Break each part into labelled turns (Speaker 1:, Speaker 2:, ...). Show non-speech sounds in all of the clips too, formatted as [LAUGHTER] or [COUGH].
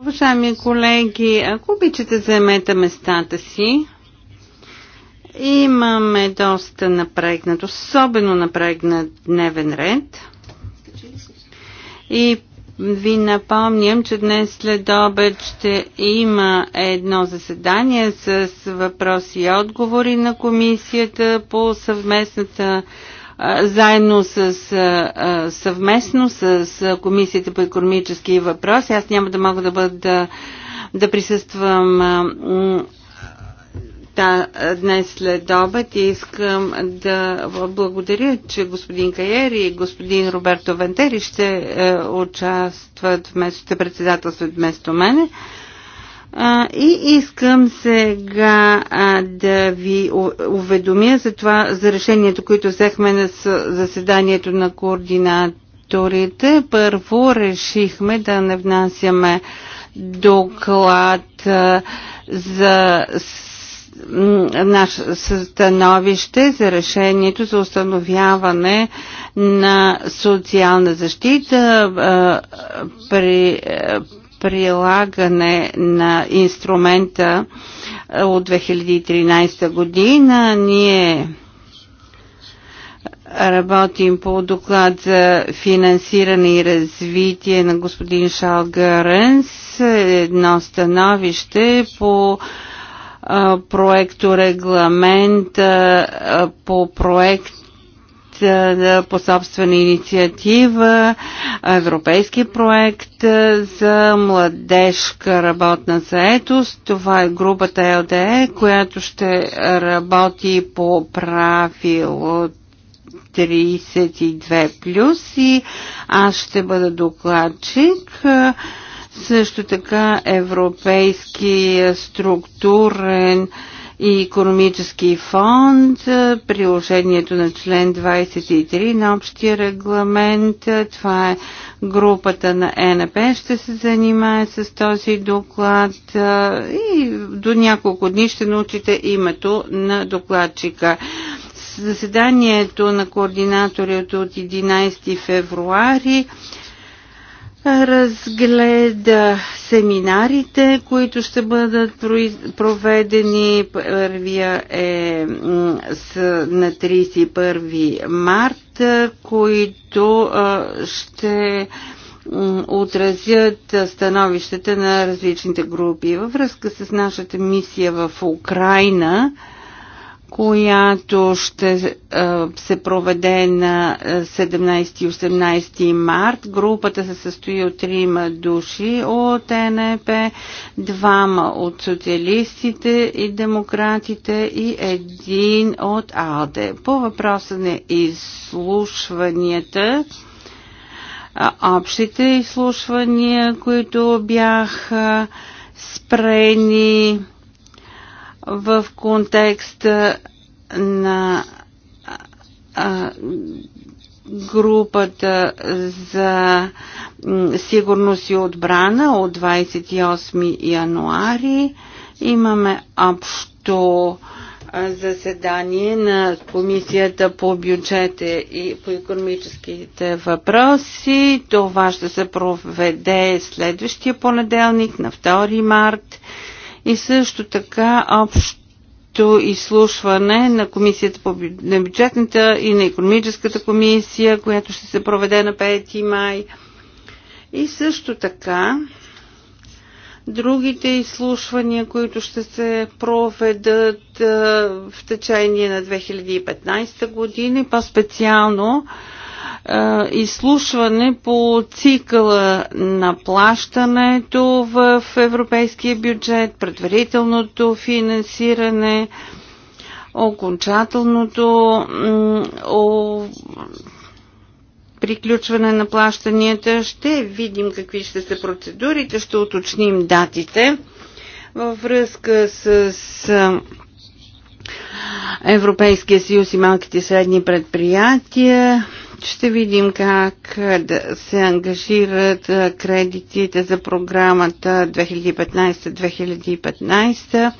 Speaker 1: Уважаеми колеги, ако обичате, заемете местата си. Имаме доста напрегнат, особено напрегнат дневен ред. И ви напомням, че днес след обед ще има едно заседание с въпроси и отговори на комисията по съвместната заедно с съвместно с Комисията по економически въпроси. Аз няма да мога да бъда да, да присъствам та, днес след обед и искам да благодаря, че господин Каер и господин Роберто Вентери ще а, е, участват вместо, председателстват вместо мене. А, и искам сега а, да ви уведомя за това, за решението, което взехме на заседанието на координаторите. Първо решихме да не внасяме доклад а, за наше становище за решението за установяване на социална защита при прилагане на инструмента от 2013 година. Ние работим по доклад за финансиране и развитие на господин Шал Гаренс, едно становище по проекто регламент по проект по собствена инициатива, европейски проект за младежка работна заетост. Това е групата ЛДЕ, която ще работи по правило 32 плюс и аз ще бъда докладчик. Също така европейски структурен и економически фонд, е, приложението на член 23 на общия регламент. Е, това е групата на е НП. Ще се занимае с този доклад и до няколко дни ще научите името на докладчика. Заседанието на координаторите от 11 февруари разгледа семинарите, които ще бъдат проведени. Първия е на 31 март, които ще отразят становищата на различните групи. Във връзка с нашата мисия в Украина, която ще е, се проведе на 17 е, и 18 март. Групата се състои от трима души от НЕП, двама от социалистите и демократите и един от АЛДЕ. По въпроса на изслушванията, общите изслушвания, които бяха спрени в контекста на групата за сигурност и отбрана от 28 януари. Имаме общо заседание на Комисията по бюджете и по економическите въпроси. Това ще се проведе следващия понеделник на 2 март и също така общо изслушване на Комисията по на бюджетната и на економическата комисия, която ще се проведе на 5 май. И също така другите изслушвания, които ще се проведат в течение на 2015 година и по-специално изслушване по цикъла на плащането в европейския бюджет, предварителното финансиране, окончателното приключване на плащанията. Ще видим какви ще са процедурите, ще уточним датите във връзка с Европейския съюз и малките и средни предприятия. Ще видим как да се ангажират кредитите за програмата 2015-2015. -2015.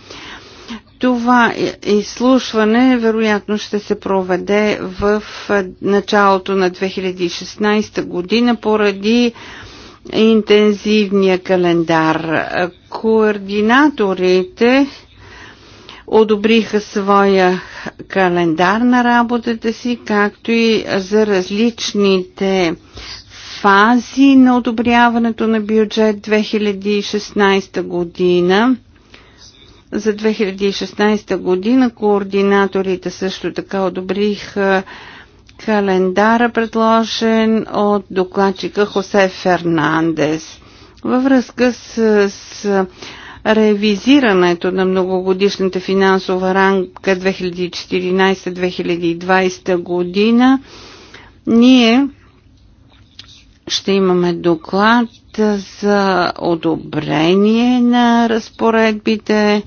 Speaker 1: Това изслушване вероятно ще се проведе в началото на 2016 година поради интензивния календар. Координаторите одобриха своя календар на работата си, както и за различните фази на одобряването на бюджет 2016 година. За 2016 година координаторите също така одобриха календара, предложен от докладчика Хосе Фернандес. Във връзка с, с ревизирането на многогодишната финансова рамка 2014-2020 година, ние ще имаме доклад за одобрение на разпоредбите,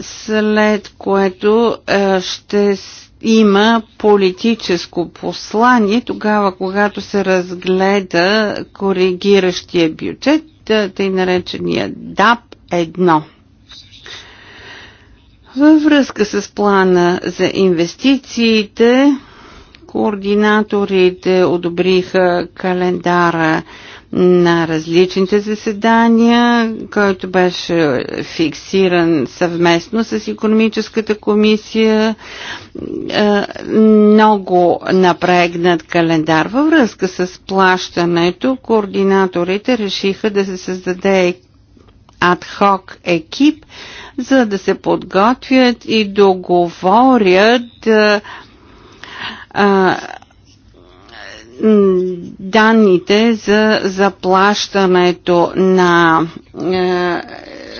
Speaker 1: след което е, ще има политическо послание тогава, когато се разгледа коригиращия бюджет тъй наречения ДАП-1. Във връзка с плана за инвестициите, координаторите одобриха календара на различните заседания, който беше фиксиран съвместно с економическата комисия. Е, много напрегнат календар във връзка с плащането. Координаторите решиха да се създаде адхок екип, за да се подготвят и договорят а, е, данните за заплащането на е,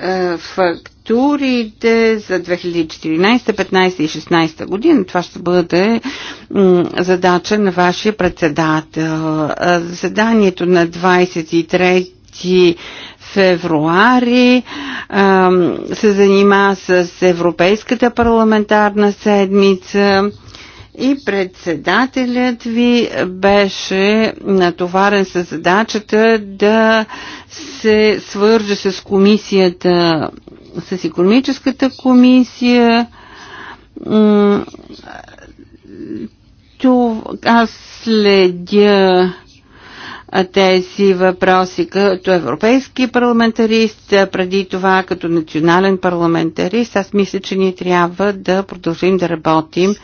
Speaker 1: е, фактурите за 2014, 15 и 16 година. Това ще бъде задача на вашия председател. Е, Заданието на 23 февруари се занимава с Европейската парламентарна седмица и председателят ви беше натоварен с задачата да се свърже с комисията, с економическата комисия. Аз следя тези въпроси като европейски парламентарист, преди това като национален парламентарист. Аз мисля, че ние трябва да продължим да работим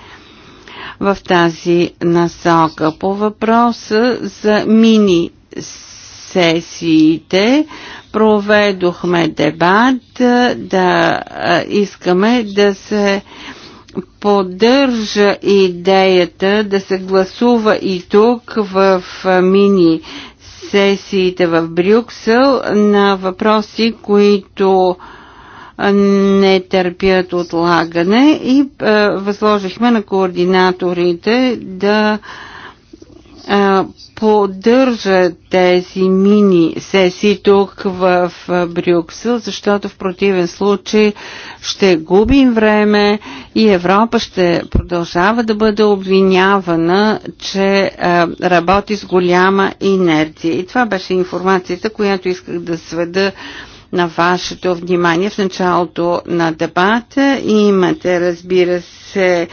Speaker 1: в тази насока. По въпроса за мини сесиите проведохме дебат да искаме да се поддържа идеята да се гласува и тук в мини сесиите в Брюксел на въпроси, които не търпят отлагане и е, възложихме на координаторите да е, поддържат тези мини сесии тук в е, Брюксел, защото в противен случай ще губим време и Европа ще продължава да бъде обвинявана, че е, работи с голяма инерция. И това беше информацията, която исках да сведа на вашето внимание в началото на дебата. Имате, разбира се,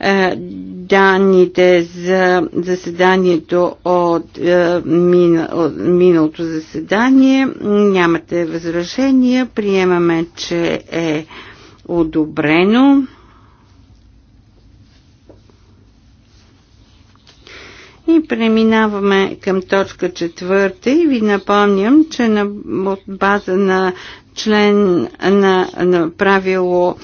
Speaker 1: е, данните за заседанието е, от миналото заседание. Нямате възражения. Приемаме, че е одобрено. И преминаваме към точка четвърта и ви напомням, че на от база на член на, на правило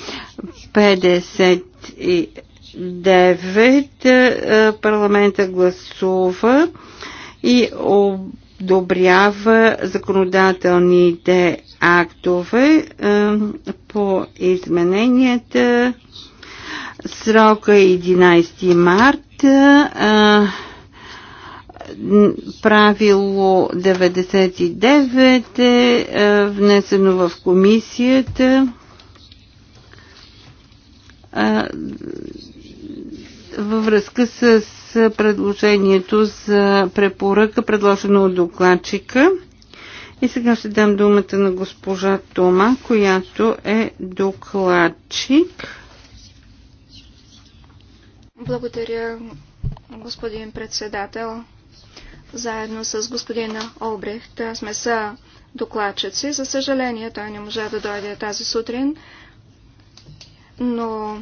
Speaker 1: 59 е, парламента гласува и одобрява законодателните актове е, по измененията. Срока е 11 марта е, правило 99 е, е внесено в комисията. Във връзка с предложението за препоръка, предложено от докладчика. И сега ще дам думата на госпожа Тома, която е докладчик.
Speaker 2: Благодаря, господин председател. Заедно с господина Обрехт сме са докладчици. За съжаление, той не можа да дойде тази сутрин, но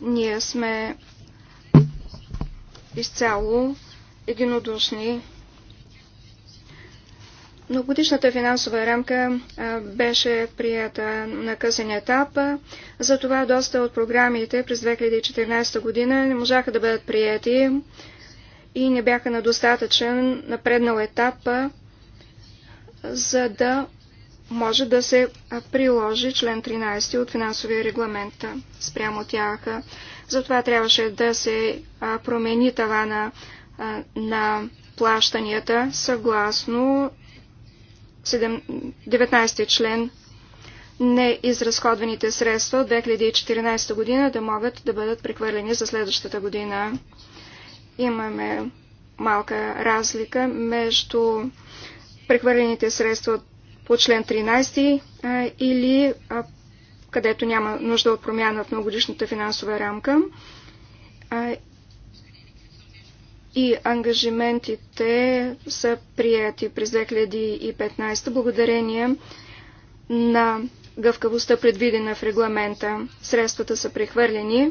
Speaker 2: ние сме изцяло единодушни. Но годишната финансова рамка беше прията на късен етап, затова доста от програмите през 2014 година не можаха да бъдат прияти и не бяха на достатъчен напреднал етап, за да може да се приложи член 13 от финансовия регламент спрямо тяха. Затова трябваше да се промени тавана на плащанията съгласно 19 член неизразходваните средства от 2014 година да могат да бъдат прехвърлени за следващата година. Имаме малка разлика между прехвърлените средства по член 13 или където няма нужда от промяна в многодишната финансова рамка и ангажиментите са прияти през 2015 благодарение на гъвкавостта предвидена в регламента. Средствата са прехвърлени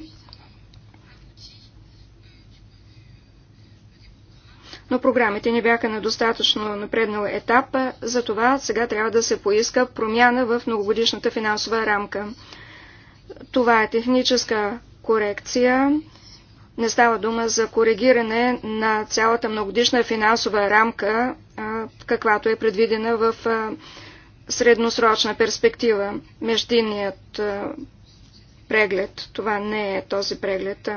Speaker 2: но програмите не бяха на достатъчно напреднал етап, затова сега трябва да се поиска промяна в многогодишната финансова рамка. Това е техническа корекция. Не става дума за коригиране на цялата многодишна финансова рамка, каквато е предвидена в средносрочна перспектива. Междинният преглед. Това не е този преглед.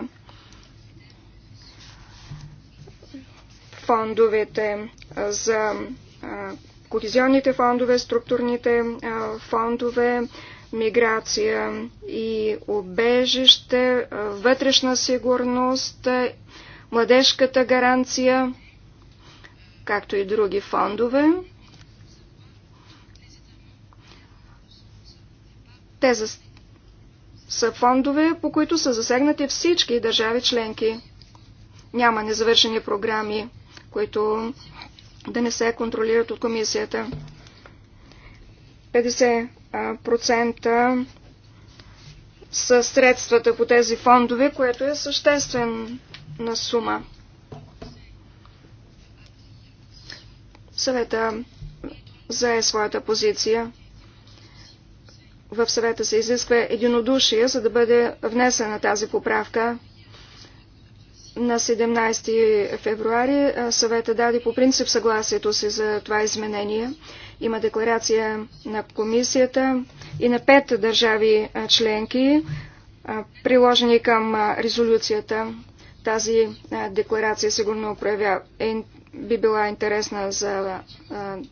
Speaker 2: фондовете, за кохезионните фондове, структурните фондове, миграция и обежище, вътрешна сигурност, младежката гаранция, както и други фондове. Те за... са фондове, по които са засегнати всички държави членки. Няма незавършени програми които да не се контролират от комисията. 50% са средствата по тези фондове, което е съществена сума. Съвета зае своята позиция. В съвета се изисква единодушие, за да бъде внесена тази поправка. На 17 февруари съвета даде по принцип съгласието си за това изменение. Има декларация на комисията и на пет държави членки, приложени към резолюцията. Тази декларация сигурно проявя, е, би била интересна за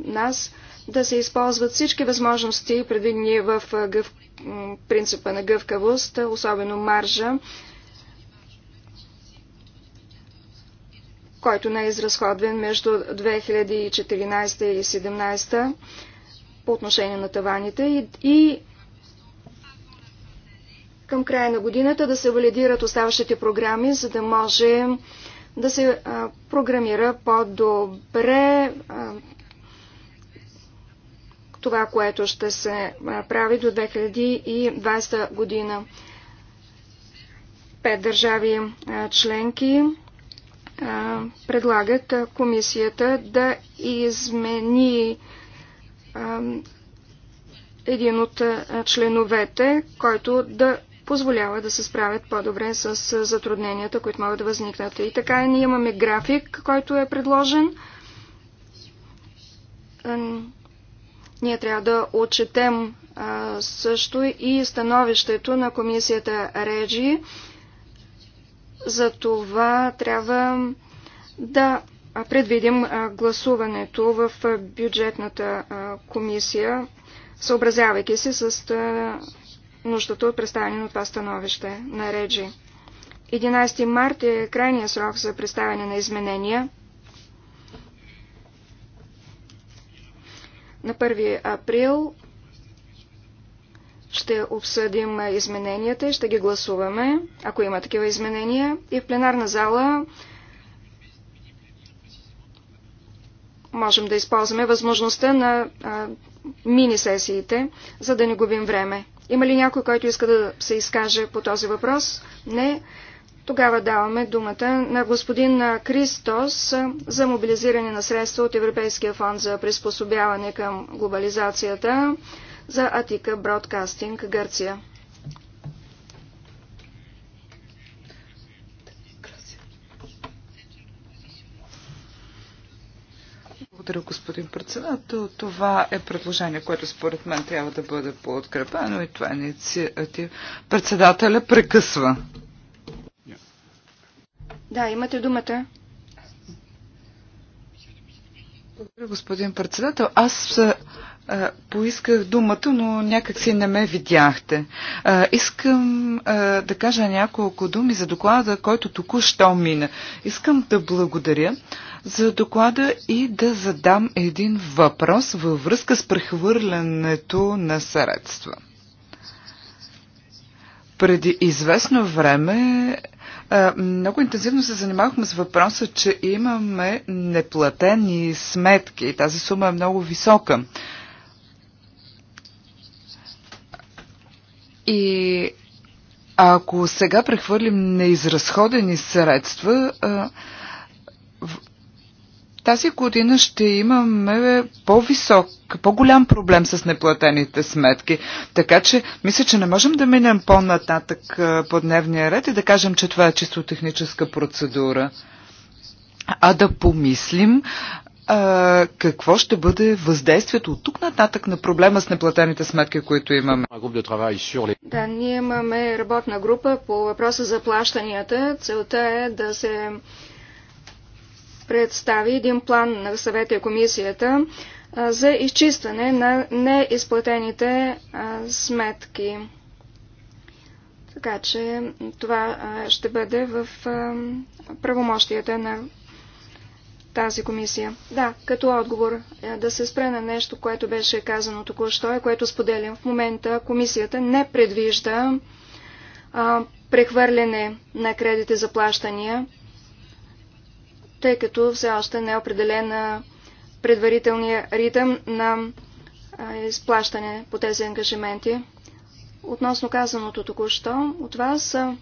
Speaker 2: нас да се използват всички възможности, предвидени в гъв, принципа на гъвкавост, особено маржа който не е изразходвен между 2014 и 2017 по отношение на таваните и, и към края на годината да се валидират оставащите програми, за да може да се а, програмира по-добре това, което ще се прави до 2020 година. Пет държави членки предлагат комисията да измени един от членовете, който да позволява да се справят по-добре с затрудненията, които могат да възникнат. И така ние имаме график, който е предложен. Ние трябва да отчетем също и становището на комисията Реджи за това трябва да предвидим гласуването в бюджетната комисия, съобразявайки се с нуждата от представяне на това становище на Реджи. 11 март е крайният срок за представяне на изменения. На 1 април ще обсъдим измененията и ще ги гласуваме, ако има такива изменения. И в пленарна зала можем да използваме възможността на мини-сесиите, за да не губим време. Има ли някой, който иска да се изкаже по този въпрос? Не. Тогава даваме думата на господин Кристос за мобилизиране на средства от Европейския фонд за приспособяване към глобализацията за Атика Бродкастинг, Гърция.
Speaker 3: Благодаря, господин председател. Това е предложение, което според мен трябва да бъде подкрепено и това е инициатива. Председателя прекъсва.
Speaker 2: Да, имате думата. Благодаря, господин председател.
Speaker 3: Аз Поисках думата, но някак си не ме видяхте. Искам да кажа няколко думи за доклада, който току-що мина. Искам да благодаря за доклада и да задам един въпрос във връзка с прехвърлянето на средства. Преди известно време много интензивно се занимавахме с въпроса, че имаме неплатени сметки. Тази сума е много висока. И ако сега прехвърлим неизразходени средства, тази година ще имаме по-висок, по-голям проблем с неплатените сметки. Така че, мисля, че не можем да минем по-нататък по дневния ред и да кажем, че това е чисто техническа процедура. А да помислим а, какво ще бъде въздействието от тук нататък на проблема с неплатените сметки, които имаме?
Speaker 2: Да, ние имаме работна група по въпроса за плащанията. Целта е да се представи един план на съвета и комисията за изчистване на неизплатените сметки. Така че това ще бъде в правомощията на тази комисия. Да, като отговор е, да се спре на нещо, което беше казано току-що и което споделям. В момента комисията не предвижда а, прехвърляне на кредити за плащания, тъй като все още не е определен предварителния ритъм на а, изплащане по тези ангажименти. Относно казаното току-що от вас, а,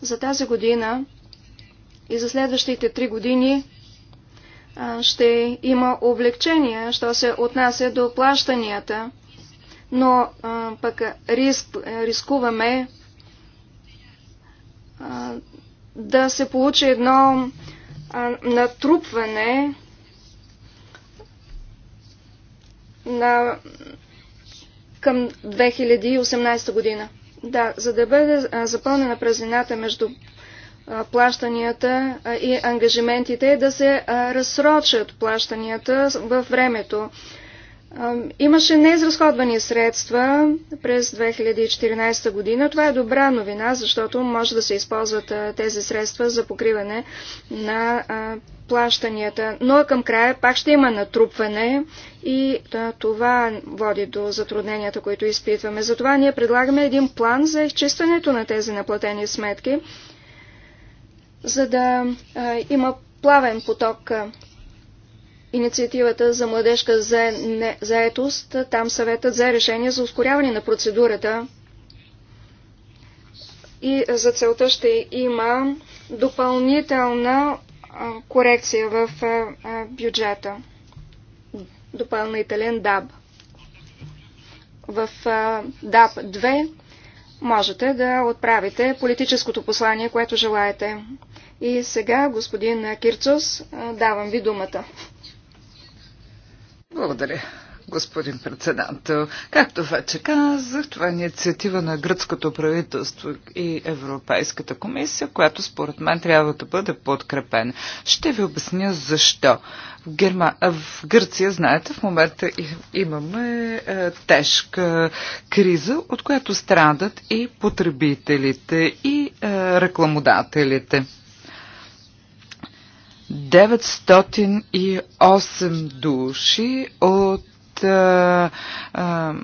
Speaker 2: за тази година и за следващите три години ще има облегчение, що се отнася до плащанията, но пък риск, рискуваме да се получи едно натрупване на към 2018 година. Да, за да бъде запълнена празнината между плащанията и ангажиментите да се разсрочат плащанията във времето. Имаше неизразходвани средства през 2014 година. Това е добра новина, защото може да се използват тези средства за покриване на плащанията. Но към края пак ще има натрупване и това води до затрудненията, които изпитваме. Затова ние предлагаме един план за изчистването на тези наплатени сметки за да има плавен поток. Инициативата за младежка заетост, там съветът за решение за ускоряване на процедурата и за целта ще има допълнителна корекция в бюджета. Допълнителен даб. В даб 2 можете да отправите политическото послание, което желаете. И сега, господин Кирцос, давам ви думата.
Speaker 3: Благодаря, господин председател. Както вече казах, това е инициатива на гръцкото правителство и Европейската комисия, която според мен трябва да бъде подкрепена. Ще ви обясня защо. В, Герма... в Гърция, знаете, в момента имаме е, тежка криза, от която страдат и потребителите, и е, рекламодателите. 908 души от а, а,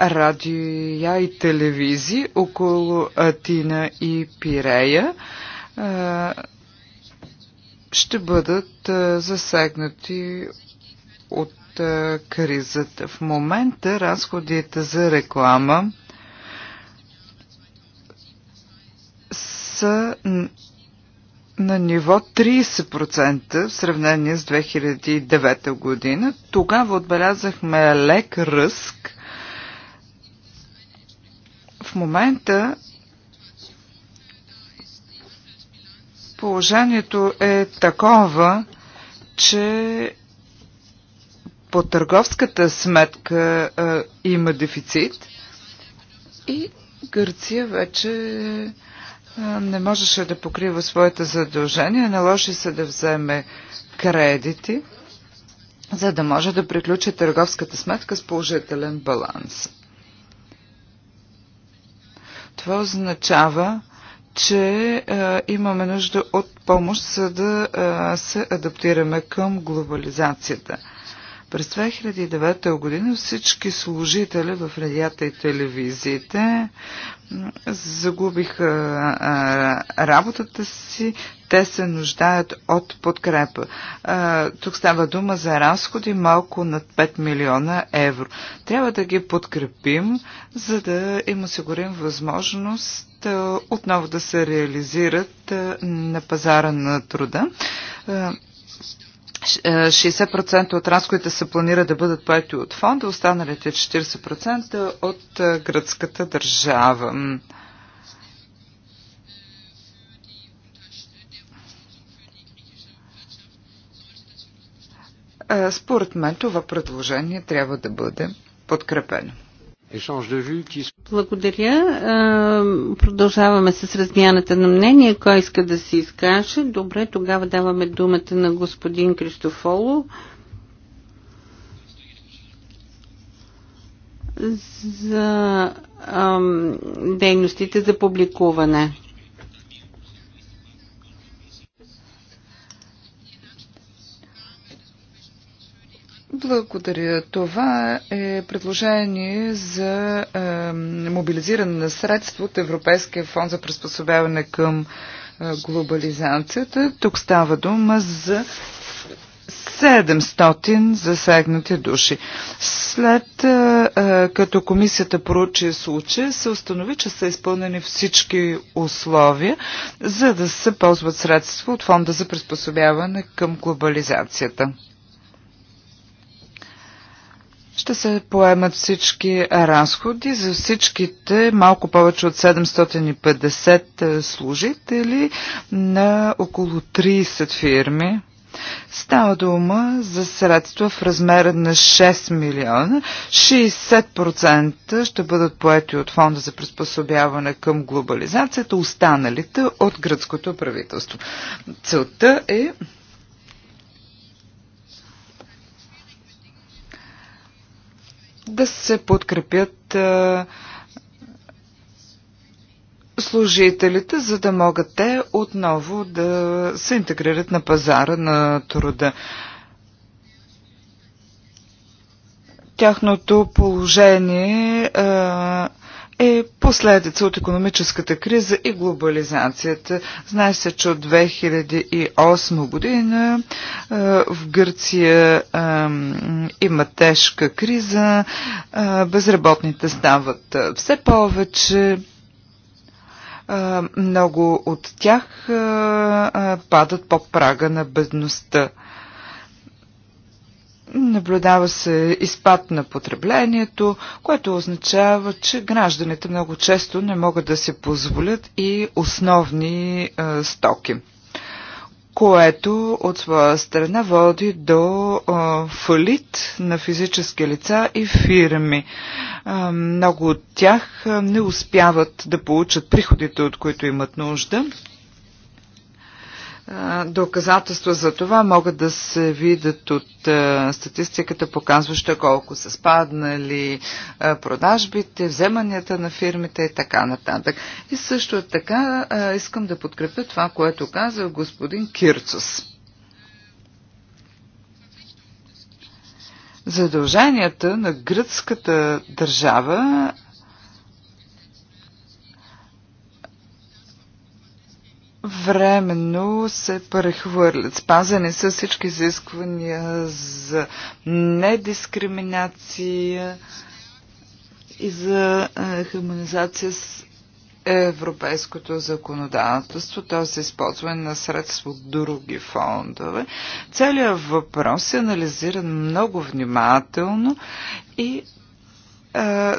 Speaker 3: радио и телевизии около Атина и Пирея а, ще бъдат а, засегнати от а, кризата. В момента разходите за реклама са на ниво 30% в сравнение с 2009 година. Тогава отбелязахме лек ръск. В момента положението е такова, че по търговската сметка а, има дефицит и Гърция вече не можеше да покрива своите задължения, наложи се да вземе кредити, за да може да приключи търговската сметка с положителен баланс. Това означава, че е, имаме нужда от помощ, за да е, се адаптираме към глобализацията. През 2009 година всички служители в радията и телевизиите загубиха работата си. Те се нуждаят от подкрепа. тук става дума за разходи малко над 5 милиона евро. Трябва да ги подкрепим, за да им осигурим възможност отново да се реализират на пазара на труда. 60% от разходите се планира да бъдат поети от фонда, останалите 40% от гръцката държава. Според мен това предложение трябва да бъде подкрепено.
Speaker 1: Благодаря. Продължаваме с размяната на мнение. Кой иска да се изкаже? Добре, тогава даваме думата на господин Кристофоло. за ам, дейностите за публикуване.
Speaker 3: Благодаря. Това е предложение за е, мобилизиране на средства от Европейския фонд за приспособяване към е, глобализацията. Тук става дума за 700 засегнати души. След е, е, като комисията поручи случая, се установи, че са изпълнени всички условия, за да се ползват средства от фонда за приспособяване към глобализацията ще се поемат всички разходи за всичките малко повече от 750 е, служители на около 30 фирми. Става дума за средства в размер на 6 милиона. 60% ще бъдат поети от фонда за приспособяване към глобализацията, останалите от гръцкото правителство. Целта е да се подкрепят служителите, за да могат те отново да се интегрират на пазара на труда. Тяхното положение е е последица от економическата криза и глобализацията. Знае се, че от 2008 година е, в Гърция е, има тежка криза, е, безработните стават все повече, много от тях падат по прага на бедността. Наблюдава се изпад на потреблението, което означава, че гражданите много често не могат да се позволят и основни е, стоки, което от своя страна води до е, фалит на физически лица и фирми. Е, много от тях не успяват да получат приходите, от които имат нужда Доказателства за това могат да се видят от статистиката, показваща колко са спаднали продажбите, вземанията на фирмите и така нататък. И също така искам да подкрепя това, което каза господин Кирцус. Задълженията на гръцката държава временно се прехвърлят. Спазени са всички изисквания за недискриминация и за е, хармонизация с европейското законодателство, т.е. използване на средства от други фондове. Целият въпрос е анализиран много внимателно и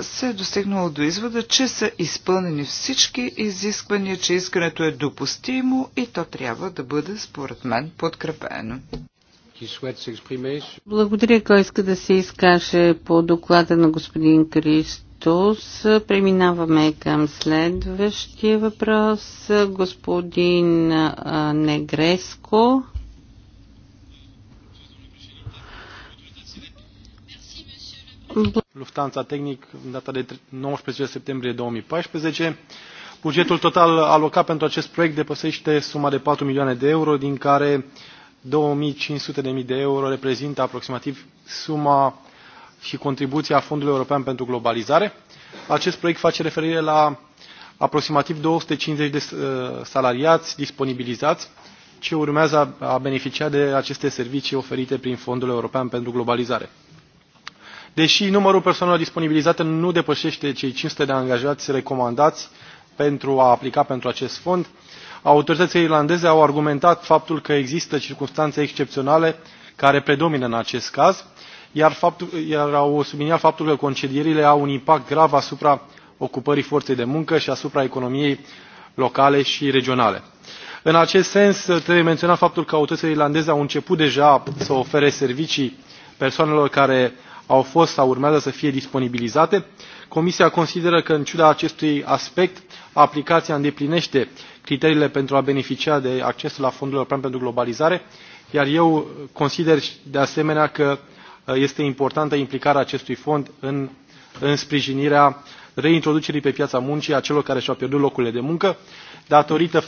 Speaker 3: се е достигнало до извода, че са изпълнени всички изисквания, че искането е допустимо и то трябва да бъде, според мен, подкрепено.
Speaker 1: Благодаря, кой иска да се изкаже по доклада на господин Кристос. Преминаваме към следващия въпрос. Господин Негреско.
Speaker 4: Lufthansa Technic în data de 19 septembrie 2014. Bugetul total alocat pentru acest proiect depăsește suma de 4 milioane de euro, din care 2.500.000 de euro reprezintă aproximativ suma și contribuția Fondului European pentru Globalizare. Acest proiect face referire la aproximativ 250 de salariați disponibilizați ce urmează a beneficia de aceste servicii oferite prin Fondul European pentru Globalizare deși numărul persoanelor disponibilizate nu depășește cei 500 de angajați recomandați pentru a aplica pentru acest fond, autoritățile irlandeze au argumentat faptul că există circunstanțe excepționale care predomină în acest caz, iar, faptul, iar au subliniat faptul că concedierile au un impact grav asupra ocupării forței de muncă și asupra economiei locale și regionale. În acest sens, trebuie menționat faptul că autoritățile irlandeze au început deja să ofere servicii persoanelor care au fost sau urmează să fie disponibilizate. Comisia consideră că, în ciuda acestui aspect, aplicația îndeplinește criteriile pentru a beneficia de accesul la Fondul European pentru Globalizare, iar eu consider de asemenea că este importantă implicarea acestui fond în, în sprijinirea reintroducerii pe piața muncii a celor care și-au pierdut locurile de muncă, datorită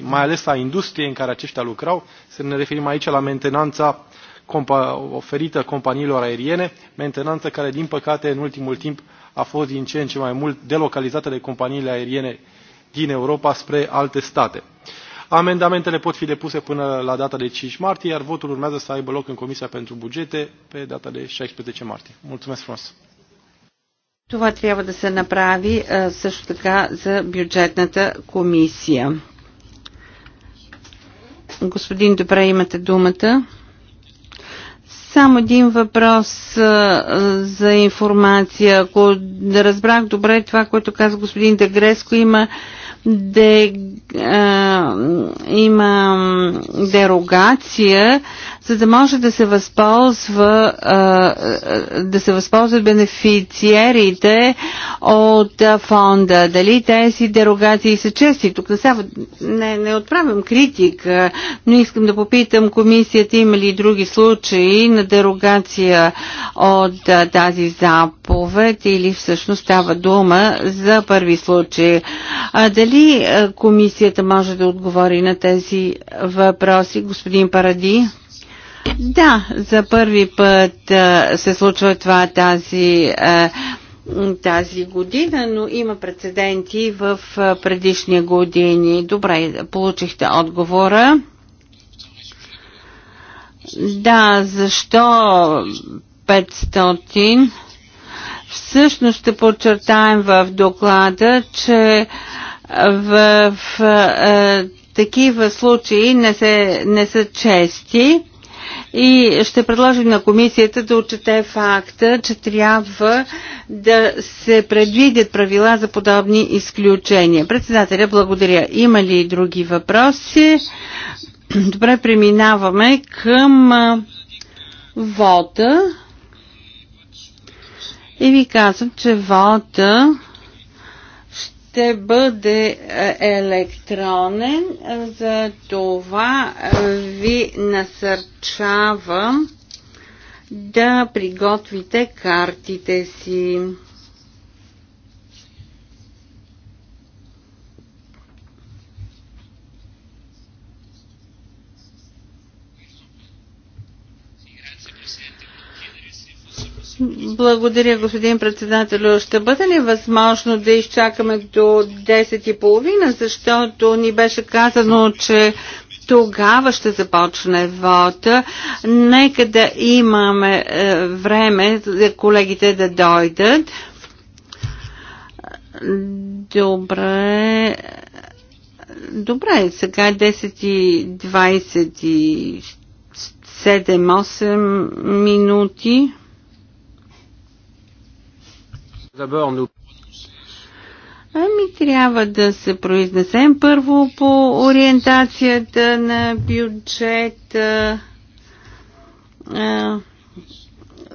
Speaker 4: mai ales a industriei în care aceștia lucrau, să ne referim aici la mentenanța oferită companiilor aeriene, mentenanță care, din păcate, în ultimul timp a fost din ce în ce mai mult delocalizată de companiile aeriene din Europa spre alte state. Amendamentele pot fi depuse până la data de 5 martie, iar votul urmează să aibă loc în Comisia pentru Bugete pe data de 16 martie. Mulțumesc frumos!
Speaker 1: Това трябва да се направи също така за бюджетната комисия. Господин Добре, имате думата. Само един въпрос а, за информация. Ако да разбрах добре това, което каза господин Дегреско, има де, а, има дерогация за да може да се възползва да се възползват бенефициерите от фонда. Дали тези дерогации са чести? Тук не, не, не отправям критик, но искам да попитам комисията има ли други случаи на дерогация от тази заповед или всъщност става дума за първи случай. А дали комисията може да отговори на тези въпроси, господин Паради? Да, за първи път а, се случва това тази а, тази година, но има прецеденти в предишни години. Добре, получихте отговора. Да, защо 500? Всъщност ще подчертаем в доклада, че в, в е, такива случаи не, се, не са чести и ще предложим на комисията да отчете факта, че трябва да се предвидят правила за подобни изключения. Председателя, благодаря. Има ли други въпроси? Добре, преминаваме към вота. И ви казвам, че вота ще бъде е, електронен, за това е, ви насърчавам да приготвите картите си. Благодаря, господин председател. Ще бъде ли възможно да изчакаме до 10.30, защото ни беше казано, че тогава ще започне вода. Нека да имаме е, време за колегите да дойдат. Добре. Добре, сега 10.20 е и 8 минути. Ами трябва да се произнесем първо по ориентацията на бюджета.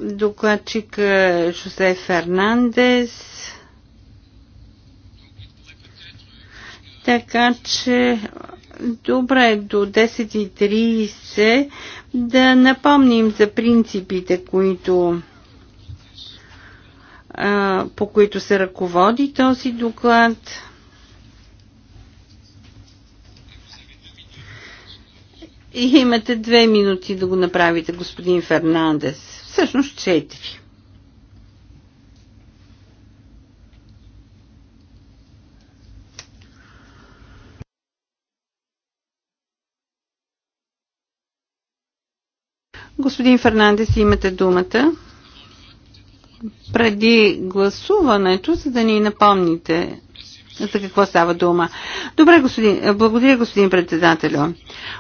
Speaker 1: Докладчик Жосе Фернандес. Така че добре до 10.30 да напомним за принципите, които по които се ръководи този доклад. И имате две минути да го направите, господин Фернандес. Всъщност четири. Господин Фернандес, имате думата преди гласуването, за да ни напомните за какво става дума. Добре, господин, благодаря, господин председателю.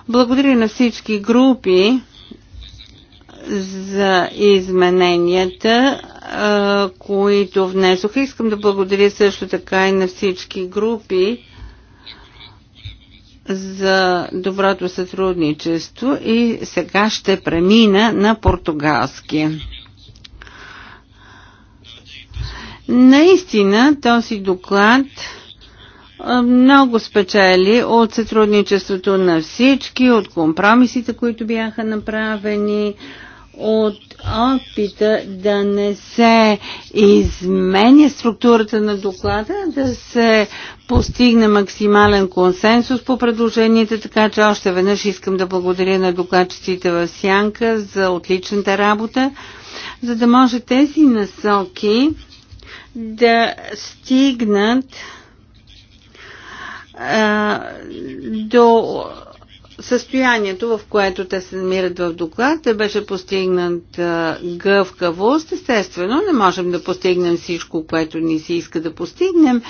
Speaker 1: Благодаря на всички групи за измененията, които внесох, Искам да благодаря също така и на всички групи за доброто сътрудничество и сега ще премина на португалски. Наистина този доклад много спечели от сътрудничеството на всички, от компромисите, които бяха направени, от опита да не се изменя структурата на доклада, да се постигне максимален консенсус по предложенията, така че още веднъж искам да благодаря на докладчиците в Сянка за отличната работа, за да може тези насоки да стигнат а, до състоянието, в което те се намират в доклад, да беше постигнат гъвкавост. Естествено, не можем да постигнем всичко, което ни се иска да постигнем,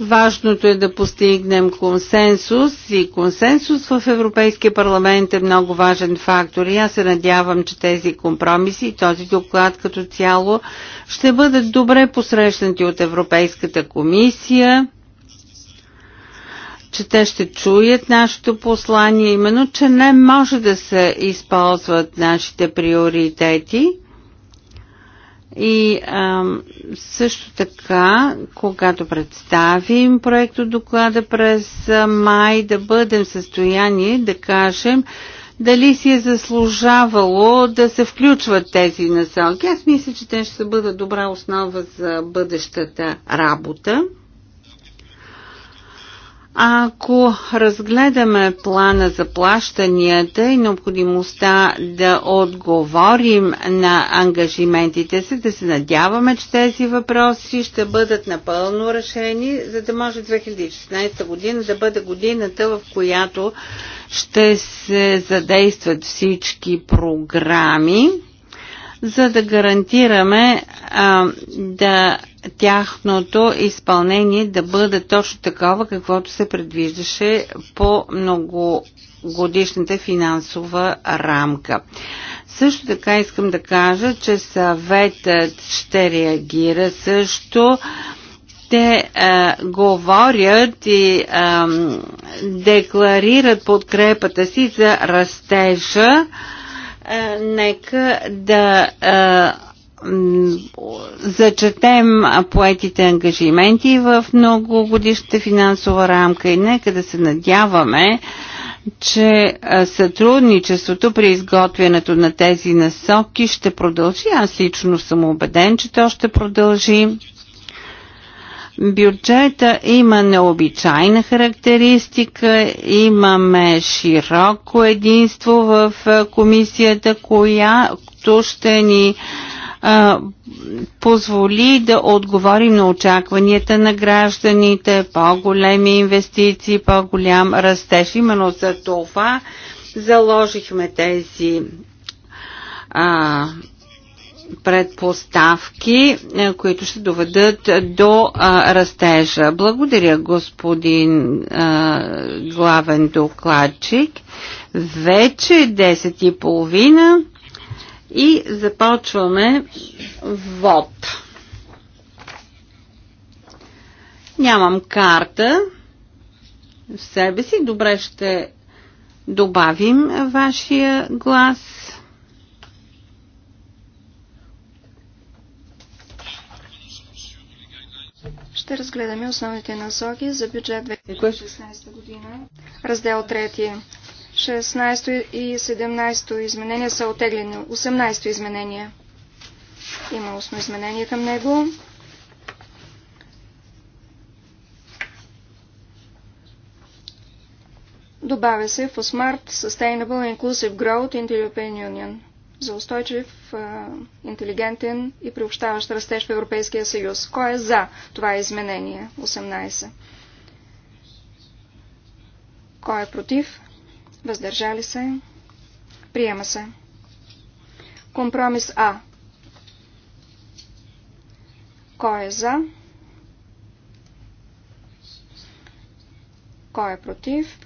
Speaker 1: Важното е да постигнем консенсус и консенсус в Европейския парламент е много важен фактор и аз се надявам, че тези компромиси и този доклад като цяло ще бъдат добре посрещнати от Европейската комисия че те ще чуят нашето послание, именно, че не може да се използват нашите приоритети и а, също така, когато представим проекто доклада през май, да бъдем в състояние да кажем дали си е заслужавало да се включват тези насоки. Аз мисля, че те ще бъдат добра основа за бъдещата работа. Ако разгледаме плана за плащанията и необходимостта да отговорим на ангажиментите си, да се надяваме, че тези въпроси ще бъдат напълно решени, за да може 2016 година да бъде годината, в която ще се задействат всички програми за да гарантираме а, да тяхното изпълнение да бъде точно такова, каквото се предвиждаше по многогодишната финансова рамка. Също така искам да кажа, че съветът ще реагира също те е, говорят и е, декларират подкрепата си за растежа е, нека да е, зачетем поетите ангажименти в многогодишната финансова рамка и нека да се надяваме, че е, сътрудничеството при изготвянето на тези насоки ще продължи. Аз лично съм убеден, че то ще продължи. Бюджета има необичайна характеристика, имаме широко единство в комисията, която ще ни а, позволи да отговорим на очакванията на гражданите, по-големи инвестиции, по-голям растеж. Именно за това заложихме тези а, предпоставки, е, които ще доведат до а, растежа. Благодаря, господин а, главен докладчик. Вече е и 10.30 и започваме вод. Нямам карта в себе си. Добре ще добавим вашия глас.
Speaker 2: ще разгледаме основните насоки за бюджет 2016 година. Раздел 3. 16 и 17 изменения са отеглени. 18 изменения. Има устно изменение към него. Добавя се for Smart Sustainable Inclusive Growth in the European Union за устойчив, интелигентен и приобщаващ растеж в Европейския съюз. Кой е за това изменение 18? Кой е против? Въздържали се? Приема се. Компромис А. Кой е за? Кой е против?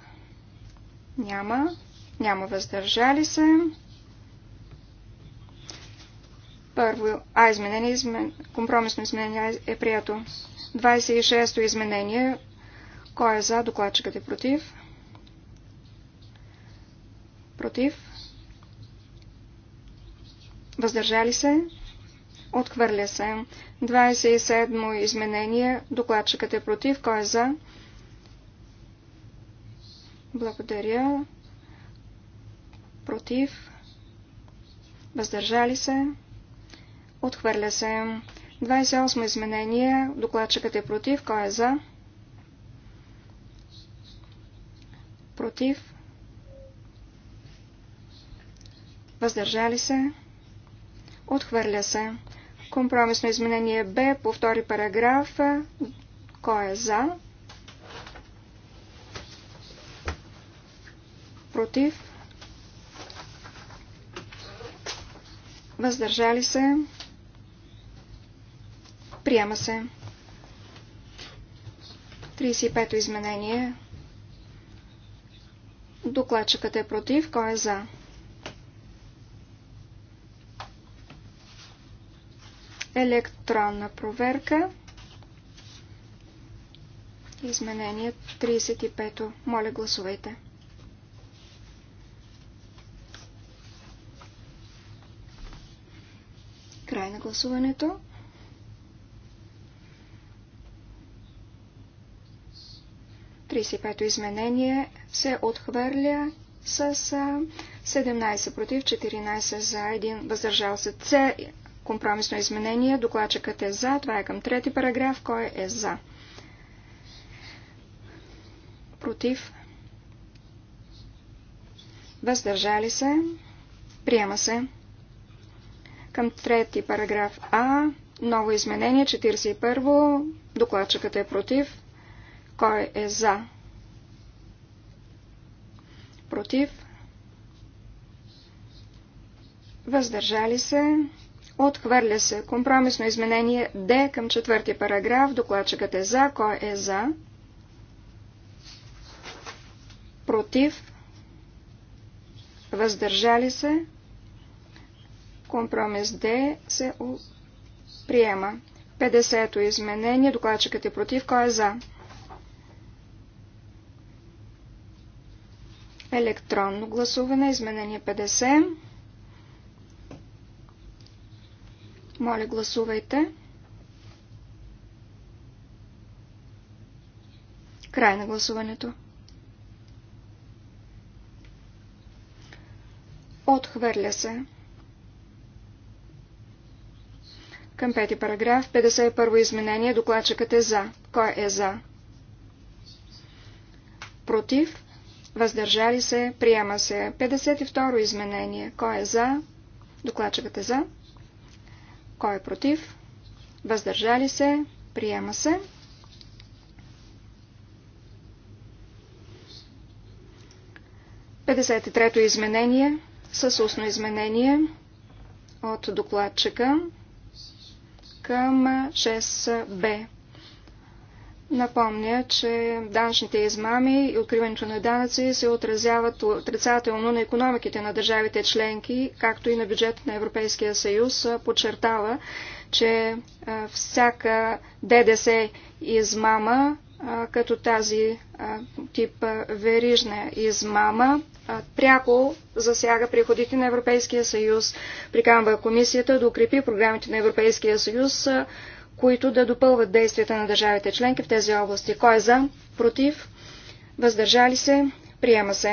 Speaker 2: Няма. Няма въздържали се. Първо А изменение, измен... компромисно изменение е прието. 26-то изменение. Кой е за? Докладчикът е против. Против. Въздържали се? Отхвърля се. 27-мо изменение. Докладчикът е против. Кой е за? Благодаря. Против. Въздържали се? Отхвърля се. 28 изменение. Докладчикът е против. Кой е за? Против. Въздържали се. Отхвърля се. Компромисно изменение Б по втори параграф. Кой е за? Против. Въздържали се. Приема се. 35-то изменение. Докладчикът е против. Кой е за? Електронна проверка. Изменение 35-то. Моля, гласувайте. Край на гласуването. 35-то изменение се отхвърля с 17 против, 14 за 1 въздържал се. С компромисно изменение. Докладчикът е за. Това е към трети параграф. Кой е за? Против. Въздържали се. Приема се. Към трети параграф А. Ново изменение. 41. Докладчикът е против. Кой е за? Против? Въздържали се? Отхвърля се. Компромисно изменение Д към четвърти параграф. Докладчикът е за. Кой е за? Против? Въздържали се? Компромис Д се приема. 50-то изменение. Докладчикът е против. Кой е за? Електронно гласуване, изменение 50. Моля, гласувайте. Край на гласуването. Отхвърля се. Към пети параграф, 51 изменение, докладчикът е за. Кой е за? Против? въздържали се, приема се. 52 изменение. Кой е за? Докладчикът е за. Кой е против? Въздържали се, приема се. Петдесет трето изменение с устно изменение от докладчика към 6Б. Напомня, че данъчните измами и откриването на данъци се отразяват отрицателно на економиките на държавите членки, както и на бюджет на Европейския съюз. Подчертава, че всяка ДДС измама, като тази тип верижна измама, пряко засяга приходите на Европейския съюз. Приканва комисията да укрепи програмите на Европейския съюз които да допълват действията на държавите членки в тези области. Кой е за? Против? Въздържали се? Приема се.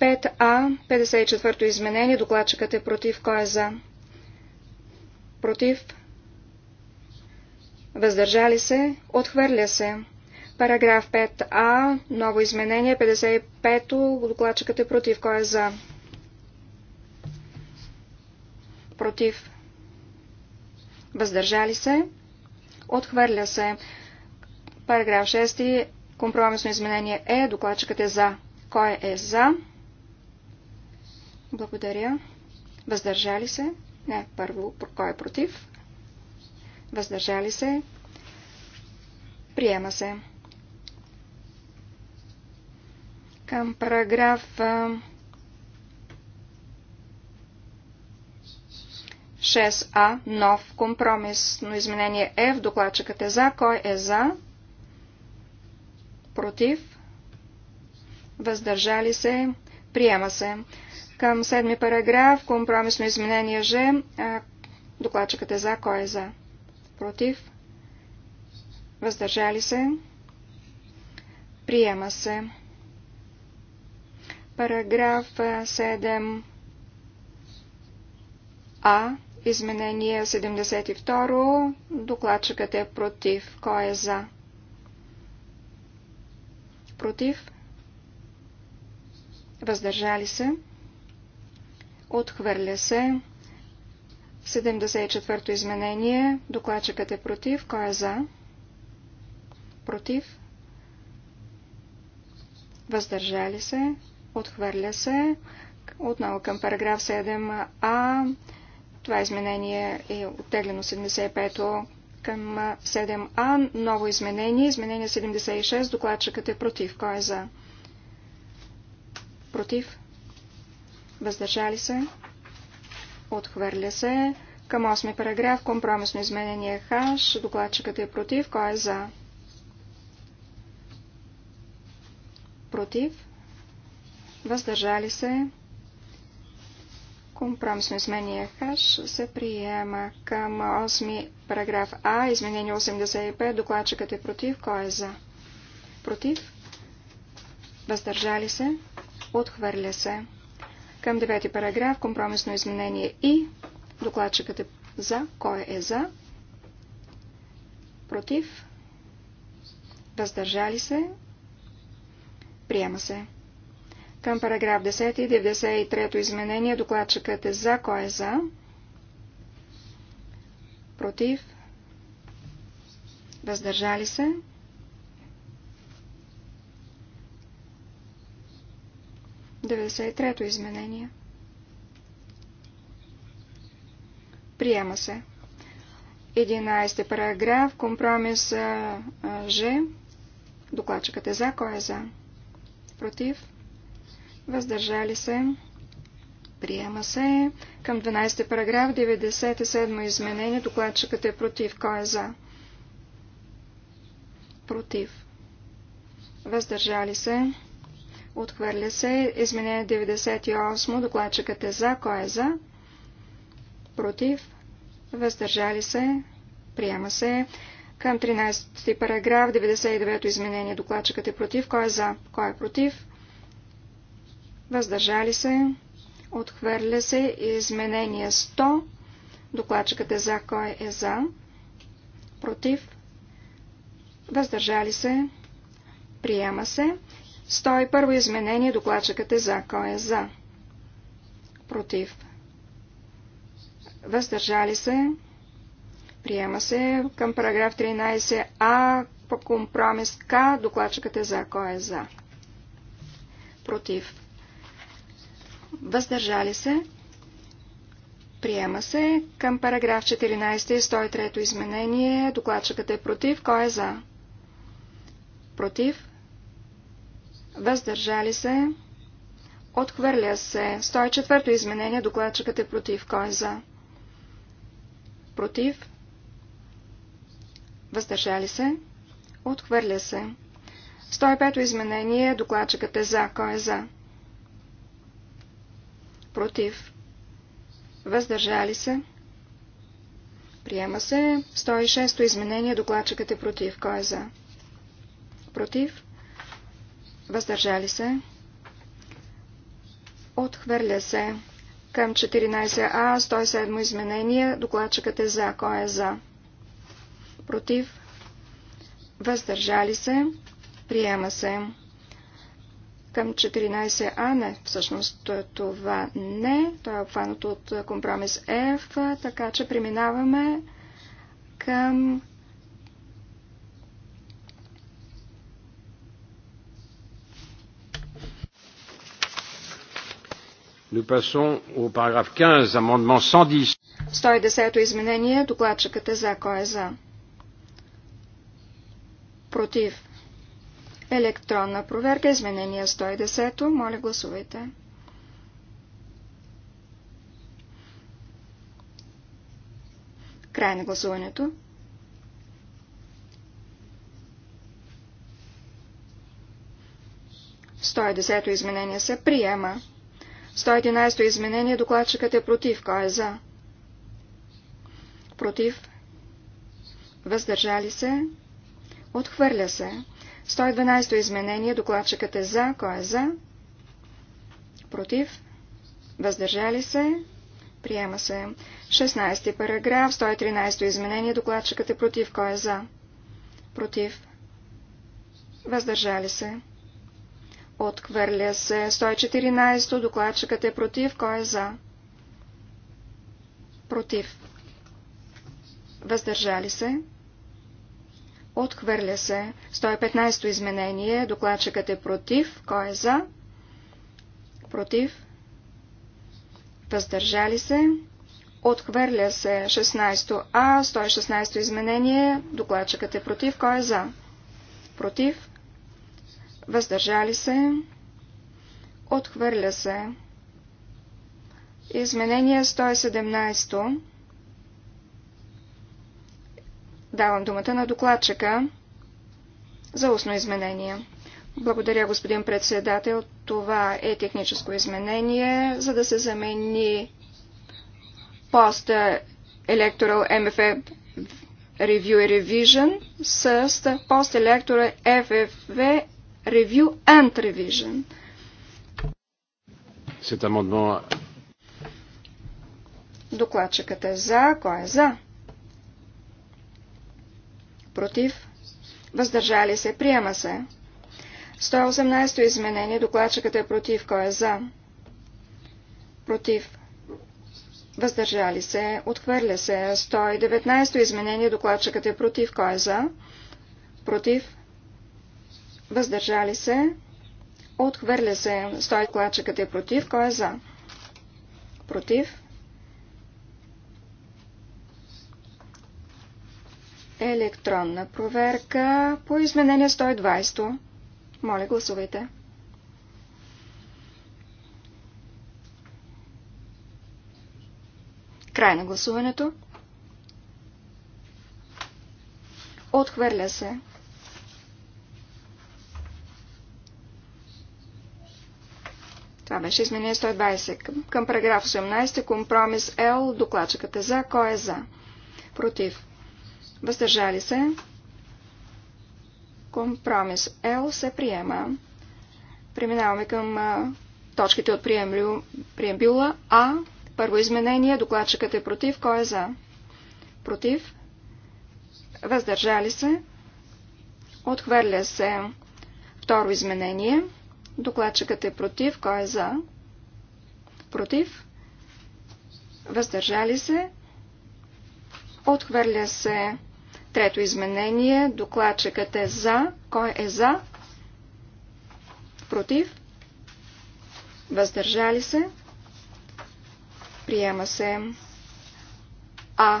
Speaker 2: 5А, 54-то изменение. Докладчикът е против. Кой е за? Против? Въздържали се? Отхвърля се. Параграф 5А, ново изменение, 55-то. Докладчикът е против. Кой е за? Против? Въздържали се? Отхвърля се. Параграф 6. Компромисно изменение е. Докладчикът е за. Кой е за? Благодаря. Въздържали се? Не, първо, кой е против? Въздържали се? Приема се. Към параграф 6А, нов компромисно изменение Е в докладчикът е за. Кой е за? Против? Въздържали се? Приема се. Към седми параграф, компромисно изменение Ж. Докладчикът е за. Кой е за? Против? Въздържали се? Приема се. Параграф 7а Изменение 72. Докладчикът е против. Кой е за? Против. Въздържали се. Отхвърля се. 74-то изменение. Докладчикът е против. Кой е за? Против. Въздържали се. Отхвърля се. Отново към параграф 7а. Това изменение е оттеглено 75-то към 7А. Ново изменение. Изменение 76. Докладчикът е против. Кой е за? Против. Въздържали се. Отхвърля се. Към 8 параграф. Компромисно изменение Х. Докладчикът е против. Кой е за? Против. Въздържали се. Компромисно изменение ХАШ се приема към 8 параграф А, изменение 85. Докладчикът е против. Кой е за? Против? Въздържали се? Отхвърля се. Към 9 параграф компромисно изменение И. Докладчикът е за. Кой е за? Против? Въздържали се? Приема се. Към параграф 10 и 93 изменение докладчикът е за. Кой е за? Против? Въздържали се? Деветдесет трето изменение. Приема се. 11 параграф. Компромис Ж. Докладчикът е за. Кой е за? Против? въздържали се, приема се. Към 12 параграф, 97 изменение, докладчикът е против. Кой е за? Против. Въздържали се. Отхвърля се. Изменение 98. Докладчикът е за. Кой е за? Против. Въздържали се. Приема се. Към 13 параграф, 99 изменение. Докладчикът е против. Кой е за? Кой е против? въздържали се, отхвърля се изменение 100, докладчикът е за, кой е за, против, въздържали се, приема се, 101 изменение, докладчикът е за, кой е за, против, въздържали се, приема се към параграф 13а, по компромис К, докладчикът е за, кой е за, против, въздържали се, приема се. Към параграф 14 и 103 изменение, докладчикът е против, кой е за? Против, въздържали се, отхвърля се. 104 изменение, докладчикът е против, кой е за? Против, въздържали се, отхвърля се. 105 изменение, докладчикът е за, кой е за? против, въздържали се. Приема се 106-то изменение, докладчикът е против. Кой е за? Против, въздържали се. Отхвърля се към 14а, 107 изменение, докладчикът е за. Кой е за? Против, въздържали се. Приема се към 14А. Не, всъщност е, това не. То е обхванато от е, компромис F, така че преминаваме към
Speaker 4: Nous passons au paragraphe 15, amendement 110.
Speaker 2: 110-то изменение. Докладчикът е за. Кой е за? Против. Електронна проверка. Изменение 110. Моля, гласувайте. Край на гласуването. Сто десето изменение се приема. 111 изменение докладчикът е против. Кой е за? Против. Въздържали се. Отхвърля се. 112 изменение. Докладчикът е за. Кой е за? Против? Въздържали се? Приема се. 16 параграф. 113 изменение. Докладчикът е против. Кой е за? Против? Въздържали се? Отхвърля се. 114. Докладчикът е против. Кой е за? Против. Въздържали се? Отхвърля се. 115-то изменение. Докладчикът е против. Кой е за? Против. Въздържали се. Отхвърля се 16-то А, 116-то изменение. Докладчикът е против. Кой е за? Против. Въздържали се. Отхвърля се. Изменение 117-то. Давам думата на докладчика за устно изменение. Благодаря, господин председател. Това е техническо изменение, за да се замени поста Electoral MFF Review и Revision с пост Electoral FFV Review and Revision.
Speaker 1: Cet
Speaker 2: Докладчикът е за. Кой е за? против, въздържали се, приема се. 118 изменение, докладчикът е против, кой е за, против, въздържали се, отхвърля се. 119 изменение, докладчикът е против, кой е за, против, въздържали се, отхвърля се. 100 докладчикът е против, кой е за, против, Електронна проверка по изменение 120. Моля, гласувайте. Край на гласуването. Отхвърля се. Това беше изменение 120. Към параграф 18, компромис Л, докладчиката е за, кой е за? Против въздържали се. Компромис L се приема. Преминаваме към точките от приембюла А. Първо изменение. Докладчикът е против. Кой е за? Против. Въздържали се. Отхвърля се второ изменение. Докладчикът е против. Кой е за? Против. Въздържали се. Отхвърля се Трето изменение. Докладчикът е за. Кой е за? Против? Въздържали се? Приема се. А.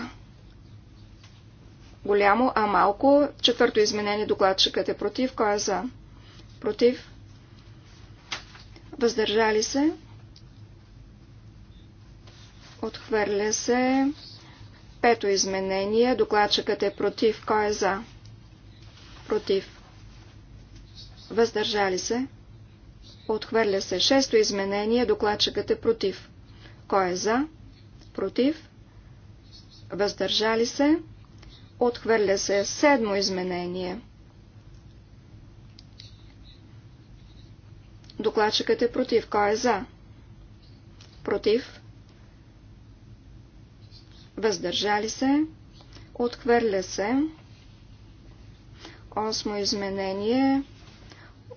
Speaker 2: Голямо, а малко. Четвърто изменение. Докладчикът е против. Кой е за? Против? Въздържали се? Отхвърля се. Пето изменение. Докладчикът е против. Кой е за? Против. Въздържали се. Отхвърля се. Шесто изменение. Докладчикът е против. Кой е за? Против. Въздържали се. Отхвърля се. Седмо изменение. Докладчикът е против. Кой е за? Против въздържали се, отхвърля се. Осмо изменение,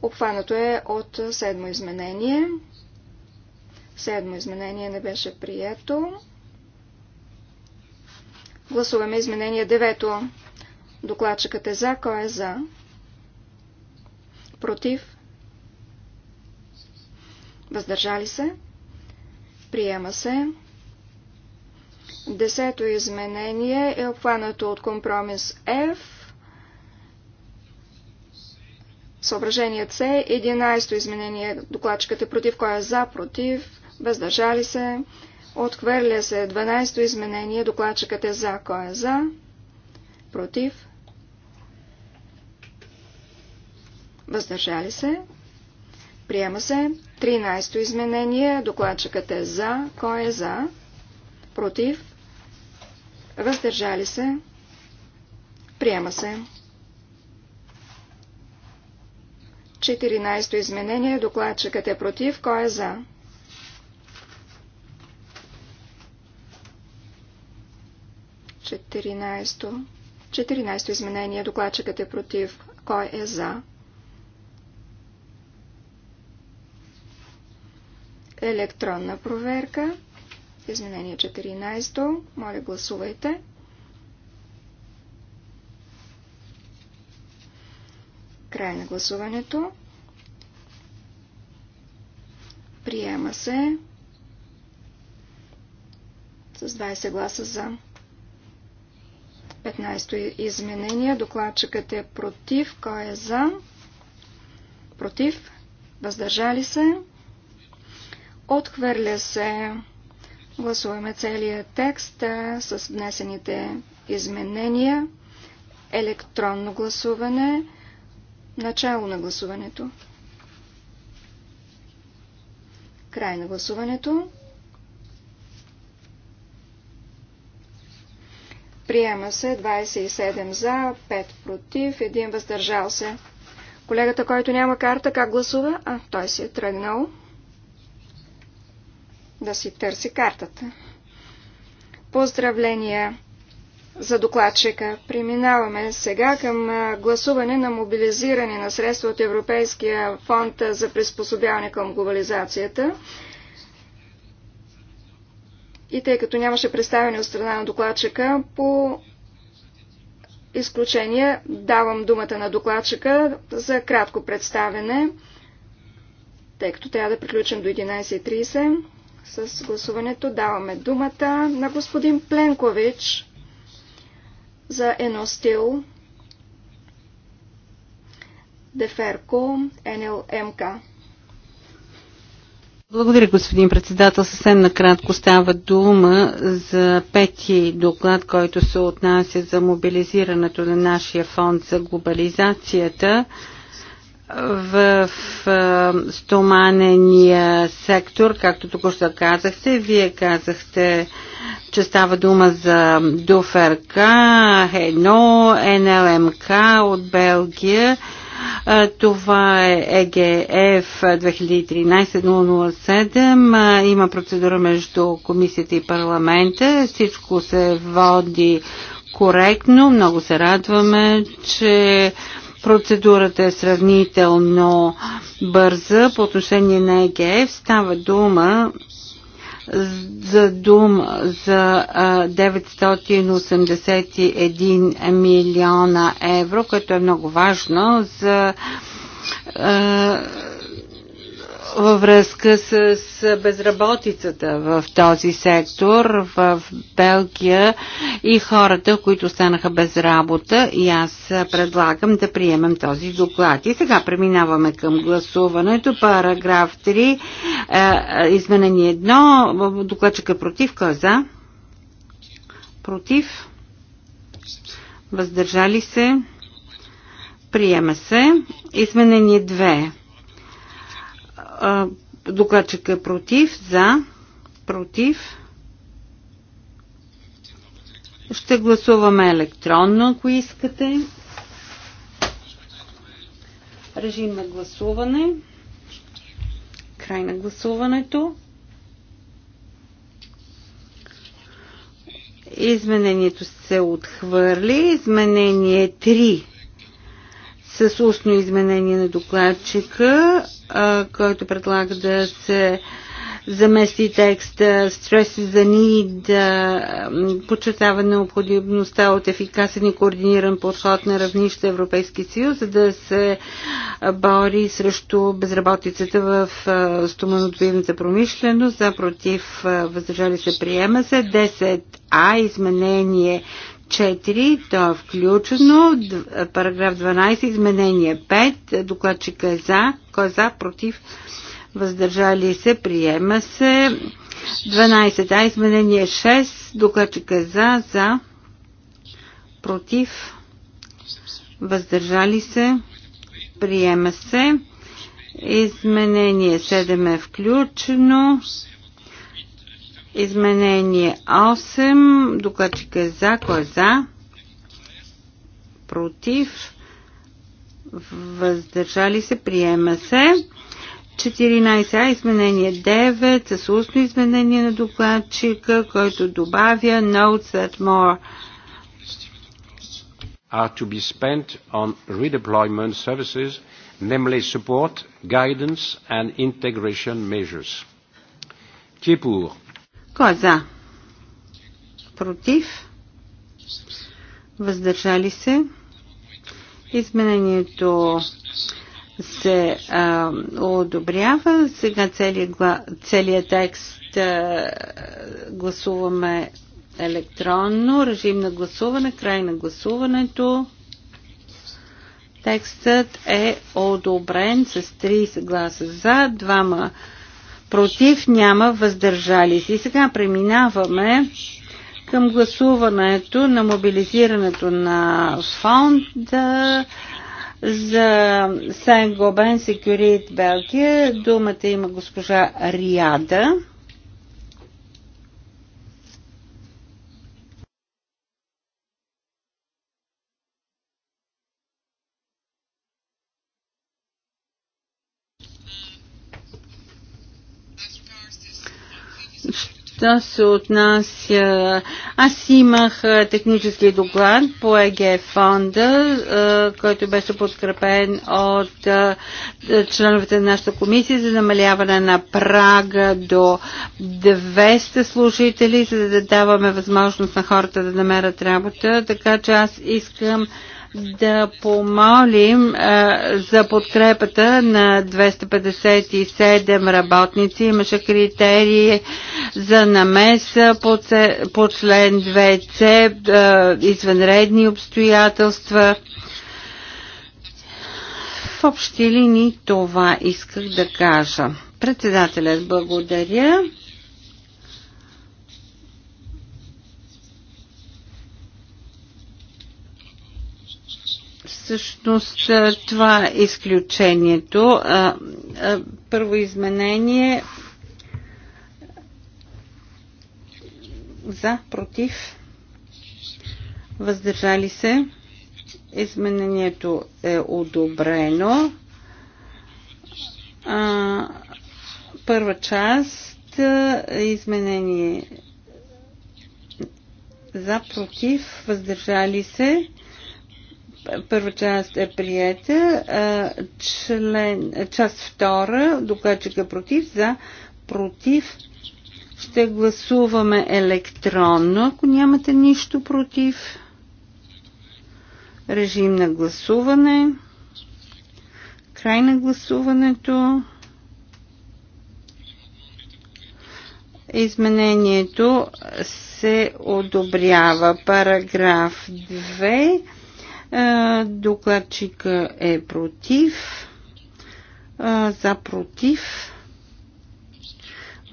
Speaker 2: обхванато е от седмо изменение. Седмо изменение не беше прието. Гласуваме изменение девето. Докладчикът е за, кой е за? Против? Въздържали се? Приема се. Десето изменение е обхванато от компромис F. Съображение С. 11 изменение докладчиката е против. Кой е за? Против. Въздържали се. Отхвърля се 12-то изменение. Докладчикът е за. Кой е за? Против. Въздържали се. Приема се. 13-то изменение. Докладчикът е за. Кой е за? Против. Въздържали се. Приема се. 14-то изменение. Докладчикът е против. Кой е за? Четиринайсто. изменение. Докладчикът е против. Кой е за? Електронна проверка. Изменение 14. Моля, гласувайте. Край на гласуването. Приема се с 20 гласа за. 15 изменение. Докладчикът е против. Кой е за? Против. Въздържали се. Отхвърля се. Гласуваме целия текст с внесените изменения. Електронно гласуване. Начало на гласуването. Край на гласуването. Приема се 27 за, 5 против, 1 въздържал се. Колегата, който няма карта, как гласува? А, той си е тръгнал да си търси картата. Поздравления за докладчика. Преминаваме сега към гласуване на мобилизиране на средства от Европейския фонд за приспособяване към глобализацията. И тъй като нямаше представяне от страна на докладчика, по изключение давам думата на докладчика за кратко представяне, тъй като трябва да приключим до 11.30 с гласуването. Даваме думата на господин Пленкович за Еностил, Деферко, НЛМК. Благодаря,
Speaker 1: господин председател. Съвсем накратко става дума за пети доклад, който се отнася за мобилизирането на нашия фонд за глобализацията в стоманения сектор, както току-що казахте. Вие казахте, че става дума за ДУФРК, ХЕНО, НЛМК от Белгия. Това е ЕГФ 2013-007. Има процедура между комисията и парламента. Всичко се води коректно. Много се радваме, че Процедурата е сравнително бърза по отношение на ЕГФ. Става дума за дум за 981 милиона евро, което е много важно за във връзка с безработицата в този сектор в Белгия и хората, които станаха без работа и аз предлагам да приемем този доклад. И сега преминаваме към гласуването. Параграф 3, е, е, изменение 1, докладчика против, кой е за? Против? Въздържали се? Приема се. Изменение 2 докладчик е против, за, против. Ще гласуваме електронно, ако искате. Режим на гласуване. Край на гласуването. Изменението се отхвърли. Изменение 3 с устно изменение на докладчика, а, който предлага да се замести текста Stress за need, да почетава необходимостта от ефикасен и координиран подход на равнище Европейски съюз, за да се бори срещу безработицата в стоманодобивната промишленост, за против въздържали се приема се 10А изменение 4, то е включено, параграф 12, изменение 5, докладчика е за, кой е за, против, въздържали се, приема се, 12а, изменение 6, докладчика е за, за, против, въздържали се, приема се, изменение 7 е включено, Изменение 8. Докачка е за. Кой е за? Против. Въздържали се. Приема се. 14а. Изменение 9. С устно изменение на докладчика, който добавя notes that more
Speaker 4: are to be spent on redeployment services, namely support, guidance and integration measures. Qui est pour
Speaker 1: кой е за? Против? Въздържали се? Изменението се а, одобрява. Сега целият, целият текст а, гласуваме електронно. Режим на гласуване, край на гласуването. Текстът е одобрен с 30 гласа за, двама против, няма въздържали се. И сега преминаваме към гласуването на мобилизирането на фонда за Сен-Гобен Секюрит Белгия. Думата има госпожа Риада. Що се отнася... Аз имах технически доклад по ЕГ фонда, който беше подкрепен от членовете на нашата комисия за намаляване на прага до 200 служители, за да даваме възможност на хората да намерят работа. Така че аз искам да помолим а, за подкрепата на 257 работници. Имаше критерии за намеса по, по член 2C, а, извънредни обстоятелства. В общи линии това исках да кажа. Председателят благодаря. всъщност това е изключението. Първо изменение за, против, въздържали се. Изменението е одобрено. А, първа част изменение за, против, въздържали се. Първа част е приета. Член, част втора, докладчик е против, за, против. Ще гласуваме електронно, ако нямате нищо против. Режим на гласуване. Край на гласуването. Изменението се одобрява. Параграф 2. Е, докладчика е против. Е, за против.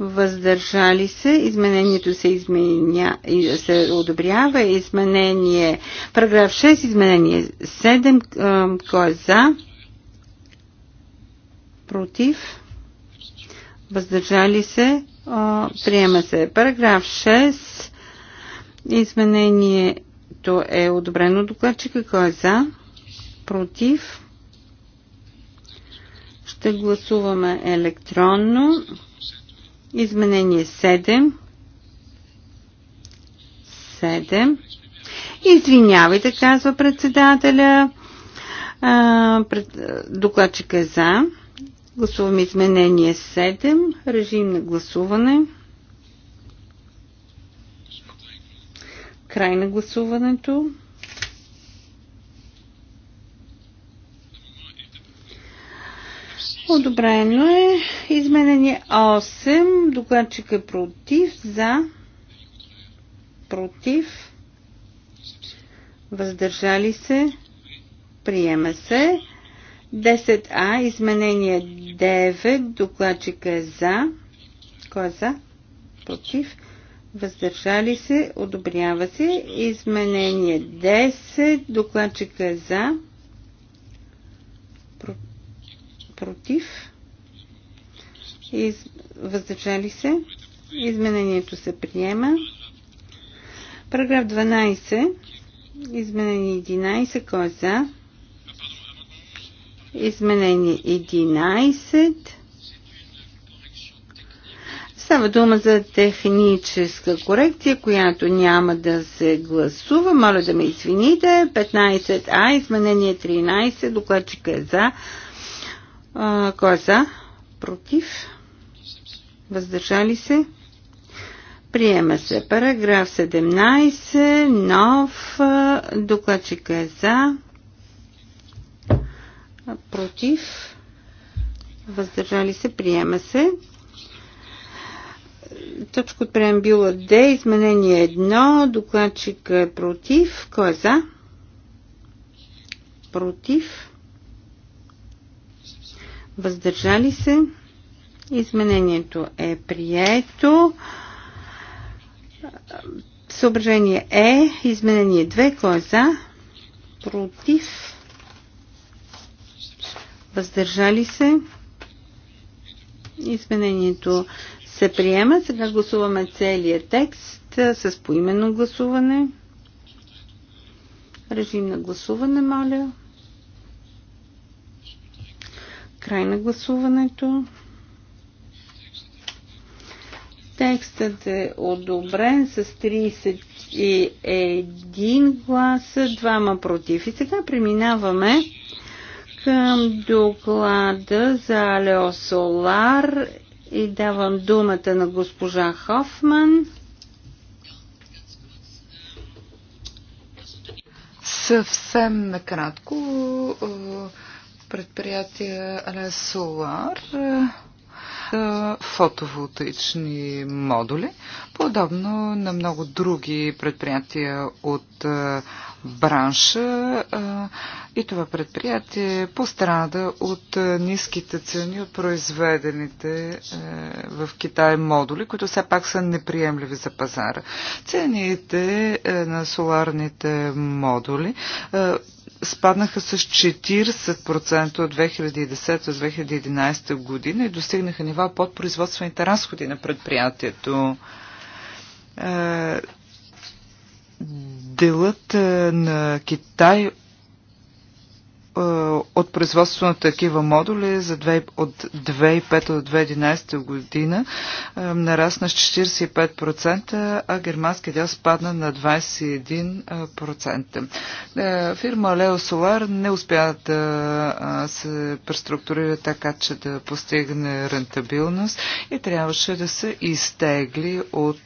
Speaker 1: Въздържали се. Изменението се, изменя, се одобрява. Изменение. Параграф 6. Изменение 7. Е, кой е за? Против. Въздържали се. Приема се. Параграф 6. Изменение което е одобрено докладчика. Кой е за? Против? Ще гласуваме електронно. Изменение 7. 7. Извинявайте, казва председателя. А, пред, докладчика е за. Гласуваме изменение 7. Режим на гласуване. Край на гласуването. Одобрено е. Изменение 8. Докладчик е против. За. Против. Въздържали се. Приема се. 10А. Изменение 9. Докладчик е за. Кой е за? Против въздържали се, одобрява се. Изменение 10, докладчика е за, Про... против, Из... въздържали се, изменението се приема. Параграф 12, изменение 11, кой е за? Изменение 11, Става дума за техническа корекция, която няма да се гласува. Моля да ме извините. 15А, изменение 13, докладчика е за. А, кой е за? Против? Въздържали се? Приема се параграф 17, нов, докладчика е за, против, въздържали се, приема се точка от преамбюла Д, изменение 1, докладчик е против. Кой е за? Против. Въздържали се. Изменението е прието. Съображение Е, изменение 2, кой е за? Против. Въздържали се. Изменението се приема. Сега гласуваме целия текст с поименно гласуване. Режим на гласуване, моля. Край на гласуването. Текстът е одобрен с 31 гласа, 2 против. И сега преминаваме към доклада за Алео Солар и давам думата на госпожа Хофман.
Speaker 3: Съвсем накратко е, предприятие Алесолар. Солар е, е, фотоволтаични модули, подобно на много други предприятия от е, бранша. Е, и това предприятие пострада от ниските цени от произведените в Китай модули, които все пак са неприемливи за пазара. Цените на соларните модули спаднаха с 40% от 2010 2011 година и достигнаха нива под производствените разходи на предприятието. Е, делът е, на Китай е, от производство на такива модули за 2, от 2005 до 2011 година е, нарасна с 45%, а германския дял спадна на 21%. Е, фирма Лео Solar не успя да се преструктурира така, че да постигне рентабилност и трябваше да се изтегли от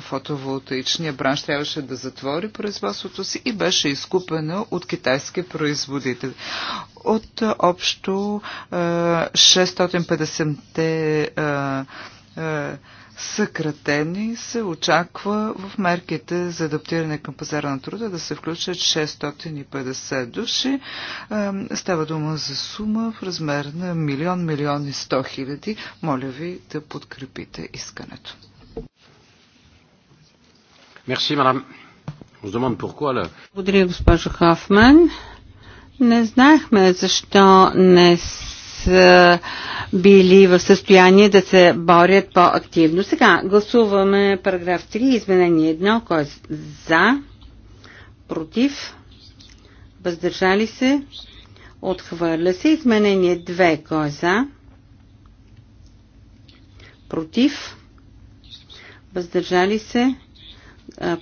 Speaker 3: фотоволтаичния бранш трябваше да затвори производството си и беше изкупена от китайски производители. От общо 650-те съкратени се очаква в мерките за адаптиране към пазара на труда да се включат 650 души. Става дума за сума в размер на милион, милион и сто хиляди. Моля ви да подкрепите
Speaker 4: искането.
Speaker 1: Благодаря, госпожо Хофман. Не знаехме защо не са били в състояние да се борят по-активно. Сега гласуваме параграф 3, изменение 1, кой е за, против, въздържали се, отхвърля се. Изменение 2, кой е за, против, въздържали се,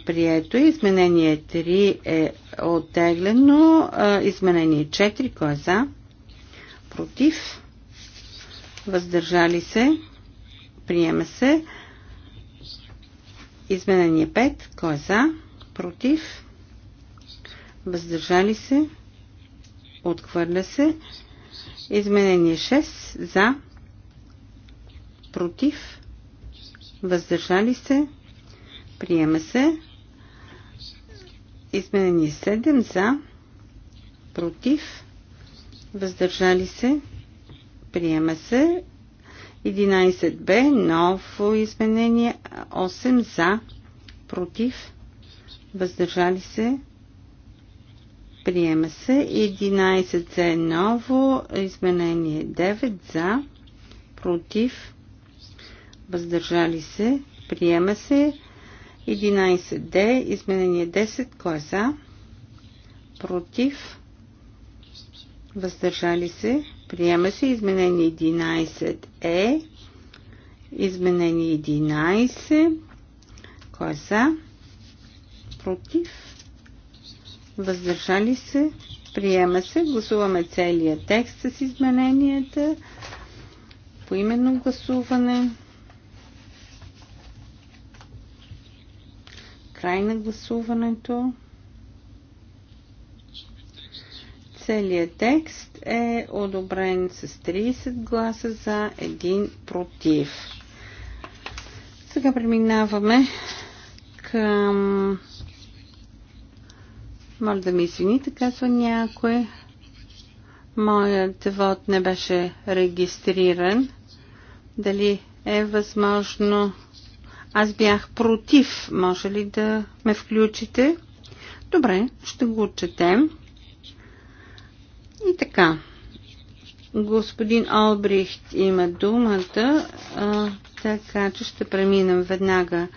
Speaker 1: прието и Изменение 3 е оттеглено. Изменение 4, кой е за? Против. Въздържали се. Приема се. Изменение 5, кой е за? Против. Въздържали се. Отхвърля се. Изменение 6 за. Против. Въздържали се. Приема се. Изменени 7 за. Против. Въздържали се. Приема се. 11 Б. Ново изменение. 8 за. Против. Въздържали се. Приема се. 11 за ново. Изменение 9 за. Против. Въздържали се. Приема се. 11D, изменение 10, кой е за? Против? Въздържали се? Приема се изменение 11Е. Изменение 11. Кой е за? Против? Въздържали се? Приема се. Гласуваме целият текст с измененията. Поименно гласуване. Край на гласуването. Целият текст е одобрен с 30 гласа за 1 против. Сега преминаваме към... Моля да ми извините, казва някой. Моят вод не беше регистриран. Дали е възможно аз бях против. Може ли да ме включите? Добре, ще го отчетем. И така. Господин Олбрихт има думата, а, така че ще преминем веднага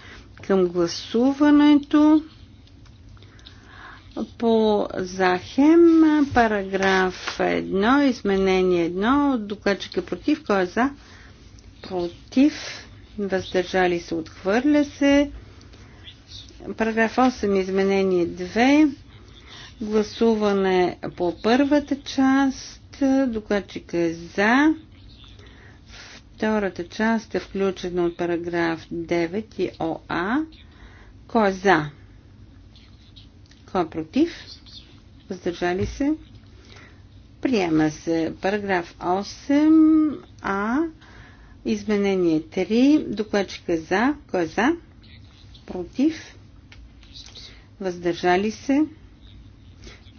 Speaker 1: към гласуването. По Захем, параграф 1, изменение 1, докладчик е против, кой е за? Против въздържали се, отхвърля се. Параграф 8, изменение 2. Гласуване по първата част. докладчик е за. Втората част е включена от параграф 9 и ОА. Кой е за? Кой е против? Въздържали се? Приема се параграф 8А Изменение 3. Докладчика е за. Кой е за? Против. Въздържали се.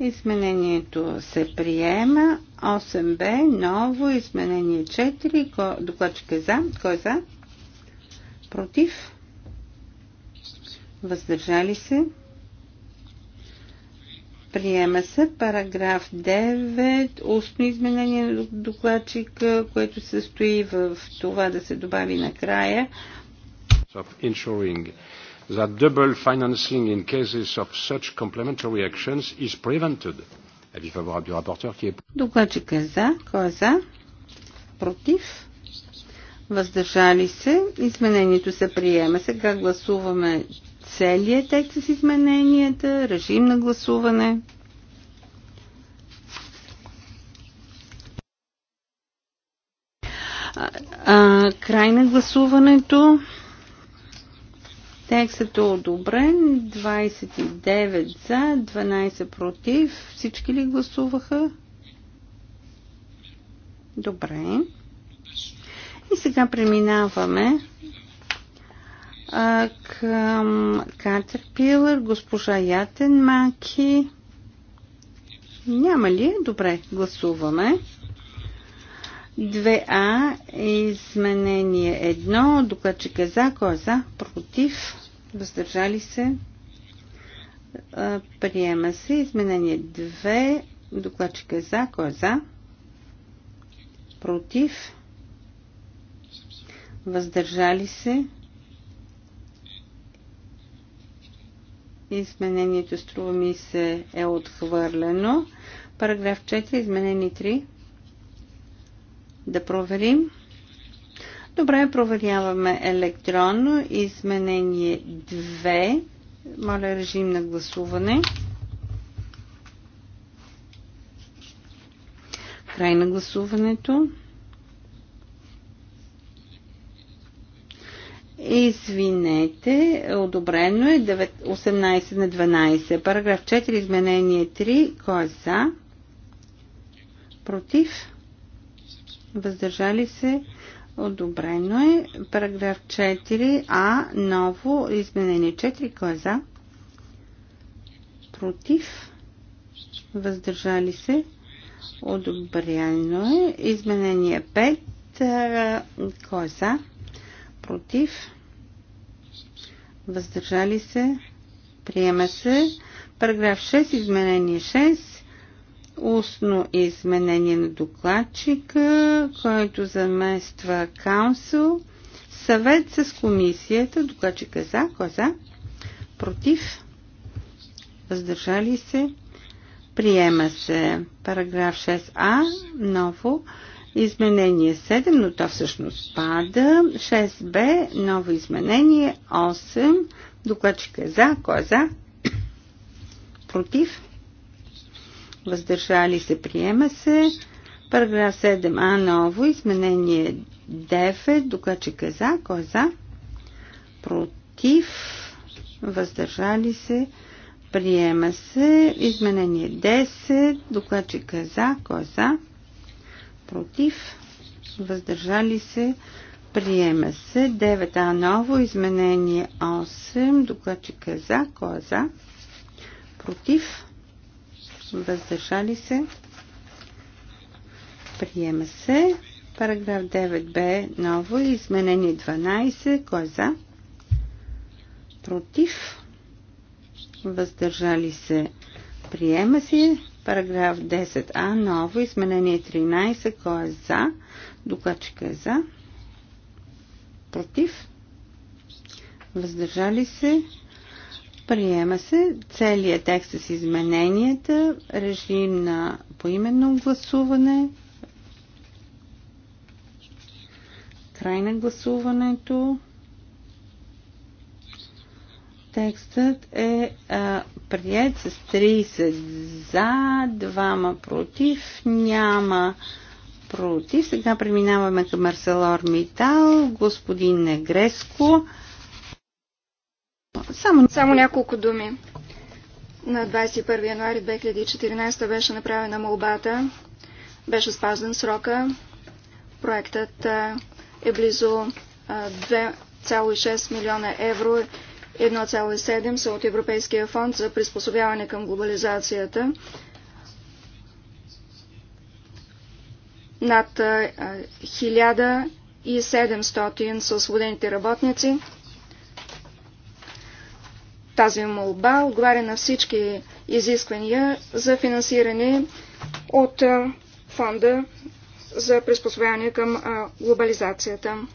Speaker 1: Изменението се приема. 8б. Ново. Изменение 4. Докладчика е за. Кой е за? Против. Въздържали се. Приема се параграф 9, устно изменение на докладчика, което се състои в това да се добави накрая.
Speaker 4: Of ensuring that double financing in cases of such complementary actions is prevented. Avis favorable du rapporteur qui est...
Speaker 1: Докладчика е за. Кой е за? Против? Въздържали се. Изменението се приема. Сега гласуваме целият текст с измененията, режим на гласуване. А, край на гласуването. Текстът е одобрен. 29 за, 12 против. Всички ли гласуваха? Добре. И сега преминаваме а, към Катерпилър, госпожа Ятен Маки. Няма ли? Добре, гласуваме. 2А изменение 1, докладчика за, кой е за, против, въздържали се, приема се. Изменение 2, е за, кой е за, против, въздържали се, Изменението струва ми се е отхвърлено. Параграф 4, изменение 3. Да проверим. Добре, проверяваме електронно. Изменение 2. Моля режим на гласуване. Край на гласуването. Извинете, одобрено е 18 на 12. Параграф 4, изменение 3. Кой е за? Против? Въздържали се? Одобрено е. Параграф 4а. Ново изменение 4. Кой е за? Против? Въздържали се? Одобрено е. Изменение 5. Кой е за? Против? въздържали се, приема се. Параграф 6, изменение 6, устно изменение на докладчика, който замества каунсъл, съвет с комисията, докладчика е за, кой е за, против, въздържали се, приема се. Параграф 6а, ново Изменение 7, но то всъщност пада. 6b, ново изменение. 8, докладчик е за. Кой е за? [CLEARS THROAT] Против? Въздържали се, приема се. Параграф 7а, ново изменение 9, докладчик е за. Кой е за? Против? Въздържали се, приема се. Изменение 10, докладчик е за. Кой е за? против, въздържали се, приема се. 9А ново, изменение 8, докладчик е за, кой е за, против, въздържали се, приема се. Параграф 9б ново, изменение 12, кой е за, против, въздържали се, приема се. Параграф 10а, ново, изменение 13, кой е за? Докладчика е за. Против? Въздържали се? Приема се целият текст с измененията, режим на поименно гласуване, край на гласуването. Текстът е а, прият с 30 за, 2 против, няма против. Сега преминаваме към Арселор Митал, господин Негреско.
Speaker 2: Само... Само няколко думи. На 21 януари 2014 беше направена молбата, беше спазен срока. Проектът е близо 2,6 милиона евро 1,7 са от Европейския фонд за приспособяване към глобализацията. Над 1700 са освободените работници. Тази молба отговаря на всички изисквания за финансиране от фонда за приспособяване към глобализацията.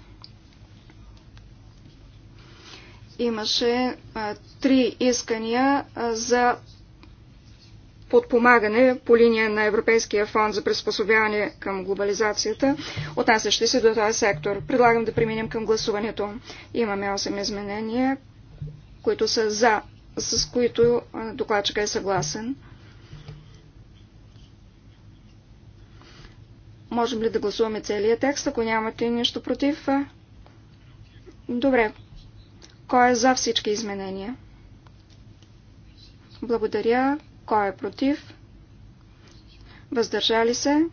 Speaker 2: имаше а, три искания а, за подпомагане по линия на Европейския фонд за приспособяване към глобализацията, отнасящи се до този сектор. Предлагам да преминем към гласуването. Имаме 8 изменения, които са за, с които докладчика е съгласен. Можем ли да гласуваме целият текст, ако нямате нищо против? Добре, кой е за всички изменения? Благодаря. Кой е против? Въздържали се?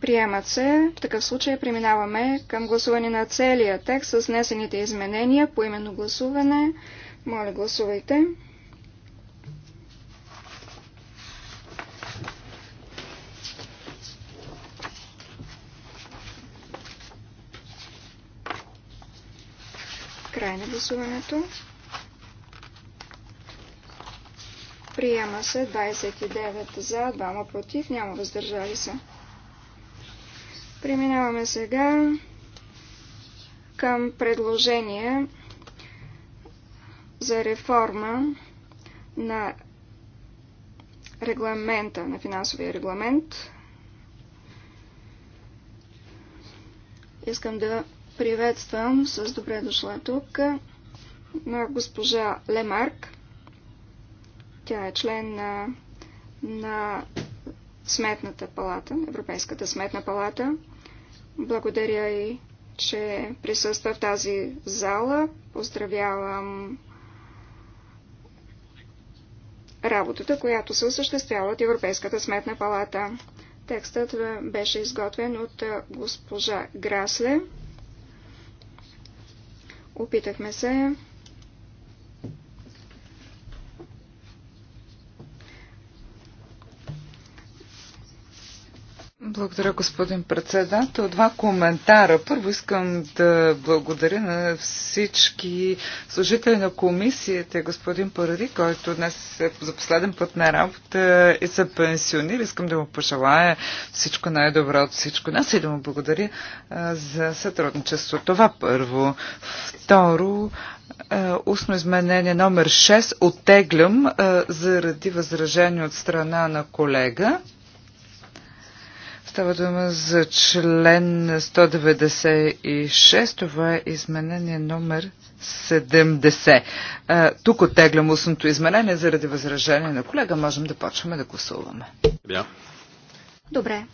Speaker 2: Приемат се. В такъв случай преминаваме към гласуване на целия текст с внесените изменения по именно гласуване. Моля, гласувайте. Край на гласуването. Приема се 29 за, 2 против, няма въздържали се. Преминаваме сега към предложение за реформа на регламента, на финансовия регламент. Искам да Приветствам с добре дошла тук на госпожа Лемарк. Тя е член на, на Сметната палата, Европейската сметна палата. Благодаря и, че присъства в тази зала. Поздравявам работата, която се осъществява от Европейската сметна палата. Текстът беше изготвен от госпожа Грасле. Опитахме се
Speaker 3: Благодаря, господин председател. Два коментара. Първо искам да благодаря на всички служители на комисията, господин Паради, който днес е за последен път на работа и се пенсионира. Искам да му пожелая всичко най-добро от всичко нас и да му благодаря за сътрудничество. Това първо. Второ, устно изменение номер 6 оттеглям заради възражение от страна на колега. Става дума за член 196. Това е изменение номер 70. А, тук оттеглям устното изменение заради възражение на колега. Можем да почваме да гласуваме.
Speaker 2: Добре.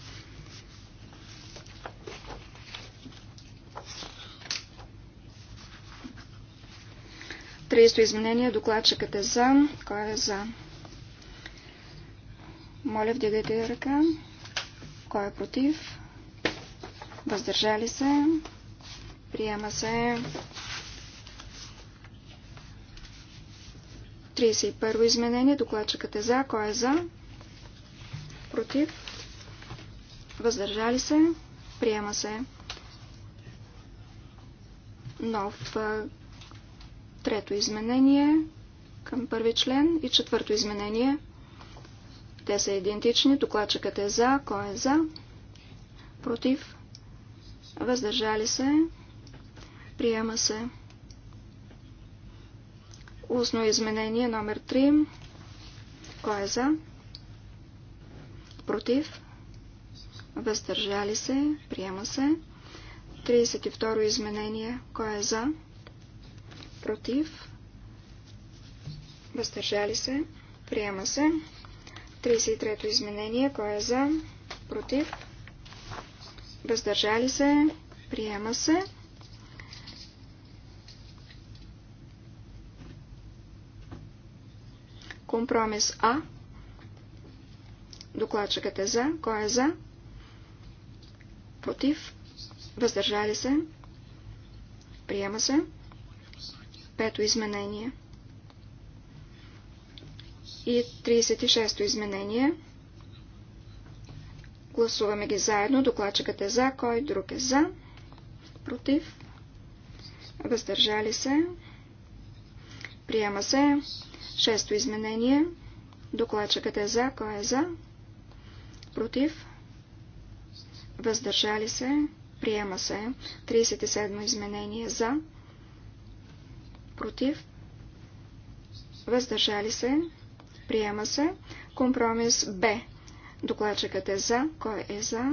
Speaker 2: Тристо изменение. Докладчикът е за. Кой е за? Моля, вдигайте ръка. Кой е против? Въздържали се. Приема се. 31 изменение. Докладчикът е за. Кой е за? Против? Въздържали се. Приема се. Нов трето изменение към първи член и четвърто изменение. Те са идентични. Докладчикът е за. Кой е за? Против? Въздържали се? Приема се. Устно изменение номер 3. Кой е за? Против? Въздържали се? Приема се. 32 изменение. Кой е за? Против? Въздържали се? Приема се. 33-то изменение. Кой е за? Против? Въздържали се? Приема се. Компромис А. Докладчикът е за. Кой е за? Против? Въздържали се? Приема се. Пето изменение и 36-то изменение. Гласуваме ги заедно. Докладчикът е за, кой друг е за, против, въздържали се, приема се. 6-то изменение. Докладчикът е за, кой е за, против, въздържали се, приема се. 37 изменение за, против, въздържали се, Приема се. Компромис Б. Докладчикът е за. Кой е за?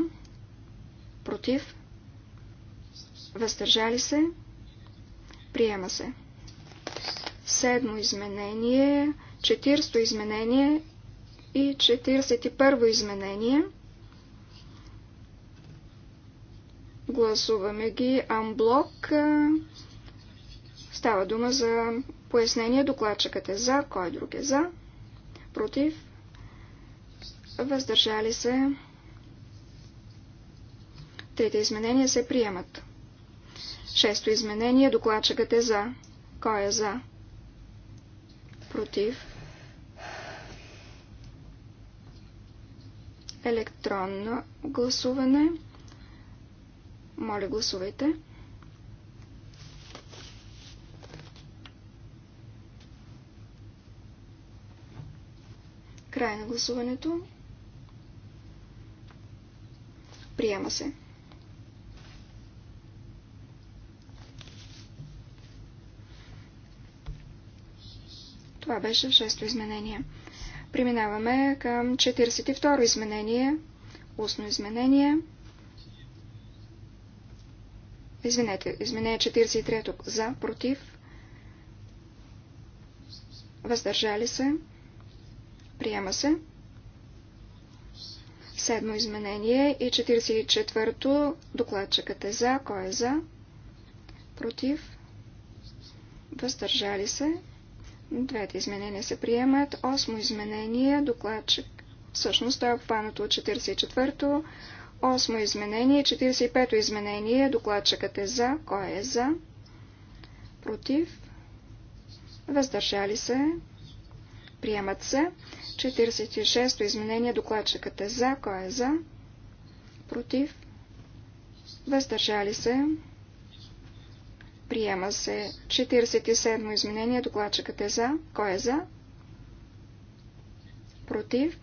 Speaker 2: Против. Въздържали се. Приема се. Седмо изменение, 40 изменение и 41 изменение. Гласуваме ги амблок. Става дума за пояснение. Докладчикът е за, кой друг е за против, въздържали се. Трите изменения се приемат. Шесто изменение, докладчикът е за. Кой е за? Против. Електронно гласуване. Моля, гласувайте. Край на гласуването. Приема се. Това беше шесто изменение. Преминаваме към 42 изменение, устно изменение. Извинете, изменение 43 то за, против, въздържали се. Приема се. Седмо изменение и 44-то. Докладчикът е за. Кой е за? Против. Въздържали се. Двете изменения се приемат. Осмо изменение. Докладчик. Всъщност той е обхванато от 44-то. Осмо изменение. 45-то изменение. Докладчикът е за. Кой е за? Против. Въздържали се. Приемат се. 46-то изменение. докладчиката е за. Кой е за? Против. Въздържали се. Приема се. 47-то изменение. докладчиката е за. Кой е за? Против.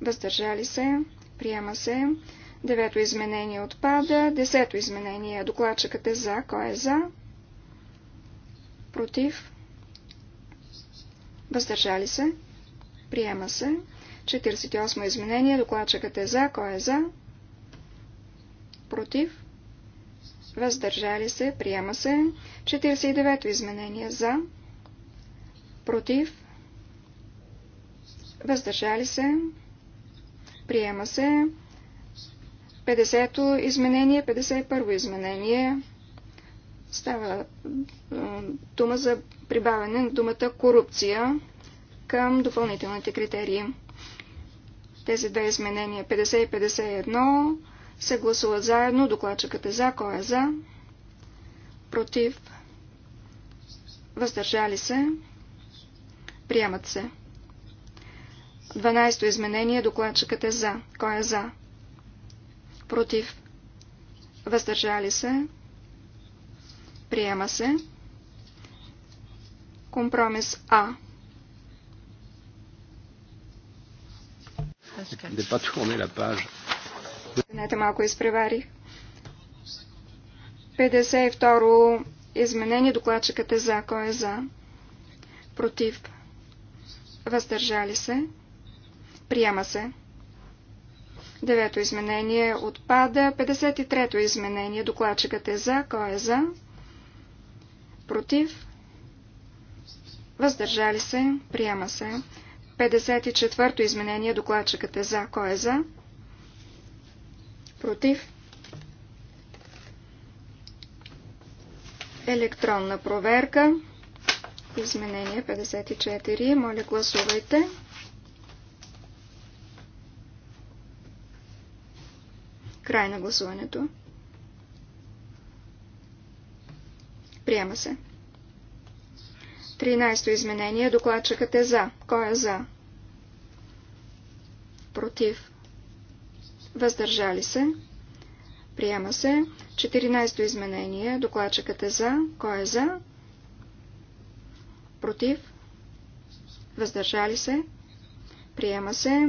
Speaker 2: Въздържали се. Приема се. Девето изменение отпада. Десето изменение. Докладчикът е за. Кой е за? Против. Въздържали се. Приема се. 48 изменение. Докладчикът е за. Кой е за? Против. Въздържали се. Приема се. 49 изменение. За. Против. Въздържали се. Приема се. 50-то изменение, 51-во изменение Става дума за прибавяне на думата корупция към допълнителните критерии. Тези две изменения 50 и 51 се гласуват заедно. Докладчикът е за. Кой е за? Против? Въздържали се? Приемат се. 12 то изменение. Докладчикът е за. Кой е за? Против? Въздържали се? Приема се. Компромис А. Извинете, малко изпреварих. 52 изменение. Докладчикът е за. Кой е за? Против. Въздържали се. Приема се. Девето изменение отпада. 53-то изменение. Докладчикът е за. Кой е за? против, въздържали се, приема се. 54-то изменение, докладчикът е за. Кой е за? Против. Електронна проверка. Изменение 54. Моля, гласувайте. Край на гласуването. Приема се. 13-то изменение. Докладчикът е за. Кой е за? Против. Въздържали се. Приема се. 14-то изменение. Докладчикът е за. Кой е за? Против. Въздържали се. Приема се.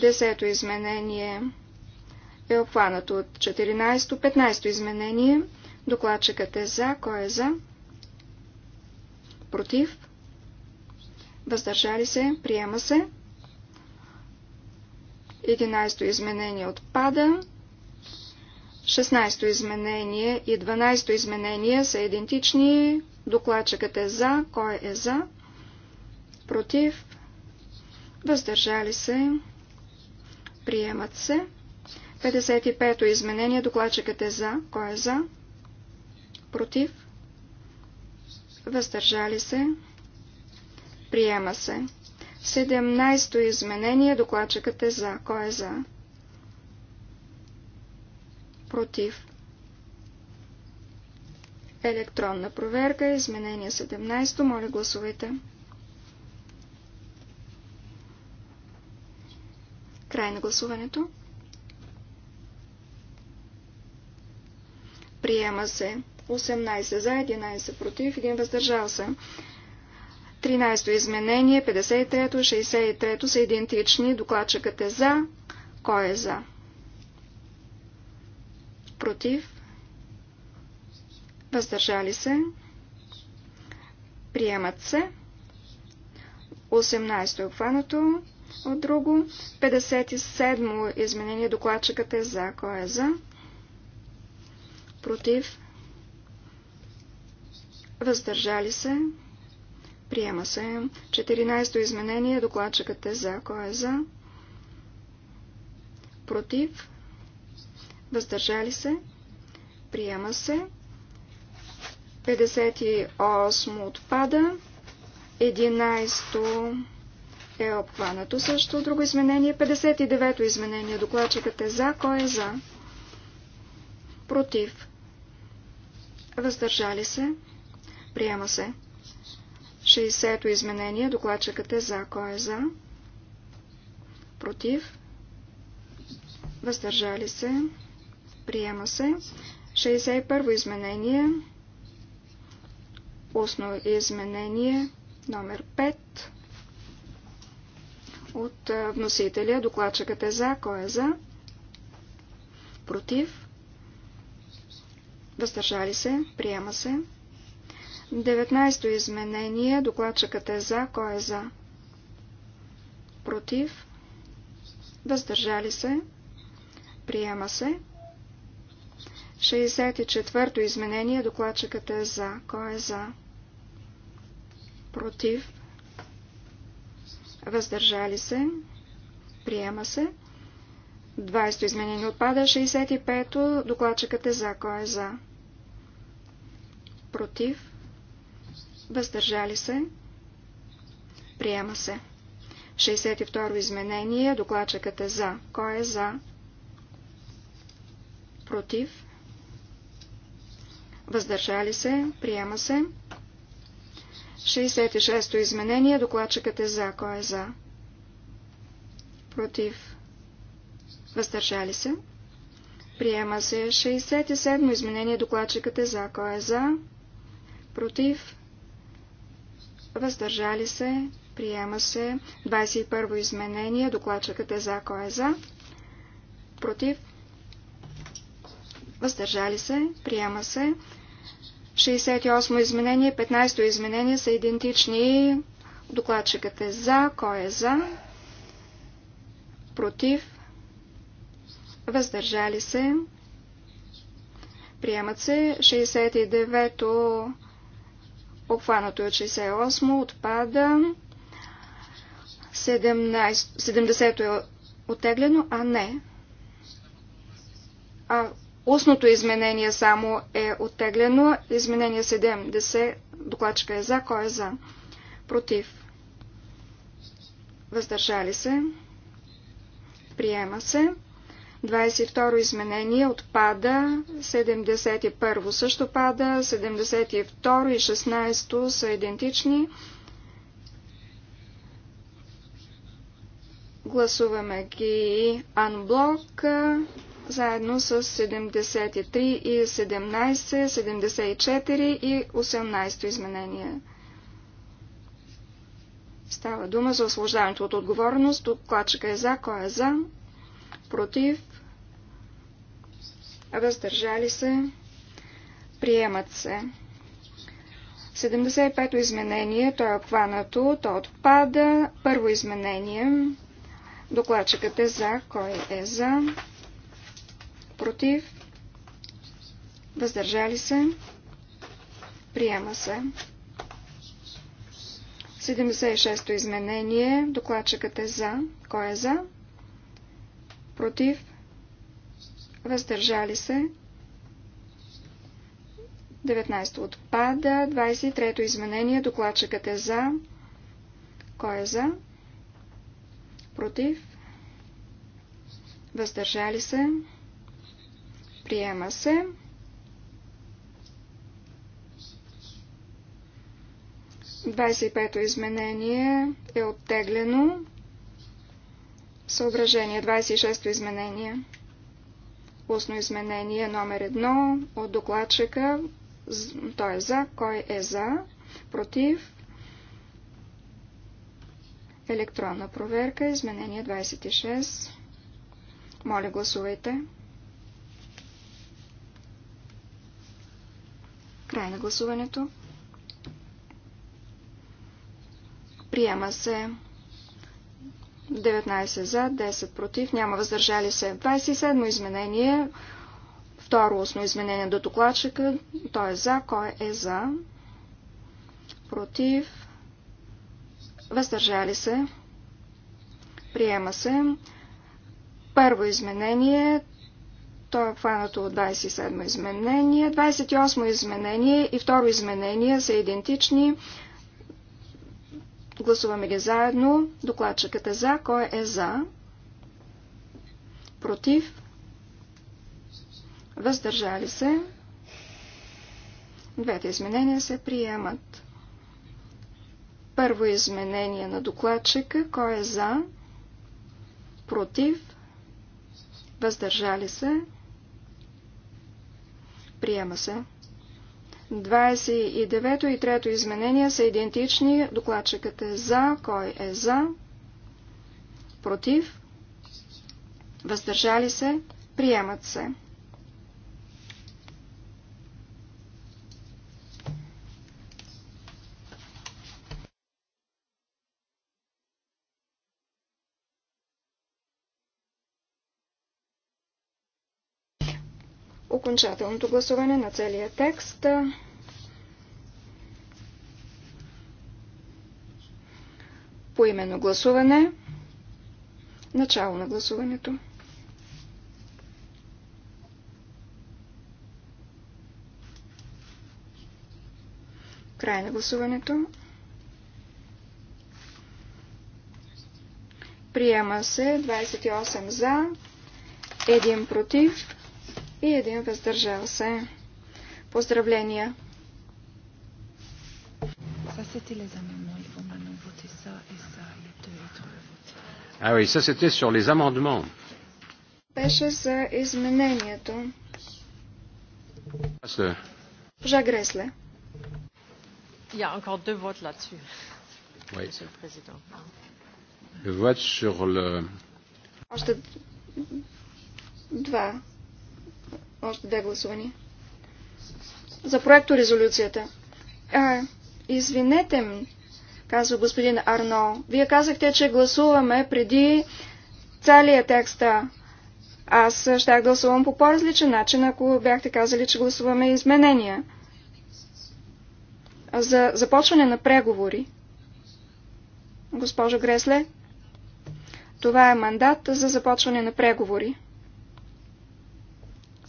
Speaker 2: Десето изменение е обхванато от 14-то. 15-то изменение. Докладчикът е за. Кой е за? Против? Въздържали се? Приема се. 11-то изменение отпада. 16-то изменение и 12-то изменение са идентични. Докладчикът е за. Кой е за? Против? Въздържали се? Приемат се. 55-то изменение. Докладчикът е за. Кой е за? против, въздържали се, приема се. 17-то изменение, докладчикът е за. Кой е за? Против. Електронна проверка, изменение 17-то, моля гласувайте. Край на гласуването. Приема се. 18 за, 11 против, 1 въздържал се. 13-то изменение, 53-то, 63-то са идентични. Докладчикът е за. Кой е за? Против. Въздържали се. Приемат се. 18-то е обхванато от друго. 57 то изменение. Докладчикът е за. Кой е за? Против въздържали се, приема се. 14-то изменение, докладчикът е за, кой е за, против, въздържали се, приема се. 58 отпада, 11 е обхванато също. Друго изменение, 59-то изменение, докладчикът е за, кой е за, против, въздържали се, се. Приема се. 60-то изменение. Докладчикът е за. Кой е за? Против. Въздържали се. Приема се. 61-во изменение. Устно изменение номер 5 от вносителя. Докладчикът е за. Кой е за? Против. Въздържали се. Приема се. 19-то изменение. Докладчикът е за. Кой е за? Против. Въздържали се. Приема се. 64-то изменение. Докладчикът е за. Кой е за? Против. Въздържали се. Приема се. 20-то изменение отпада. 65-то. Докладчикът е за. Кой е за? Против въздържали се, приема се. 62 изменение, докладчикът е за. Кой е за? Против. Въздържали се, приема се. 66-то изменение, докладчикът е за. Кой е за? Против. Въздържали се. Приема се 67 то изменение, докладчикът е за. Кой е за? Против въздържали се, приема се 21 изменение, докладчикът е за, кой е за, против, въздържали се, приема се 68 изменение, 15 изменение са идентични, докладчикът е за, кой е за, против, въздържали се, приемат се 69-то Обхванато е 68, отпада. 70 е отеглено, а не. А устното изменение само е оттеглено. Изменение 70. Докладчика е за. Кой е за? Против. Въздържали се. Приема се. 22 изменение отпада, 71 също пада, 72 и 16 са идентични. Гласуваме ги анблок заедно с 73 и 17, 74 и 18 изменения. Става дума за освобождаването от отговорност. Докладчика е за, кой е за, против, въздържали се, приемат се. 75-то изменение, то е обхванато, то отпада. Първо изменение, докладчикът е за, кой е за, против, въздържали се, приема се. 76-то изменение, докладчикът е за, кой е за, против, въздържали се. 19 отпада, 23 изменение, докладчикът е за. Кой е за? Против? Въздържали се? Приема се. Двадесет пето изменение е оттеглено. Съображение. 26 шесто изменение. Устно изменение номер 1 от докладчика. Той е за. Кой е за? Против? Електронна проверка. Изменение 26. Моля, гласувайте. Край на гласуването. Приема се. 19 за, 10 против, няма въздържали се. 27 изменение, второ устно изменение до докладчика, той е за, кой е за, против,
Speaker 4: въздържали се,
Speaker 2: приема се. Първо изменение, то е хванато от 27 изменение, 28 изменение и второ изменение са идентични, Гласуваме ги заедно. Докладчикът е за. Кой е за? Против? Въздържали се? Двете изменения се приемат. Първо изменение на докладчика. Кой е за? Против? Въздържали се? Приема се. 29 то и 3 то изменения са идентични. Докладчикът е за. Кой е за? Против? Въздържали се? Приемат се. окончателното гласуване на целия текст. Поименно гласуване. Начало на гласуването. Край на гласуването. Приема се 28 за, 1 против, и един въздържал се. Поздравления!
Speaker 4: Ah oui, ça c'était sur les amendements.
Speaker 2: Il y a encore deux votes là-dessus, oui. Monsieur le Président.
Speaker 4: Le vote sur le...
Speaker 2: Още две гласувани. За проекто резолюцията. А, извинете ми, казва господин Арно. Вие казахте, че гласуваме преди целия текста. Аз ще гласувам по по-различен начин, ако бяхте казали, че гласуваме изменения. За започване на преговори. Госпожо Гресле, това е мандат за започване на преговори.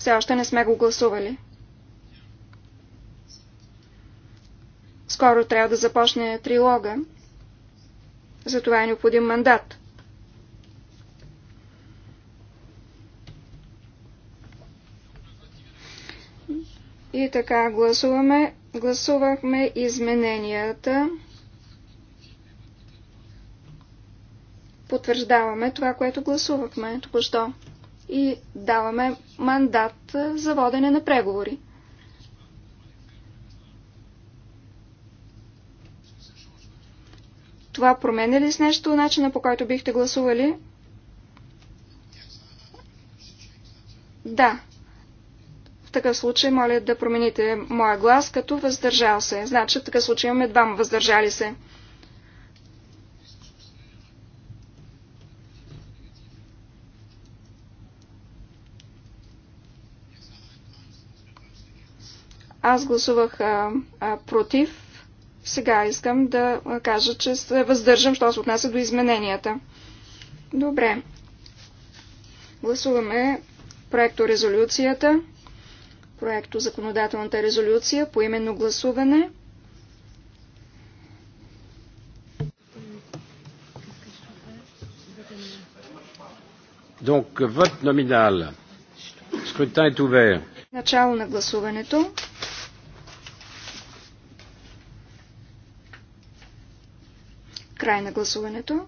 Speaker 2: Все още не сме го гласували. Скоро трябва да започне трилога. За това е необходим мандат. И така гласуваме, гласувахме измененията. Потвърждаваме това, което гласувахме току-що и даваме мандат за водене на преговори. Това променя ли с нещо начина по който бихте гласували? Да. В такъв случай моля да промените моя глас като въздържал се. Значи в такъв случай имаме двама въздържали се. Аз гласувах а, а, против. Сега искам да кажа, че се въздържам, що се отнася до измененията. Добре. Гласуваме проекто резолюцията, проекто законодателната резолюция, по именно гласуване.
Speaker 4: Donc, vote nominal. Scrutin est ouvert.
Speaker 2: Начало на гласуването. Край на гласуването.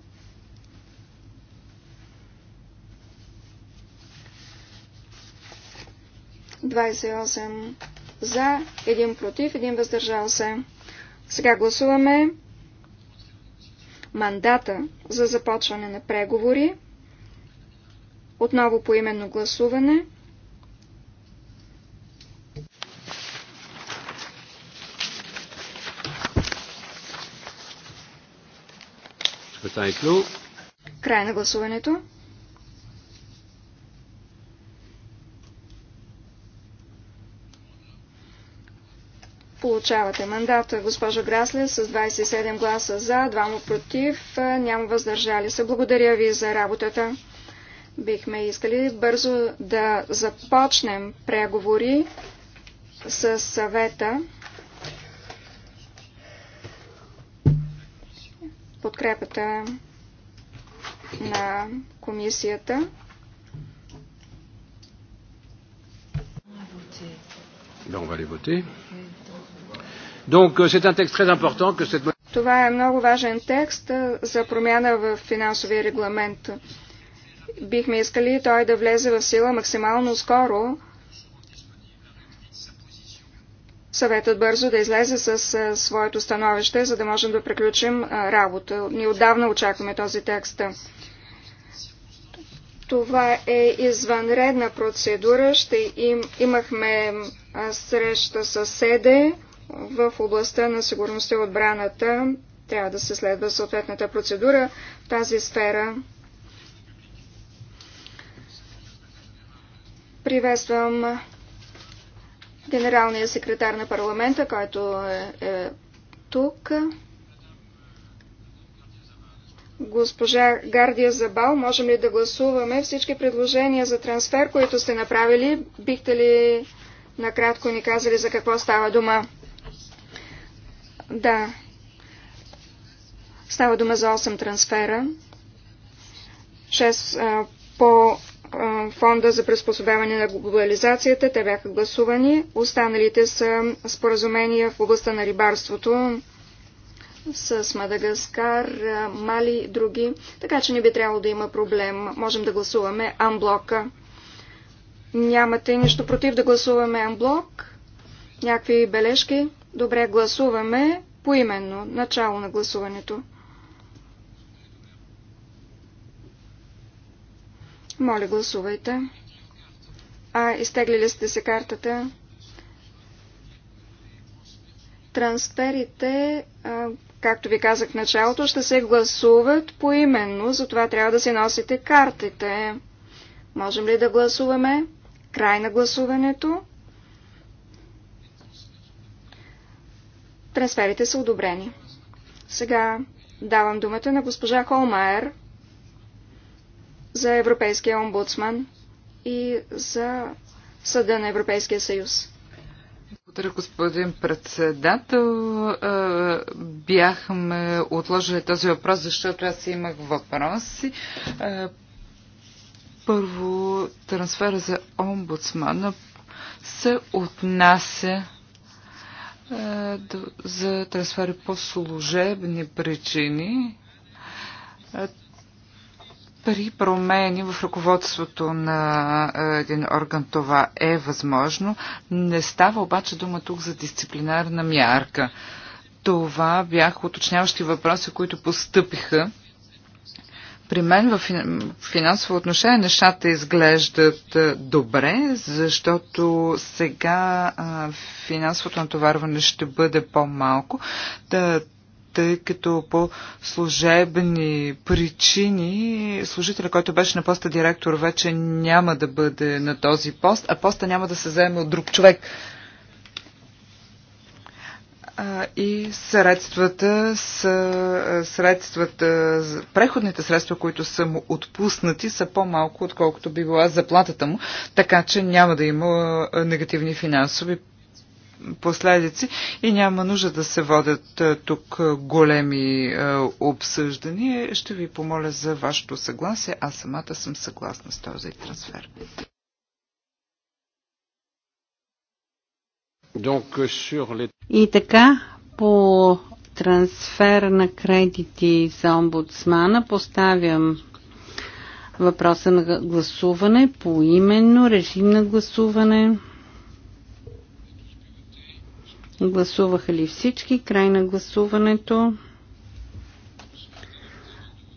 Speaker 2: Двадесет осем за, един против, един въздържал се. Сега гласуваме мандата за започване на преговори. Отново по именно гласуване. Край на гласуването. Получавате мандата, госпожа Грасле, с 27 гласа за, 2 му против, няма въздържали се. Благодаря ви за работата. Бихме искали бързо да започнем преговори с съвета. подкрепата на комисията.
Speaker 4: Euh,
Speaker 2: Това е много важен текст за промяна в финансовия регламент. Бихме искали той да влезе в сила максимално скоро, съветът бързо да излезе с своето становище, за да можем да приключим работа. Ние отдавна очакваме този текст. Това е извънредна процедура. Ще им, имахме среща с СЕДЕ в областта на сигурността и отбраната. Трябва да се следва съответната процедура в тази сфера. Приветствам генералния секретар на парламента, който е, е тук. Госпожа Гардия Забал, можем ли да гласуваме всички предложения за трансфер, които сте направили? Бихте ли накратко ни казали за какво става дума? Да. Става дума за 8 трансфера. 6 по фонда за приспособяване на глобализацията. Те бяха гласувани. Останалите са споразумения в областта на рибарството с Мадагаскар, Мали и други. Така че не би трябвало да има проблем. Можем да гласуваме амблока. Нямате нищо против да гласуваме амблок? Някакви бележки? Добре, гласуваме поименно. Начало на гласуването. Моля, гласувайте. А, изтеглили сте се картата. Трансферите, както ви казах в началото, ще се гласуват поименно, затова трябва да си носите картите. Можем ли да гласуваме? Край на гласуването. Трансферите са одобрени. Сега давам думата на госпожа Холмайер за Европейския омбудсман и за Съда на Европейския съюз.
Speaker 3: Благодаря, господин председател. Е, бяхме отложили този въпрос, защото аз имах въпроси. Е, първо, трансфера за омбудсмана се отнася е, за трансфери по служебни причини при промени в ръководството на един орган това е възможно. Не става обаче дума тук за дисциплинарна мярка. Това бяха уточняващи въпроси, които постъпиха. При мен в финансово отношение нещата изглеждат добре, защото сега финансовото натоварване ще бъде по-малко тъй като по служебни причини служителя, който беше на поста директор, вече няма да бъде на този пост, а поста няма да се вземе от друг човек. И средствата са средствата, преходните средства, които са му отпуснати, са по-малко, отколкото би била заплатата му, така че няма да има негативни финансови последици и няма нужда да се водят е, тук е, големи е, обсъждания. Ще ви помоля за вашето съгласие. Аз самата съм съгласна с този
Speaker 4: трансфер.
Speaker 1: И така, по трансфер на кредити за омбудсмана поставям въпроса на гласуване по именно режим на гласуване. Гласуваха ли всички? Край на гласуването.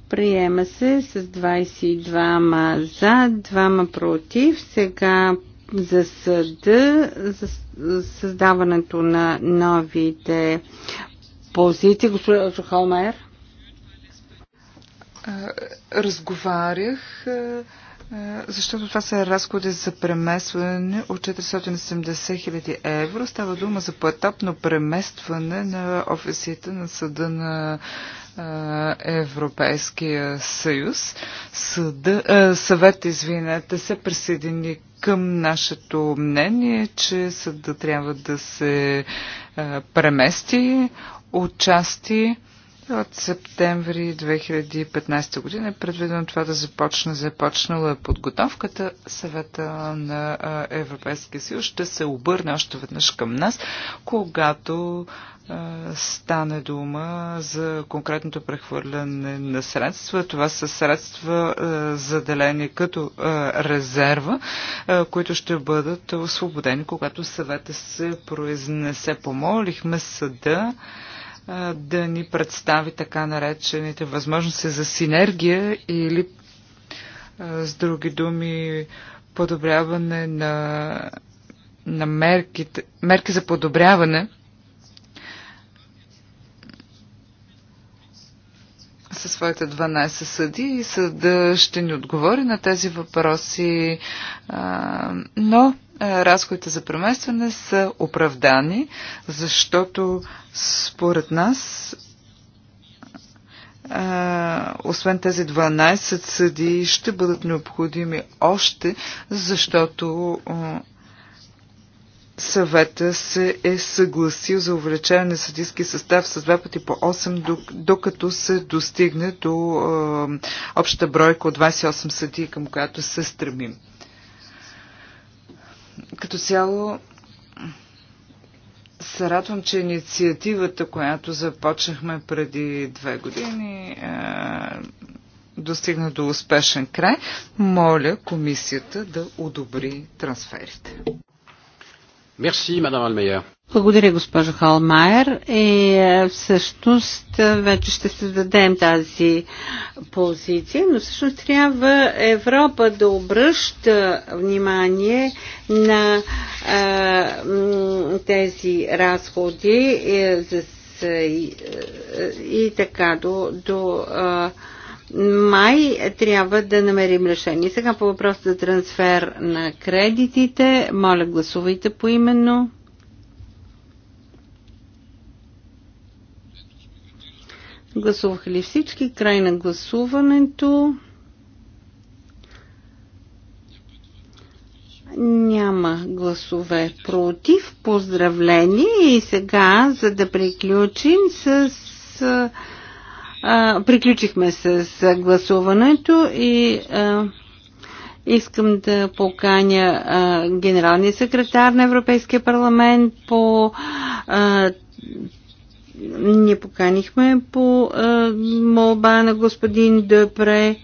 Speaker 1: Приема се с 22 ма за, 2 ма против. Сега за съда, за създаването на новите позиции. Господин Холмер. Разговарях е, защото
Speaker 3: това са разходи за преместване от 470 хиляди евро. Става дума за поетапно преместване на офисите на съда на е, Европейския съюз. Съда, е, съвет, извинете, се присъедини към нашето мнение, че съда трябва да се премести отчасти от септември 2015 година е предвидено това да започне. Започнала е подготовката. Съвета на Европейския съюз ще се обърне още веднъж към нас, когато стане дума за конкретното прехвърляне на средства. Това са средства заделени като резерва, които ще бъдат освободени, когато съвета се произнесе. Помолихме съда да ни представи така наречените възможности за синергия или с други думи подобряване на, на мерките, мерки за подобряване със своите 12 съди и съда ще ни отговори на тези въпроси. А, но разходите за преместване са оправдани, защото според нас освен тези 12 съди ще бъдат необходими още, защото съвета се е съгласил за увеличаване на съдийски състав с два пъти по 8, докато се достигне до общата бройка от 28 съдии, към която се стремим. Като цяло се радвам, че инициативата, която започнахме преди две години, е, достигна до успешен край. Моля комисията да одобри трансферите.
Speaker 4: Мерси, мадам Алмея.
Speaker 1: Благодаря, госпожо Халмайер. И е, всъщност е, вече ще създадем тази позиция, но всъщност трябва Европа да обръща внимание на а, е, тези разходи и, и, и така до, до а, май трябва да намерим решение. Сега по въпроса за трансфер на кредитите, моля гласувайте поименно. Гласуваха ли всички? Край на гласуването. Няма гласове против. Поздравление и сега, за да приключим с. А, приключихме с гласуването и. А, Искам да поканя а, генералния секретар на Европейския парламент по а, ние поканихме по а, молба на господин Депре.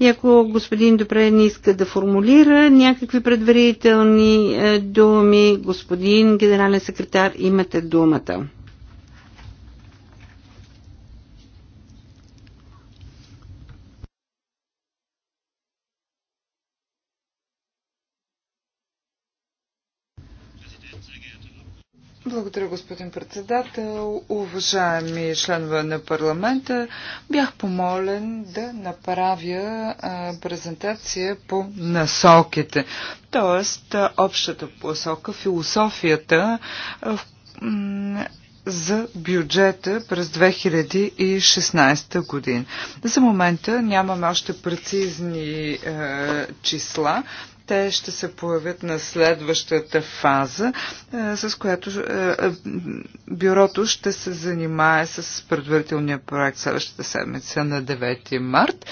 Speaker 1: И ако господин Добре не иска да формулира някакви предварителни думи, господин генерален секретар, имате думата.
Speaker 3: Благодаря, господин председател. Уважаеми членове на парламента, бях помолен да направя а, презентация по насоките, т.е. общата посока, философията за бюджета през 2016 година. За момента нямаме още прецизни е, числа, те ще се появят на следващата фаза, е, с която е, е, бюрото ще се занимае с предварителния проект следващата седмица на 9 март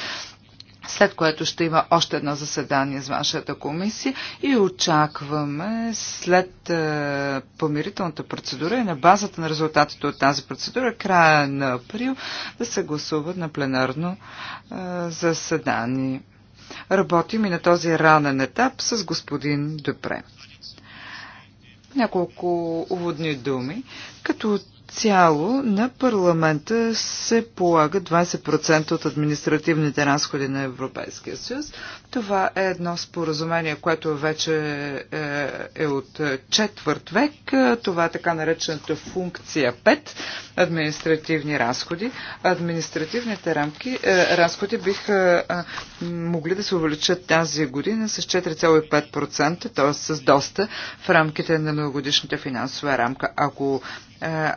Speaker 3: след което ще има още едно заседание с вашата комисия и очакваме след е, помирителната процедура и на базата на резултатите от тази процедура, края на април, да се гласуват на пленарно е, заседание. Работим и на този ранен етап с господин Дупре. Няколко уводни думи. Като цяло на парламента се полага 20% от административните разходи на Европейския съюз. Това е едно споразумение, което вече е, е от четвърт век. Това е така наречената функция 5 административни разходи. Административните рамки, е, разходи биха е, могли да се увеличат тази година с 4,5%, т.е. с доста в рамките на многогодишната финансова рамка. Ако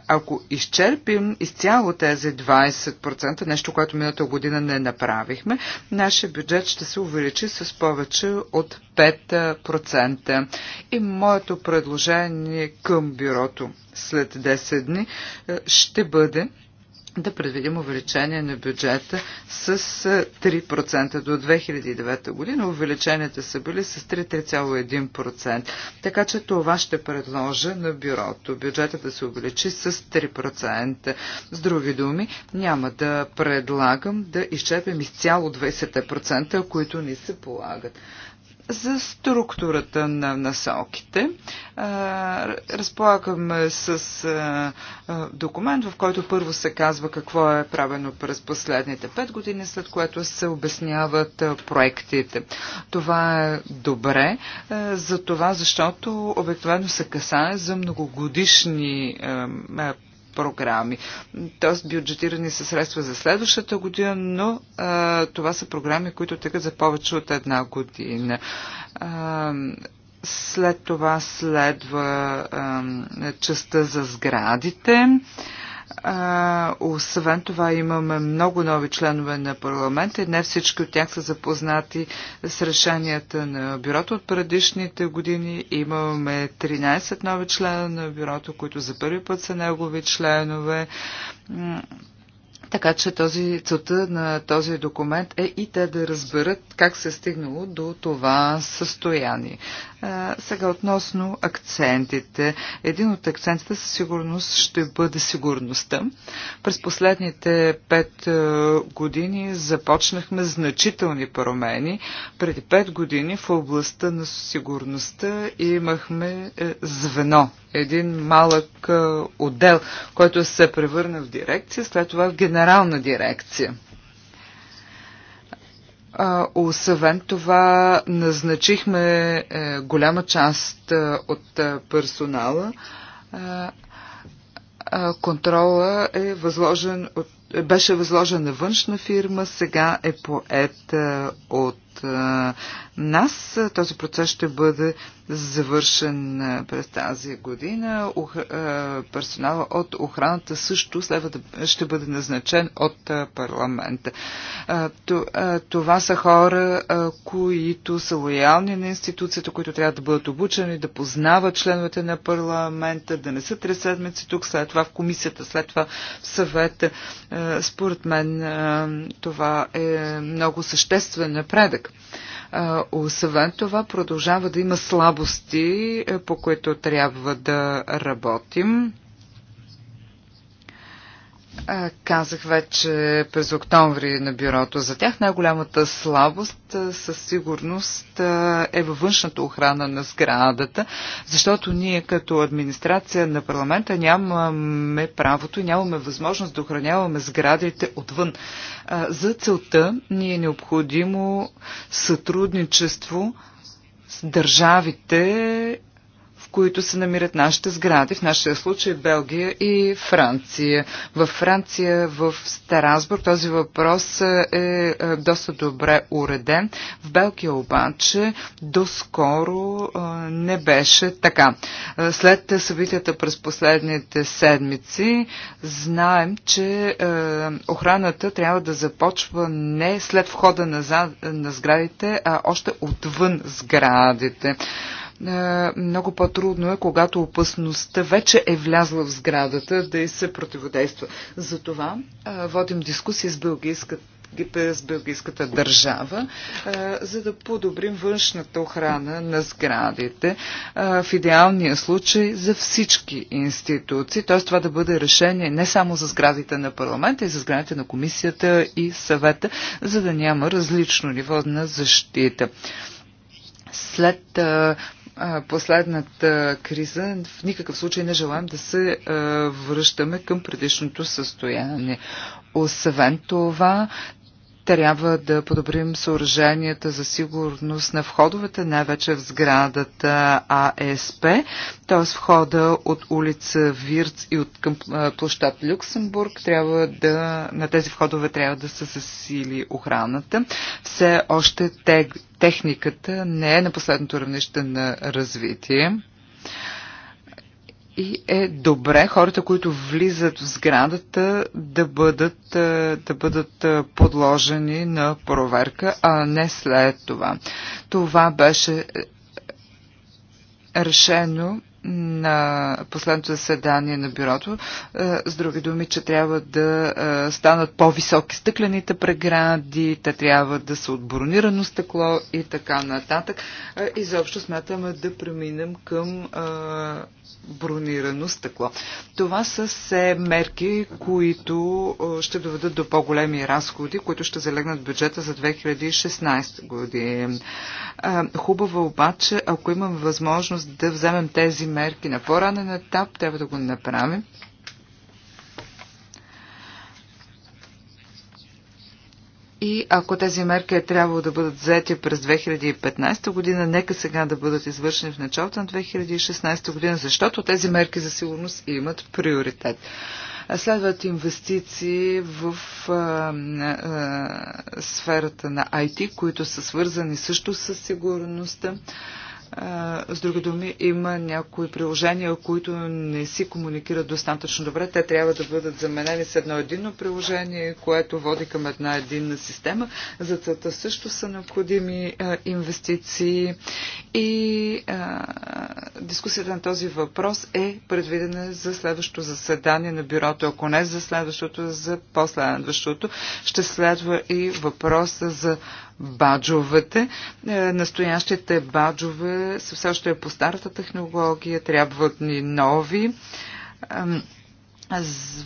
Speaker 3: ако изчерпим изцяло тези 20%, нещо, което миналата година не направихме, нашия бюджет ще се увеличи с повече от 5%. И моето предложение към бюрото след 10 дни ще бъде да предвидим увеличение на бюджета с 3% до 2009 година. Увеличенията са били с 3,1%. Така че това ще предложа на бюрото. Бюджета да се увеличи с 3%. С други думи, няма да предлагам да изчерпим изцяло 20%, които ни се полагат за структурата на насоките. Разполагаме с документ, в който първо се казва какво е правено през последните пет години, след което се обясняват проектите. Това е добре за това, защото обикновено се касае за многогодишни програми. Тоест бюджетирани са средства за следващата година, но а, това са програми, които тъкат за повече от една година. А, след това следва а, частта за сградите. А, а, освен това имаме много нови членове на парламента и не всички от тях са запознати с решенията на бюрото от предишните години. Имаме 13 нови члена на бюрото, които за първи път са негови членове. Така че този, целта на този документ е и те да разберат как се е стигнало до това състояние. А, сега относно акцентите. Един от акцентите със сигурност ще бъде сигурността. През последните пет години започнахме значителни промени. Преди пет години в областта на сигурността имахме е, звено един малък е, отдел, който се превърна в дирекция, след това в генерална дирекция. Освен това, назначихме е, голяма част е, от персонала. Контрола е възложен от, беше възложен на външна фирма, сега е поет от нас. Този процес ще бъде завършен през тази година. Персонала от охраната също следва да ще бъде назначен от парламента. Това са хора, които са лоялни на институцията, които трябва да бъдат обучени, да познават членовете на парламента, да не са три седмици тук, след това в комисията, след това в съвета. Според мен това е много съществен напредък. Освен това, продължава да има слабости, е, по които трябва да работим. Казах вече през октомври на бюрото за тях. Най-голямата слабост със сигурност е във външната охрана на сградата, защото ние като администрация на парламента нямаме правото и нямаме възможност да охраняваме сградите отвън. За целта ни е необходимо сътрудничество с държавите които се намират нашите сгради, в нашия случай Белгия и Франция. В Франция, в Старасбург, този въпрос е, е доста добре уреден. В Белгия обаче доскоро е, не беше така. Е, след събитията през последните седмици знаем, че охраната трябва да започва не след входа на сградите, а още отвън сградите. Е, много по-трудно е, когато опасността вече е влязла в сградата, да и се противодейства. Затова е, водим дискусии с бългийската с бългийската държава, е, за да подобрим външната охрана на сградите в идеалния случай за всички институции. Т.е. това да бъде решение не само за сградите на парламента, и за сградите на комисията и съвета, за да няма различно ниво на защита. След последната криза в никакъв случай не желаем да се връщаме към предишното състояние. Освен това, трябва да подобрим съоръженията за сигурност на входовете, най-вече в сградата АСП, т.е. входа от улица Вирц и от към площад Люксембург. Трябва да, на тези входове трябва да се засили охраната. Все още техниката не е на последното равнище на развитие. И е добре хората, които влизат в сградата, да бъдат, е, да бъдат е, подложени на проверка, а не след това. Това беше е, решено на последното заседание на бюрото. Е, с други думи, че трябва да е, станат по-високи стъклените прегради, те трябва да са отбронирано стъкло и така нататък. Е, изобщо смятаме да преминем към бронирано стъкло. Това са се мерки, които ще доведат до по-големи разходи, които ще залегнат бюджета за 2016 години. Хубаво обаче, ако имам възможност да вземем тези мерки, мерки на по-ранен етап, трябва да го направим. И ако тези мерки е трябвало да бъдат взети през 2015 година, нека сега да бъдат извършени в началото на 2016 година, защото тези мерки за сигурност имат приоритет. Следват инвестиции в а, а, сферата на IT, които са свързани също с сигурността. А, с други думи, има някои приложения, които не си комуникират достатъчно добре. Те трябва да бъдат заменени с едно единно приложение, което води към една единна система. За целта също са необходими инвестиции. И а, дискусията на този въпрос е предвидена за следващото заседание на бюрото. Ако не за следващото, за последващото. Ще следва и въпроса за баджовете. Е, настоящите баджове са все още по старата технология, трябват ни нови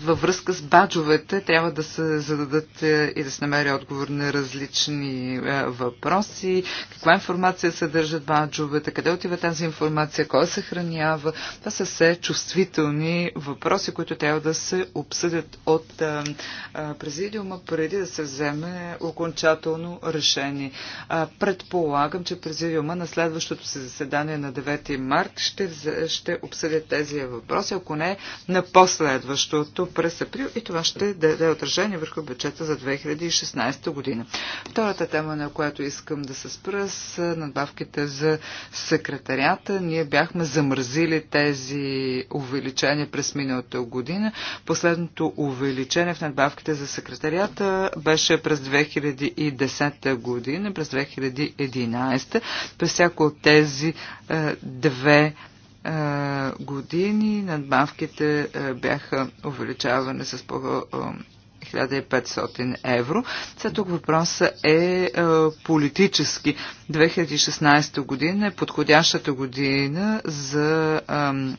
Speaker 3: във връзка с баджовете трябва да се зададат е, и да се намери отговор на различни е, въпроси. Каква информация съдържат баджовете, къде отива тази информация, кой съхранява. Това са все чувствителни въпроси, които трябва да се обсъдят от е, президиума преди да се вземе окончателно решение. Предполагам, че президиума на следващото се заседание на 9 март ще, ще обсъдят тези въпроси, ако не на последва следващото през април и това ще даде отражение върху бюджета за 2016 година. Втората тема, на която искам да се спра, с надбавките за секретарията. Ние бяхме замразили тези увеличения през миналата година. Последното увеличение в надбавките за секретарията беше през 2010 година, през 2011. През всяко от тези е, две години надбавките бяха увеличавани с по 1500 евро. Сега тук въпросът е политически. 2016 година е подходящата година за,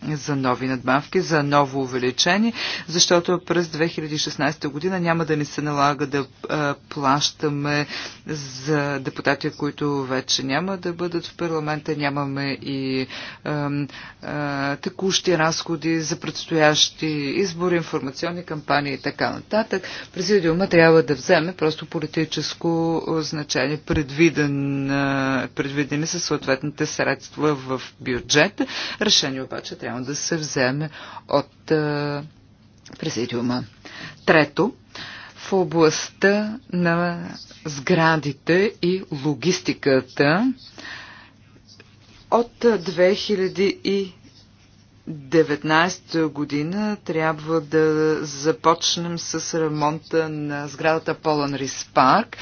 Speaker 3: за нови надбавки, за ново увеличение, защото през 2016 година няма да ни се налага да плащаме за депутати, които вече няма да бъдат в парламента. Нямаме и текущи разходи за предстоящи избори, информационни кампании и така нататък. Президиума трябва да вземе просто политическо значение, предвиден предвидени са съответните средства в бюджет. Решение обаче трябва да се вземе от президиума. Трето, в областта на сградите и логистиката от 2000 2019 година трябва да започнем с ремонта на сградата Полан Рис Парк.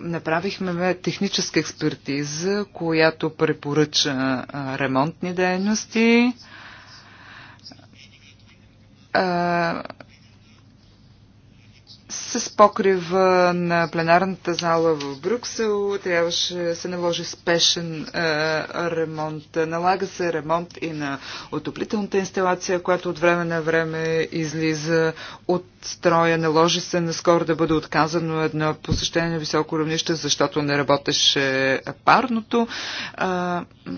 Speaker 3: Направихме техническа експертиза, която препоръча ремонтни дейности с покрива на пленарната зала в Брюксел трябваше се наложи спешен е, ремонт. Налага се ремонт и на отоплителната инсталация, която от време на време излиза от строя. Наложи се наскоро да бъде отказано едно посещение на високо равнище, защото не работеше парното. Е,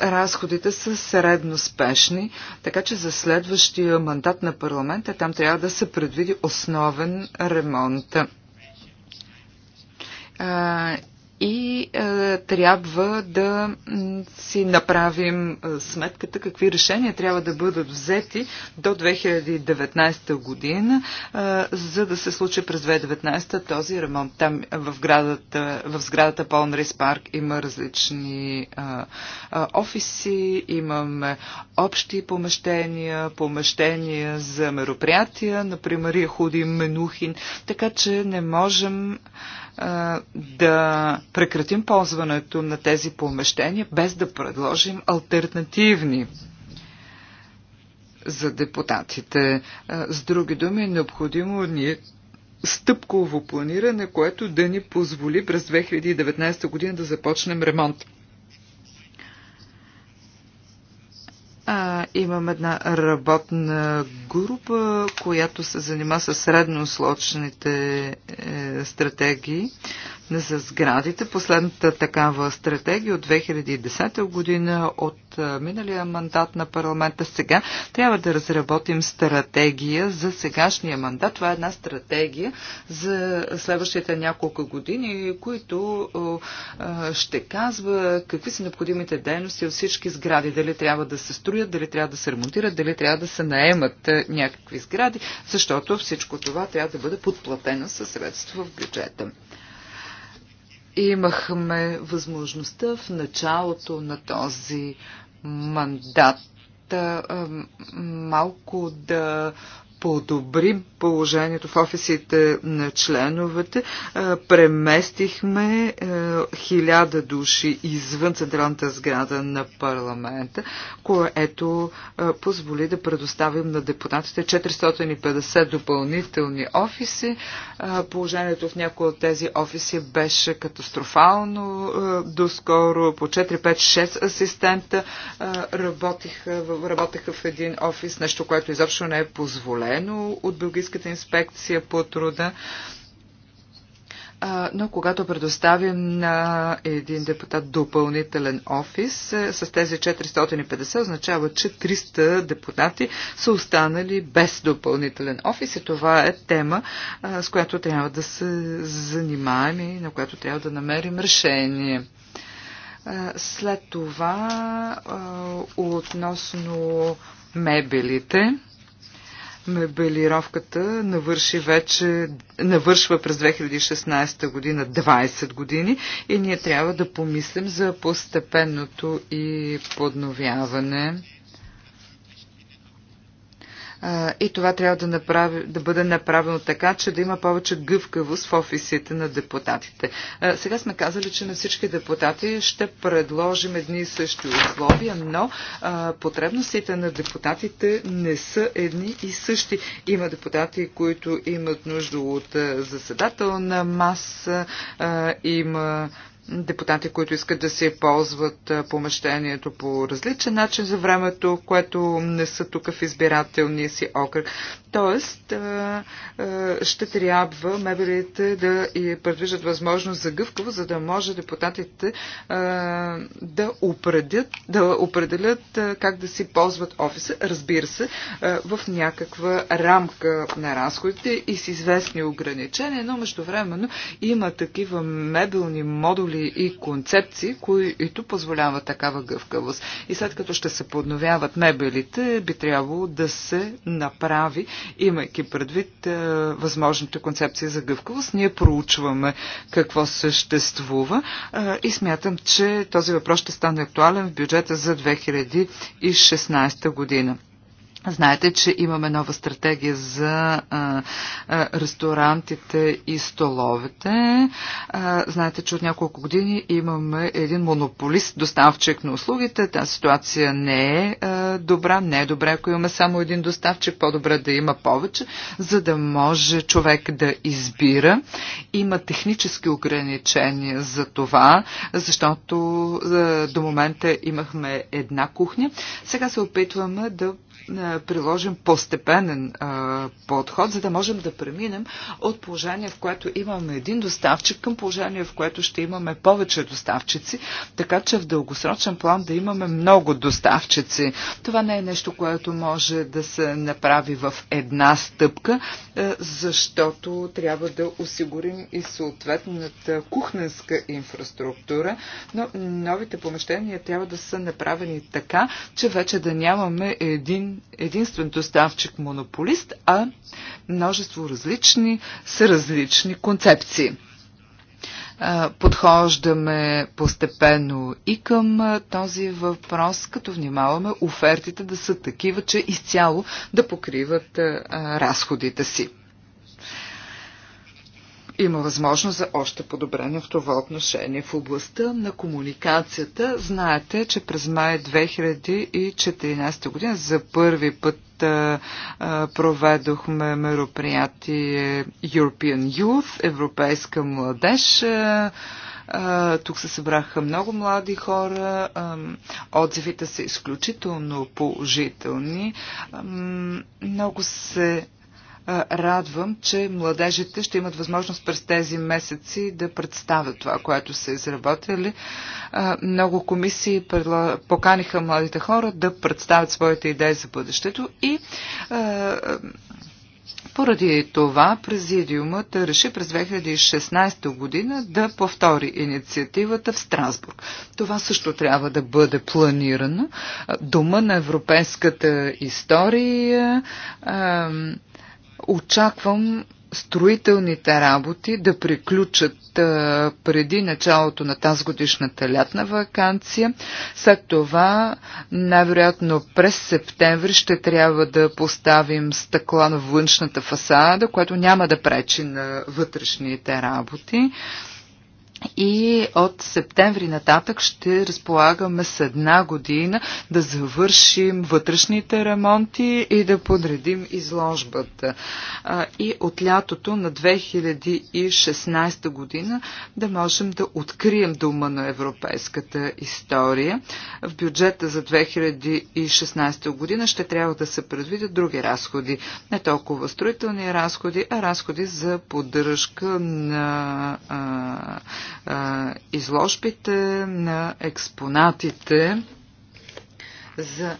Speaker 3: разходите са средно спешни, така че за следващия мандат на парламента там трябва да се предвиди основен ремонт и е, трябва да си направим е, сметката какви решения трябва да бъдат взети до 2019 година, е, за да се случи през 2019 този ремонт. Там е, в, градата, в сградата Полн Рис Парк има различни е, е, офиси, имаме общи помещения, помещения за мероприятия, например худи Менухин, така че не можем е, да прекратим ползването на тези помещения, без да предложим альтернативни за депутатите. С други думи, е необходимо ни е стъпково планиране, което да ни позволи през 2019 година да започнем ремонт. А, имам една работна група, която се занимава с средносрочните е, стратегии за сградите. Последната такава стратегия от 2010 година от миналия мандат на парламента сега трябва да разработим стратегия за сегашния мандат. Това е една стратегия за следващите няколко години, които ще казва какви са необходимите дейности от всички сгради. Дали трябва да се строят, дали трябва да се ремонтират, дали трябва да се наемат някакви сгради, защото всичко това трябва да бъде подплатено със средства в бюджета имахме възможността в началото на този мандат малко да Подобрим положението в офисите на членовете. Е, преместихме е, хиляда души извън централната сграда на парламента, което е, позволи да предоставим на депутатите 450 допълнителни офиси. Положението в някои от тези офиси беше катастрофално доскоро. По 4-5-6 асистента работеха в един офис, нещо, което изобщо не е позволено заявено от Белгийската инспекция по труда но когато предоставим на един депутат допълнителен офис, е, с тези 450 означава, че 300 депутати са останали без допълнителен офис и това е тема, с която трябва да се занимаем и на която трябва да намерим решение. След това, относно мебелите, Мебелировката навърши вече, навършва през 2016 година 20 години и ние трябва да помислим за постепенното и подновяване и това трябва да, направи, да бъде направено така, че да има повече гъвкавост в офисите на депутатите. Сега сме казали, че на всички депутати ще предложим едни и същи условия, но потребностите на депутатите не са едни и същи. Има депутати, които имат нужда от заседателна маса, има депутати, които искат да се ползват помещението по различен начин за времето, което не са тук в избирателния си окръг. Тоест, ще трябва мебелите да и предвиждат възможност за гъвкаво, за да може депутатите да определят, да определят как да си ползват офиса, разбира се, в някаква рамка на разходите и с известни ограничения, но междувременно има такива мебелни модули, формули и концепции, които позволяват такава гъвкавост. И след като ще се подновяват мебелите, би трябвало да се направи, имайки предвид е, възможните концепции за гъвкавост. Ние проучваме какво съществува е, и смятам, че този въпрос ще стане актуален в бюджета за 2016 година. Знаете, че имаме нова стратегия за а, а, ресторантите и столовете. А, знаете, че от няколко години имаме един монополист, доставчик на услугите. Тази ситуация не е а, добра. Не е добре, ако имаме само един доставчик. По-добре да има повече, за да може човек да избира. Има технически ограничения за това, защото а, до момента имахме една кухня. Сега се опитваме да е, приложим постепенен а, е, подход, за да можем да преминем от положение, в което имаме един доставчик, към положение, в което ще имаме повече доставчици, така че в дългосрочен план да имаме много доставчици. Това не е нещо, което може да се направи в една стъпка, а, е, защото трябва да осигурим и съответната кухненска инфраструктура, но новите помещения трябва да са направени така, че вече да нямаме един единствен доставчик монополист, а множество различни са различни концепции. Подхождаме постепенно и към този въпрос, като внимаваме офертите да са такива, че изцяло да покриват разходите си има възможност за още подобрение в това отношение. В областта на комуникацията знаете, че през май 2014 година за първи път а, а, проведохме мероприятие European Youth, Европейска младеж. А, тук се събраха много млади хора. Отзивите са изключително положителни. Много се радвам, че младежите ще имат възможност през тези месеци да представят това, което са изработили. Много комисии поканиха младите хора да представят своите идеи за бъдещето и поради това президиумът реши през 2016 година да повтори инициативата в Страсбург. Това също трябва да бъде планирано. Дума на европейската история. Очаквам строителните работи да приключат а, преди началото на тази годишната лятна вакансия. След това, най-вероятно през септември, ще трябва да поставим стъкла на външната фасада, което няма да пречи на вътрешните работи. И от септември нататък ще разполагаме с една година да завършим вътрешните ремонти и да подредим изложбата. И от лятото на 2016 година да можем да открием дума на европейската история. В бюджета за 2016 година ще трябва да се предвидят други разходи. Не толкова строителни разходи, а разходи за поддръжка на а, изложбите на експонатите за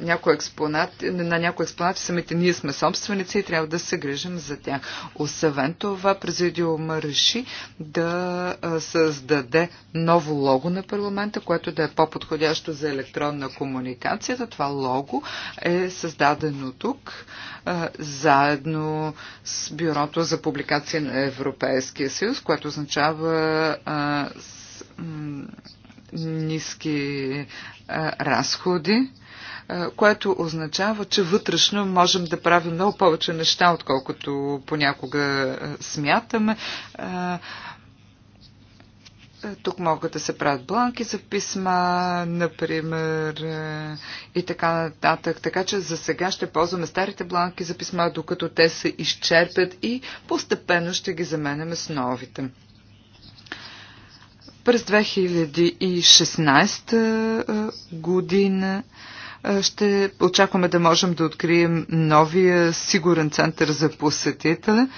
Speaker 3: някой експонат, на някои експонати самите ние сме собственици и трябва да се грижим за тях. Освен това, президиума реши да създаде ново лого на парламента, което да е по-подходящо за електронна комуникация. Това лого е създадено тук заедно с Бюрото за публикация на Европейския съюз, което означава ниски разходи което означава, че вътрешно можем да правим много повече неща, отколкото понякога смятаме. Тук могат да се правят бланки за писма, например, и така нататък. Така че за сега ще ползваме старите бланки за писма, докато те се изчерпят и постепенно ще ги заменяме с новите. През 2016 година е, ще очакваме да можем да открием новия сигурен център за посетители. Е,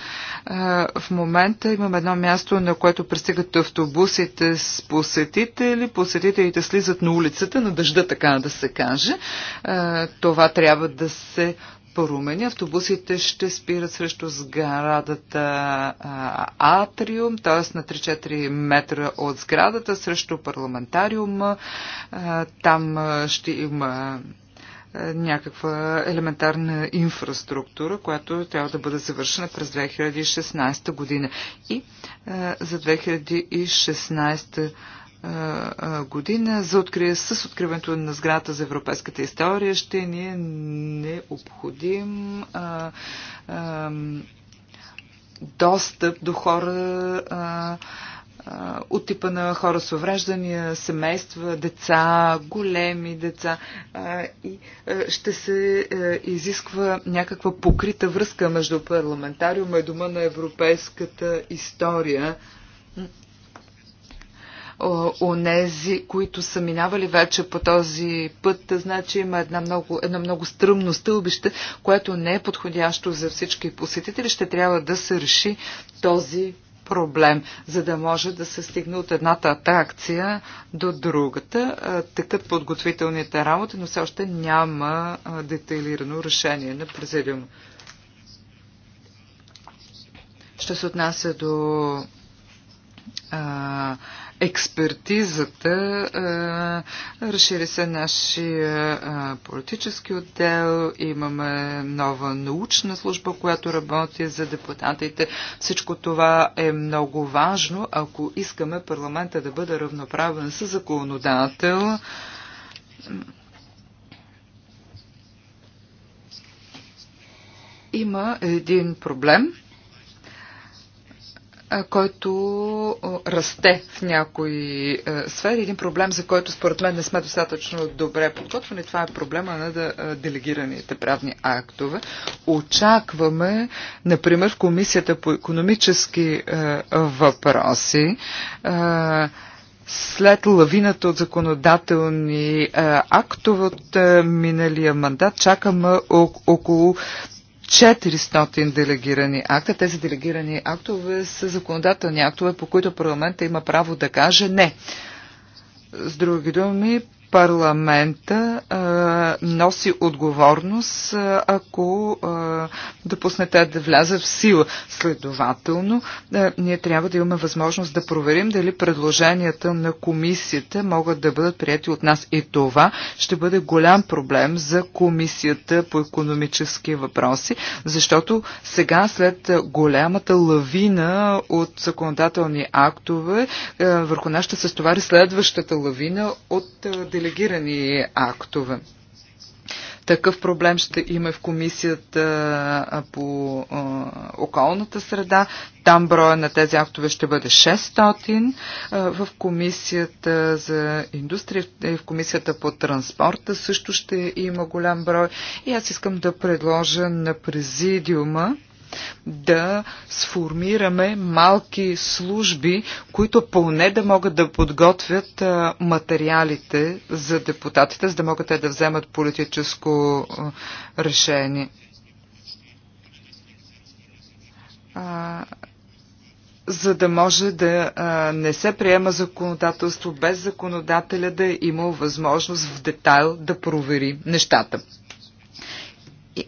Speaker 3: в момента имаме едно място, на което пристигат автобусите с посетители. Посетителите слизат на улицата, на дъжда, така да се каже. Е, това трябва да се промени. Автобусите ще спират срещу сградата Атриум, т.е. на 3-4 метра от сградата, срещу парламентариума. Там ще има някаква елементарна инфраструктура, която трябва да бъде завършена през 2016 година. И за 2016 година година за открие, с откриването на сградата за европейската история ще ни е необходим а, а, достъп до хора а, от типа на хора с увреждания, семейства, деца, големи деца и ще се изисква някаква покрита връзка между парламентариума и дома на европейската история онези, които са минавали вече по този път, Значи има една много, едно много стръмно стълбище, което не е подходящо за всички посетители. Ще трябва да се реши този проблем, за да може да се стигне от едната атракция до другата. Такът подготвителните работи, но все още няма детайлирано решение на президиума. Ще се отнася до а, експертизата. Разшири се нашия политически отдел, имаме нова научна служба, която работи за депутатите. Всичко това е много важно, ако искаме парламента да бъде равноправен с законодател. Има един проблем – който расте в някои сфери. Един проблем, за който според мен не сме достатъчно добре подготвени, това е проблема на делегираните правни актове. Очакваме, например, в Комисията по економически въпроси след лавината от законодателни актове от миналия мандат чакаме около 400 делегирани акта. Тези делегирани актове са законодателни актове, по които парламента има право да каже не. С други думи, парламента а, носи отговорност, а, ако а, допуснете да влязат в сила. Следователно, а, ние трябва да имаме възможност да проверим дали предложенията на комисията могат да бъдат прияти от нас. И това ще бъде голям проблем за комисията по економически въпроси, защото сега след голямата лавина от законодателни актове, а, върху нас ще се стовари следващата лавина от а, делегирани актове. Такъв проблем ще има в комисията по околната среда. Там броя на тези актове ще бъде 600. В комисията за индустрия и е, в комисията по транспорта също ще има голям брой. И аз искам да предложа на президиума да сформираме малки служби, които поне да могат да подготвят материалите за депутатите, за да могат те да вземат политическо решение. за да може да не се приема законодателство без законодателя да е имал възможност в детайл да провери нещата.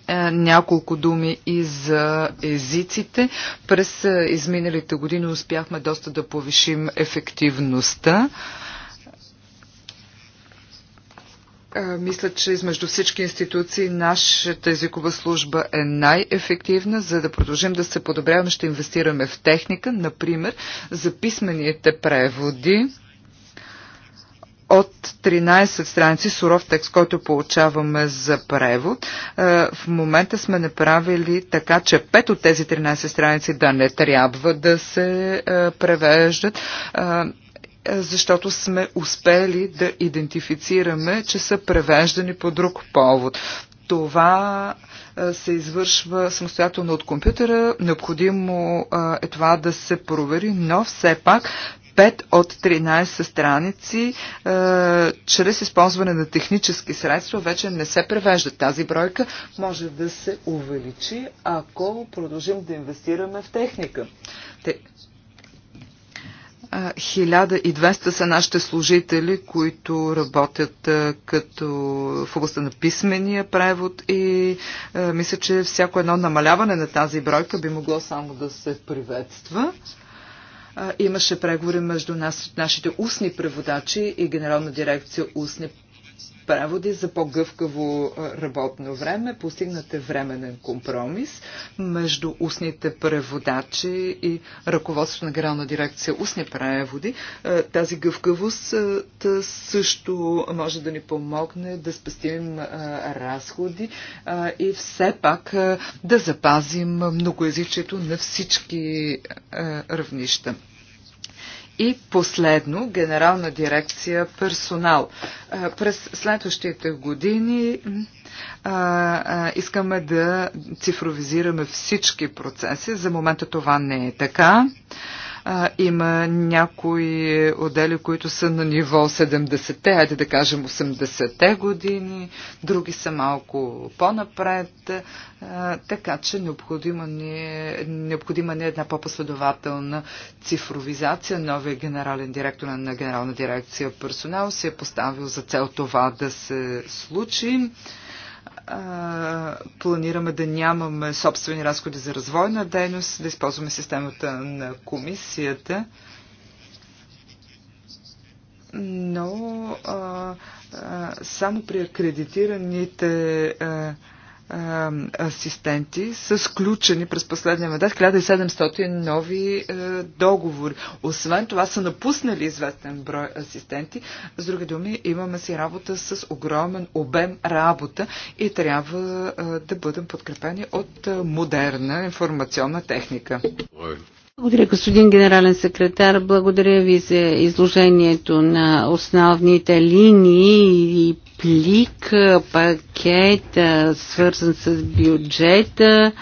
Speaker 3: Е, няколко думи и за езиците. През е, изминалите години успяхме доста да повишим ефективността. Е, мисля, че измежду всички институции нашата езикова служба е най-ефективна. За да продължим да се подобряваме, ще инвестираме в техника, например, за писмените преводи от 13 страници суров текст, който получаваме за превод. Е, в момента сме направили така, че 5 от тези 13 страници да не трябва да се е, превеждат е, защото сме успели да идентифицираме, че са превеждани по друг повод. Това се извършва самостоятелно от компютъра. Необходимо е това да се провери, но все пак 5 от 13 страници, е, чрез използване на технически средства, вече не се превежда. Тази бройка може да се увеличи, ако продължим да инвестираме в техника. 1200 са нашите служители, които работят е, като в областта на писмения превод и е, мисля, че всяко едно намаляване на тази бройка би могло само да се приветства имаше преговори между нас, нашите устни преводачи и Генерална дирекция устни преводи за по-гъвкаво работно време, постигнате временен компромис между устните преводачи и ръководството на Генерална дирекция устни преводи. Тази гъвкавост също може да ни помогне да спестим разходи и все пак да запазим многоязичието на всички равнища. И последно, генерална дирекция персонал. Е, през следващите години а, а, искаме да цифровизираме всички процеси. За момента това не е така. А, а, има някои отдели, които са на ниво 70-те, айде да кажем 80-те години, други са малко по-напред, така че необходима ни, е, необходима ни е една по-последователна цифровизация. Новия генерален директор на Генерална дирекция персонал си е поставил за цел това да се случи а, планираме да нямаме собствени разходи за развойна дейност, да използваме системата на комисията. Но а, а, само при акредитираните а, асистенти са сключени през последния мандат 1700 нови е, договори. Освен това са напуснали известен брой асистенти. С други думи, имаме си работа с огромен обем работа и трябва е, да бъдем подкрепени от е, модерна информационна техника.
Speaker 1: Благодаря, господин генерален секретар. Благодаря ви за изложението на основните линии и плик, пакет, свързан с бюджета.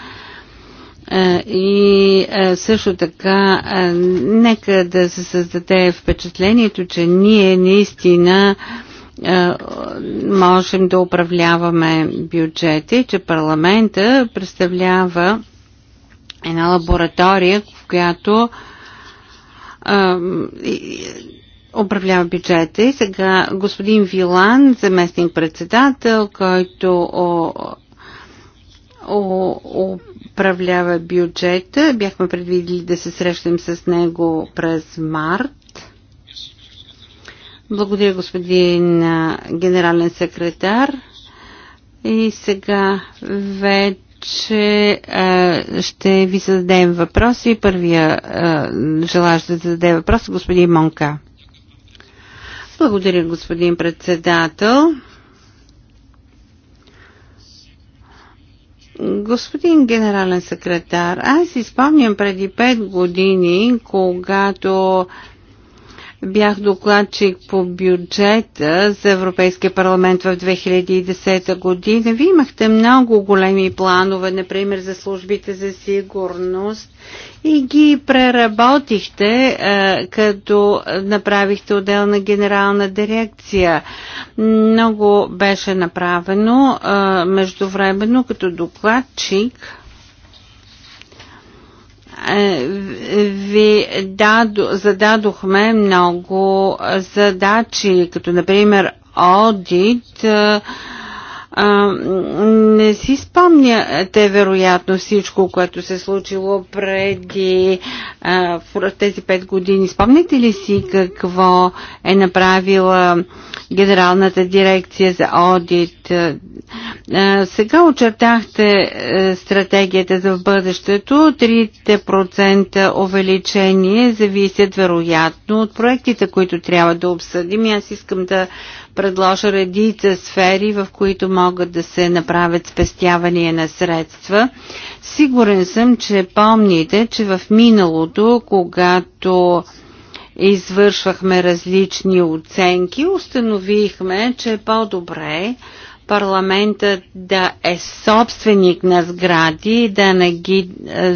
Speaker 1: И също така, нека да се създаде впечатлението, че ние наистина можем да управляваме бюджета и че парламента представлява една лаборатория, в която управлява бюджета. И сега господин Вилан, заместник-председател, който о, о, управлява бюджета. Бяхме предвидели да се срещнем с него през март. Благодаря, господин генерален секретар. И сега вече че а, ще ви зададем въпроси. Първия а, да зададе въпрос е господин Монка. Благодаря, господин председател. Господин генерален секретар, аз спомням преди 5 години, когато Бях докладчик по бюджета за Европейския парламент в 2010 година. Вие имахте много големи планове, например за службите за сигурност и ги преработихте, е, като направихте отделна генерална дирекция. Много беше направено е, междувременно като докладчик е, ви дадо, зададохме много задачи, като например одит, е, а, не си спомняте вероятно всичко, което се случило преди а, в тези пет години. Спомняте ли си какво е направила Генералната дирекция за одит? А, сега очертахте а, е, стратегията за бъдещето. 3% увеличение зависят вероятно от проектите, които трябва да обсъдим. Аз искам да предложа редица сфери, в които могат да се направят спестявания на средства. Сигурен съм, че помните, че в миналото, когато извършвахме различни оценки, установихме, че е по-добре парламентът да е собственик на сгради и да не ги е,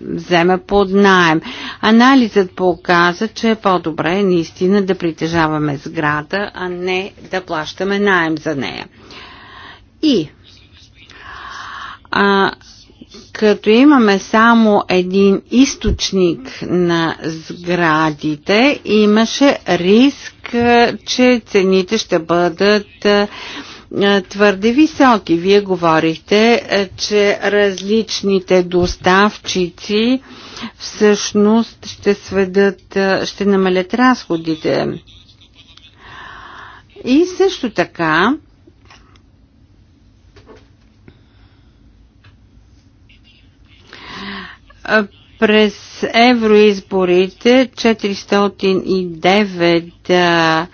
Speaker 1: вземе под найем. Анализът показа, че е по-добре наистина да притежаваме сграда, а не да плащаме найем за нея. И а, като имаме само един източник на сградите, имаше риск, е, че цените ще бъдат е, е, твърде високи. Вие говорихте, е, че различните доставчици всъщност ще сведат, е, ще намалят разходите. И също така, през евроизборите 409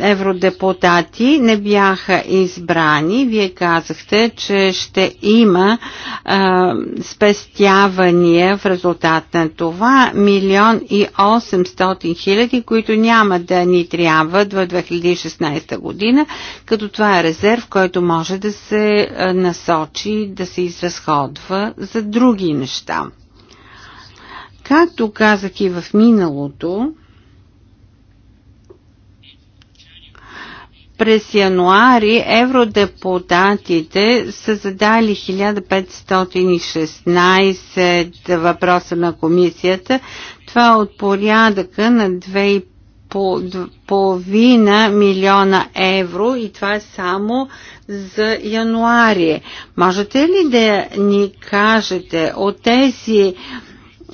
Speaker 1: евродепутати не бяха избрани. Вие казахте, че ще има а, спестявания в резултат на това. Милион и 800 хиляди, които няма да ни трябват в 2016 година, като това е резерв, който може да се насочи, да се изразходва за други неща. Както казах и в миналото, През януари евродепутатите са задали 1516 въпроса на комисията. Това е от порядъка на 2,5 милиона евро и това е само за януари. Можете ли да ни кажете от тези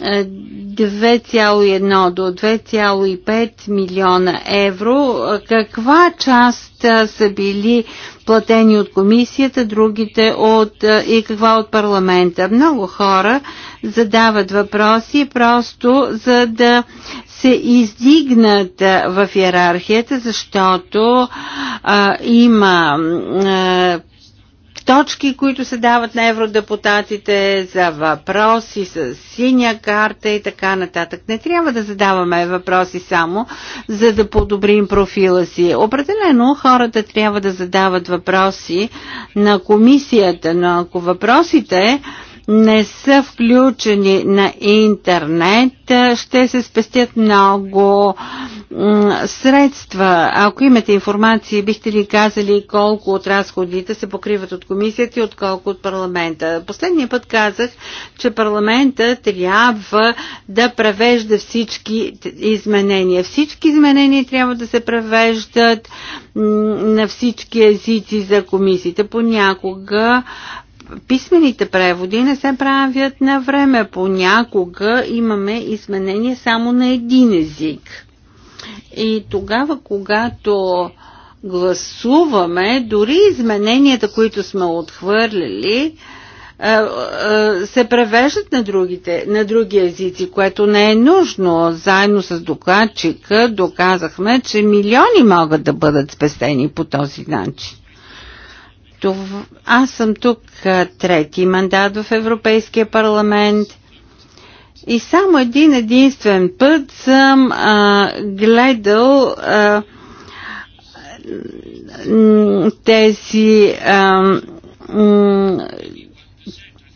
Speaker 1: 2,1 до 2,5 милиона евро. Каква част са били платени от комисията, другите от, и каква от парламента? Много хора задават въпроси просто за да се издигнат в иерархията, защото а, има а, точки, които се дават на евродепутатите, за въпроси с синя карта и така нататък. Не трябва да задаваме въпроси само, за да подобрим профила си. Определено хората трябва да задават въпроси на комисията, но ако въпросите не са включени на интернет, ще се спестят много средства. Ако имате информация, бихте ли казали колко от разходите се покриват от комисията и от колко от парламента? Последния път казах, че парламента трябва да превежда всички изменения. Всички изменения трябва да се превеждат на всички езици за комисиите. Понякога писмените преводи не се правят на време. Понякога имаме изменение само на един език. И тогава, когато гласуваме, дори измененията, които сме отхвърлили, е, е, се превеждат на, другите, на други езици, което не е нужно. Заедно с докладчика доказахме, че милиони могат да бъдат спестени по този начин. Това, аз съм тук трети мандат в Европейския парламент и само един единствен път съм а, гледал а, тези а,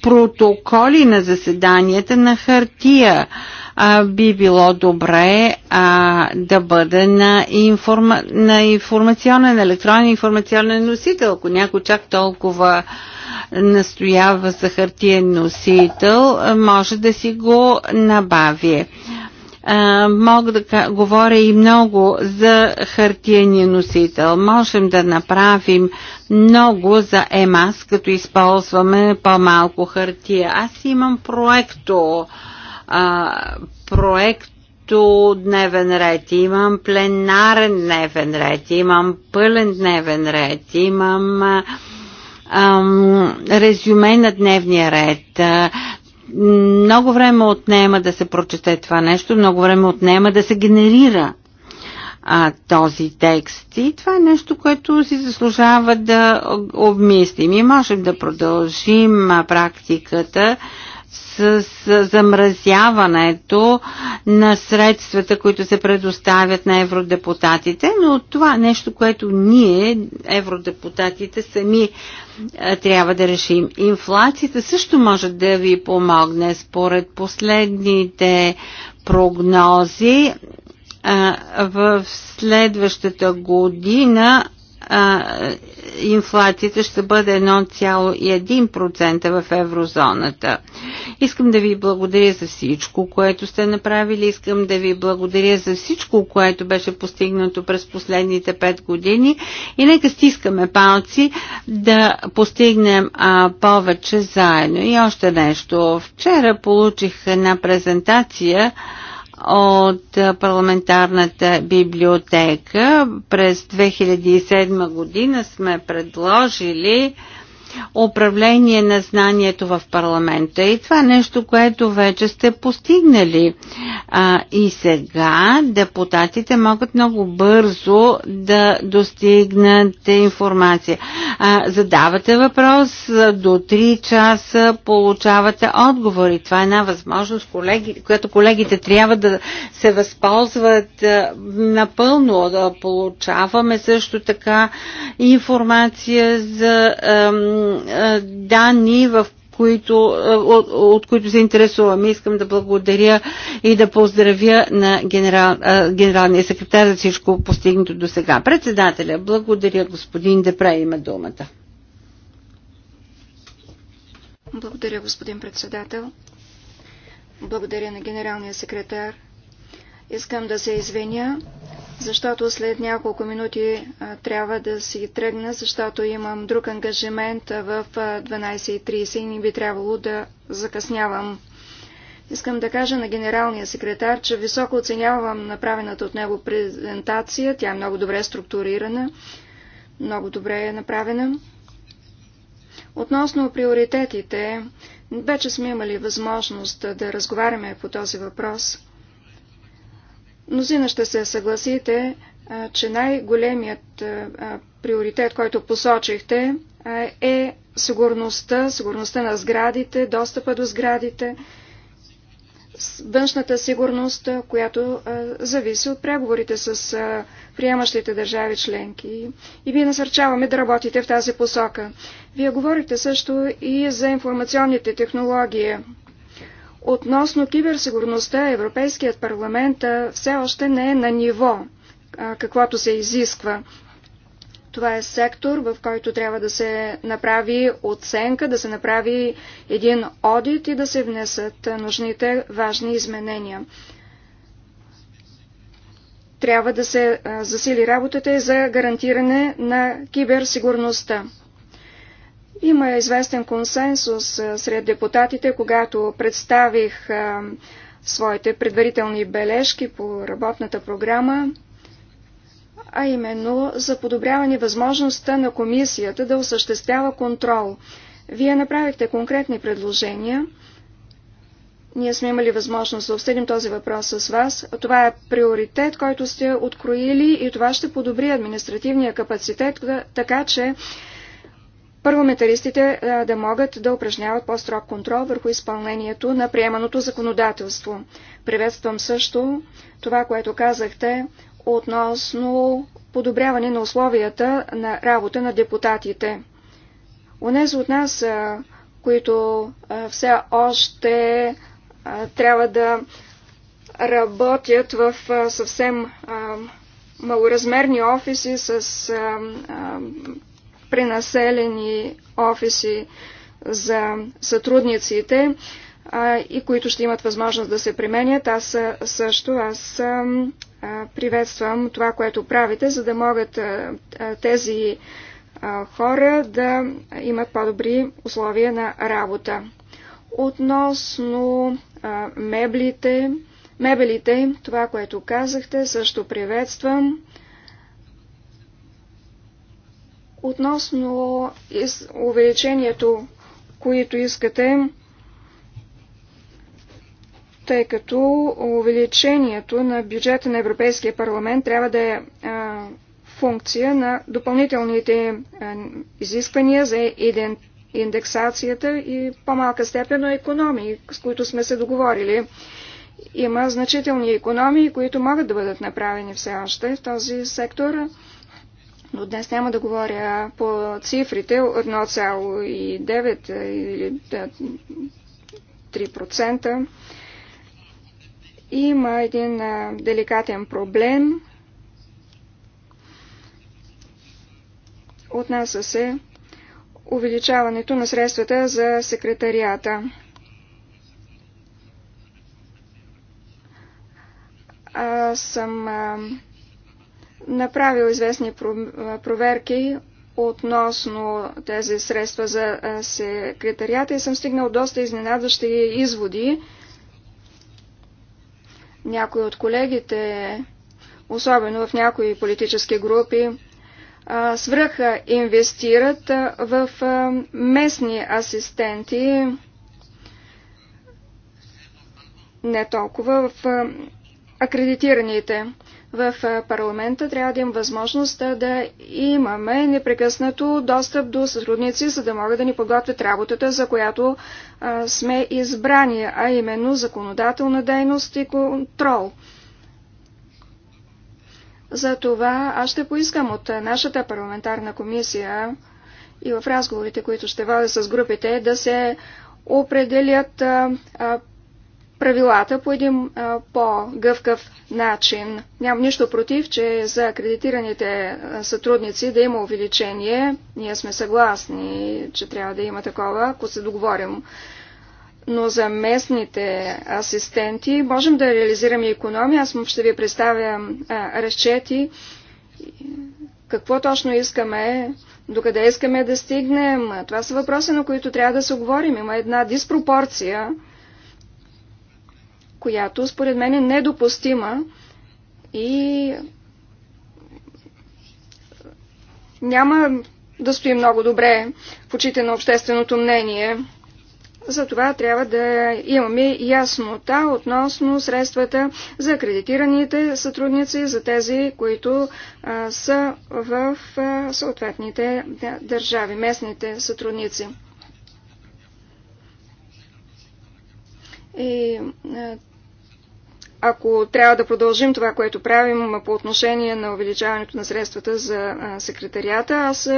Speaker 1: протоколи на заседанията на хартия. А, би било добре а, да бъде на, информа, на информационен, електронен информационен носител. Ако някой чак толкова настоява за хартиен носител, може да си го набави мога да говоря и много за хартияния носител. Можем да направим много за ЕМАС, като използваме по-малко хартия. Аз имам проекто, а, проект дневен ред, имам пленарен дневен ред, имам пълен дневен ред, имам а, резюме на дневния ред много време отнема да се прочете това нещо, много време отнема да се генерира а, този текст. И това е нещо, което си заслужава да обмислим. И можем да продължим а, практиката с замразяването на средствата, които се предоставят на евродепутатите, но това е нещо, което ние, евродепутатите, сами е, трябва да решим. Инфлацията също може да ви помогне. Според последните прогнози, в следващата година а, инфлацията ще бъде 1,1% в еврозоната. Искам да ви благодаря за всичко, което сте направили. Искам да ви благодаря за всичко, което беше постигнато през последните 5 години. И нека стискаме палци да постигнем а, повече заедно. И още нещо. Вчера получих една презентация от парламентарната библиотека. През 2007 година сме предложили управление на знанието в парламента. И това е нещо, което вече сте постигнали. А, и сега депутатите могат много бързо да достигнат информация. А, задавате въпрос, до 3 часа получавате отговори. Това е една възможност, колеги, която колегите трябва да се възползват напълно. Да получаваме също така информация за данни, в които, от, от които се интересуваме. Искам да благодаря и да поздравя на генерал, генералния секретар за всичко постигнато до сега. Председателя, благодаря господин Депре, има думата.
Speaker 2: Благодаря, господин председател. Благодаря на генералния секретар. Искам да се извиня защото след няколко минути а, трябва да си тръгна, защото имам друг ангажимент в 12.30 и не би трябвало да закъснявам. Искам да кажа на генералния секретар, че високо оценявам направената от него презентация. Тя е много добре структурирана, много добре е направена. Относно приоритетите, вече сме имали възможност да разговаряме по този въпрос – Мнозина ще се съгласите, че най-големият приоритет, който посочихте, е сигурността, сигурността на сградите, достъпа до сградите, външната сигурност, която зависи от преговорите с приемащите държави членки. И ви насърчаваме да работите в тази посока. Вие говорите също и за информационните технологии. Относно киберсигурността, Европейският парламент все още не е на ниво, каквото се изисква. Това е сектор, в който трябва да се направи оценка, да се направи един одит и да се внесат нужните важни изменения. Трябва да се засили работата и за гарантиране на киберсигурността. Има известен консенсус сред депутатите, когато представих своите предварителни бележки по работната програма, а именно за подобряване възможността на комисията да осъществява контрол. Вие направихте конкретни предложения. Ние сме имали възможност да обсъдим този въпрос с вас. Това е приоритет, който сте откроили и това ще подобри административния капацитет, така че първометаристите да могат да упражняват по-строг контрол върху изпълнението на приеманото законодателство. Приветствам също това, което казахте относно подобряване на условията на работа на депутатите. Унези от нас, които все още трябва да работят в съвсем малоразмерни офиси с пренаселени офиси за сътрудниците а, и които ще имат възможност да се применят. Аз също аз а, приветствам това, което правите, за да могат а, тези а, хора да имат по-добри условия на работа. Относно а, меблите, мебелите, това, което казахте, също приветствам. Относно увеличението, което искате, тъй като увеличението на бюджета на Европейския парламент трябва да е функция на допълнителните изисквания за индексацията и по-малка степен на економии, с които сме се договорили. Има значителни економии, които могат да бъдат направени все още в този сектор но днес няма да говоря по цифрите 1,9 или 3%. Има един деликатен проблем. Отнася се увеличаването на средствата за секретарията. Аз съм направил известни проверки относно тези средства за секретарията и съм стигнал доста изненадващи изводи. Някои от колегите, особено в някои политически групи, свръха инвестират в местни асистенти, не толкова в акредитираните в парламента трябва да им възможност да имаме непрекъснато достъп до сътрудници, за да могат да ни подготвят работата, за която а, сме избрани, а именно законодателна дейност и контрол. За това аз ще поискам от нашата парламентарна комисия и в разговорите, които ще водя с групите, да се определят а, а, правилата по един по-гъвкав начин. Нямам нищо против, че за акредитираните сътрудници да има увеличение. Ние сме съгласни, че трябва да има такова, ако се договорим. Но за местните асистенти можем да реализираме економия. Аз ще ви представя а, разчети. Какво точно искаме? Докъде искаме да стигнем? Това са въпроси, на които трябва да се оговорим. Има една диспропорция която според мен е недопустима и няма да стои много добре в очите на общественото мнение. Затова трябва да имаме яснота относно средствата за акредитираните сътрудници, за тези, които а, са в а, съответните държави, местните сътрудници. И а, ако трябва да продължим това, което правим по отношение на увеличаването на средствата за секретарията, аз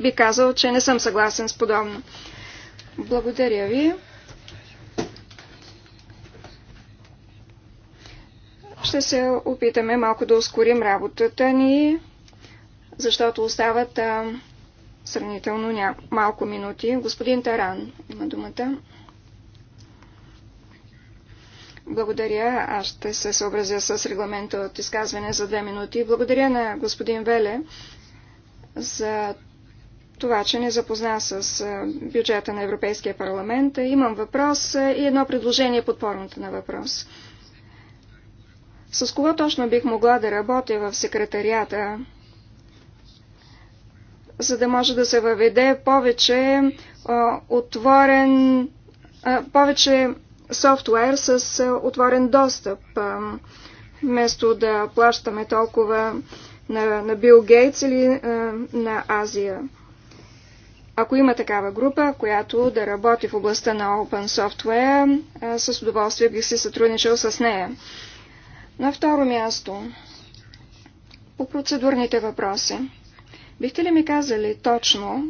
Speaker 2: би казал, че не съм съгласен с подобно. Благодаря ви. Ще се опитаме малко да ускорим работата ни, защото остават сравнително малко минути. Господин Таран има думата. Благодаря. Аз ще се съобразя с регламента от изказване за две минути. Благодаря на господин Веле за това, че не запозна с бюджета на Европейския парламент. Имам въпрос и едно предложение под формата на въпрос. С кого точно бих могла да работя в секретарията, за да може да се въведе повече а, отворен, а, повече софтуер с е, отворен достъп. Вместо да плащаме толкова на, на Бил Гейтс или е, на Азия. Ако има такава група, която да работи в областта на Open Software, е, с удоволствие бих се сътрудничал с нея. На второ място, по процедурните въпроси. Бихте ли ми казали точно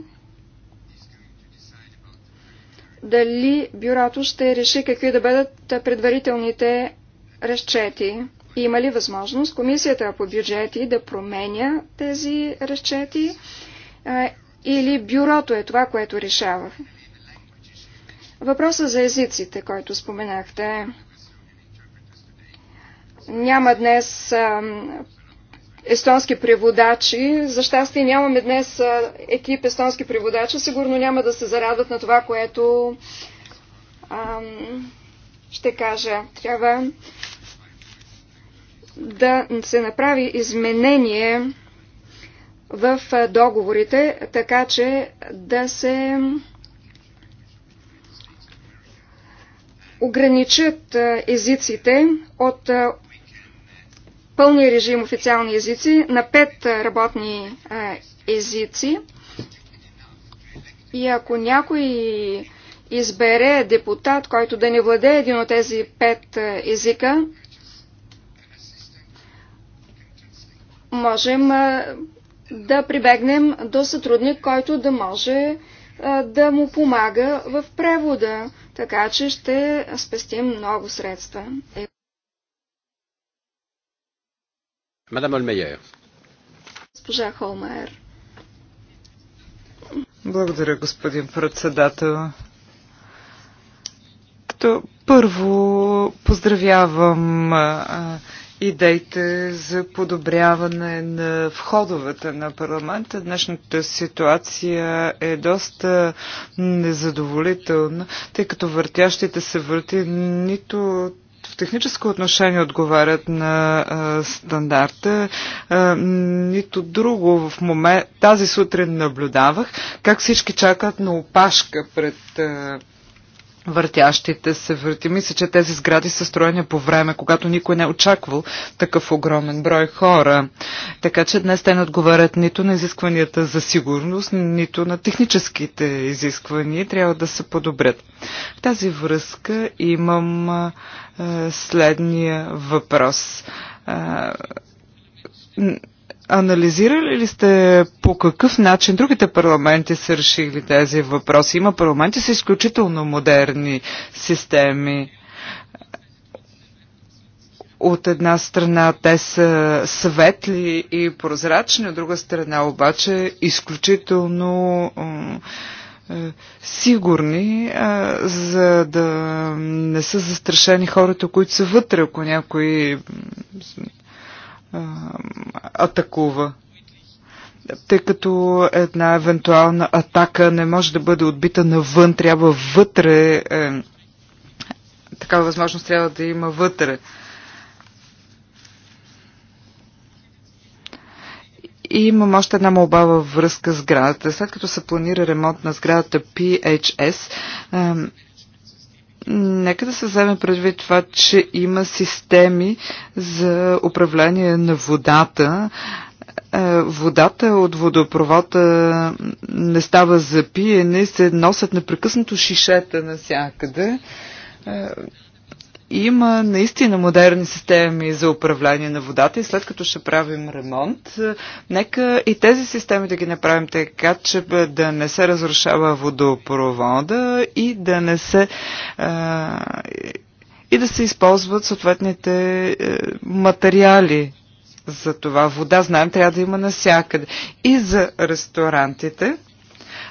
Speaker 2: дали бюрото ще реши какви да бъдат предварителните разчети. Има ли възможност комисията по бюджети да променя тези разчети или бюрото е това, което решава? Въпроса за езиците, който споменахте. Няма днес естонски преводачи. За щастие нямаме днес екип естонски преводачи. Сигурно няма да се зарадват на това, което ам, ще кажа. Трябва да се направи изменение в договорите, така че да се ограничат езиците от пълния режим официални езици на пет работни езици. И ако някой избере депутат, който да не владее един от тези пет езика, можем да прибегнем до сътрудник, който да може да му помага в превода, така че ще спестим много средства.
Speaker 4: Мадам Олмейер.
Speaker 2: Госпожа Холмайер.
Speaker 4: Благодаря, господин
Speaker 3: председател. Като първо поздравявам идеите за подобряване на входовете на парламента. Днешната ситуация е доста незадоволителна, тъй като въртящите се върти нито в техническо отношение отговарят на а, стандарта, а, нито друго. В момент, тази сутрин наблюдавах как всички чакат на опашка пред а, въртящите се върти. Мисля, че тези сгради са строени по време, когато никой не е очаквал такъв огромен брой хора. Така че днес те не отговарят нито на изискванията за сигурност, нито на техническите изисквания. Трябва да се подобрят. В тази връзка имам е, следния въпрос. Е, Анализирали ли сте по какъв начин другите парламенти са решили тези въпроси? Има парламенти с изключително модерни системи. От една страна те са светли и прозрачни, от друга страна обаче изключително сигурни, за да не са застрашени хората, които са вътре, ако някой атакува тъй като една евентуална атака не може да бъде отбита навън, трябва вътре, е, такава възможност трябва да има вътре. И имам още една молба във връзка с сградата. След като се планира ремонт на сградата PHS, е, Нека да се вземе предвид това, че има системи за управление на водата. Е, водата от водопровода не става за пиене, се носят непрекъснато шишета навсякъде е, има наистина модерни системи за управление на водата и след като ще правим ремонт, нека и тези системи да ги направим така, че да не се разрушава водопровода и да не се а, и да се използват съответните е, материали за това. Вода, знаем, трябва да има насякъде. И за ресторантите,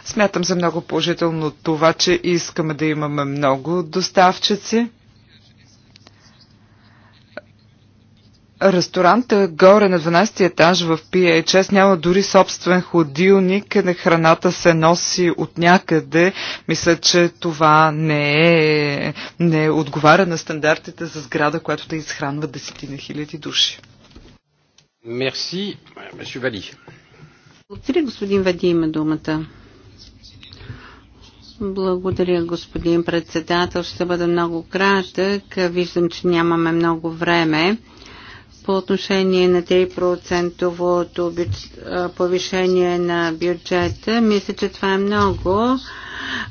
Speaker 3: смятам за много положително това, че искаме да имаме много доставчици. Ресторанта горе на 12 етаж в PHS няма дори собствен ходилник, на храната се носи от някъде. Мисля, че това не е, не е отговаря на стандартите за сграда,
Speaker 1: която да изхранва десетина хиляди души.
Speaker 4: Мерси, месю Вали.
Speaker 1: Благодаря, господин Вади, има думата. Благодаря, господин председател. Ще бъда много кратък. Виждам, че нямаме много време по отношение на 3% повишение на бюджета. Мисля, че това е много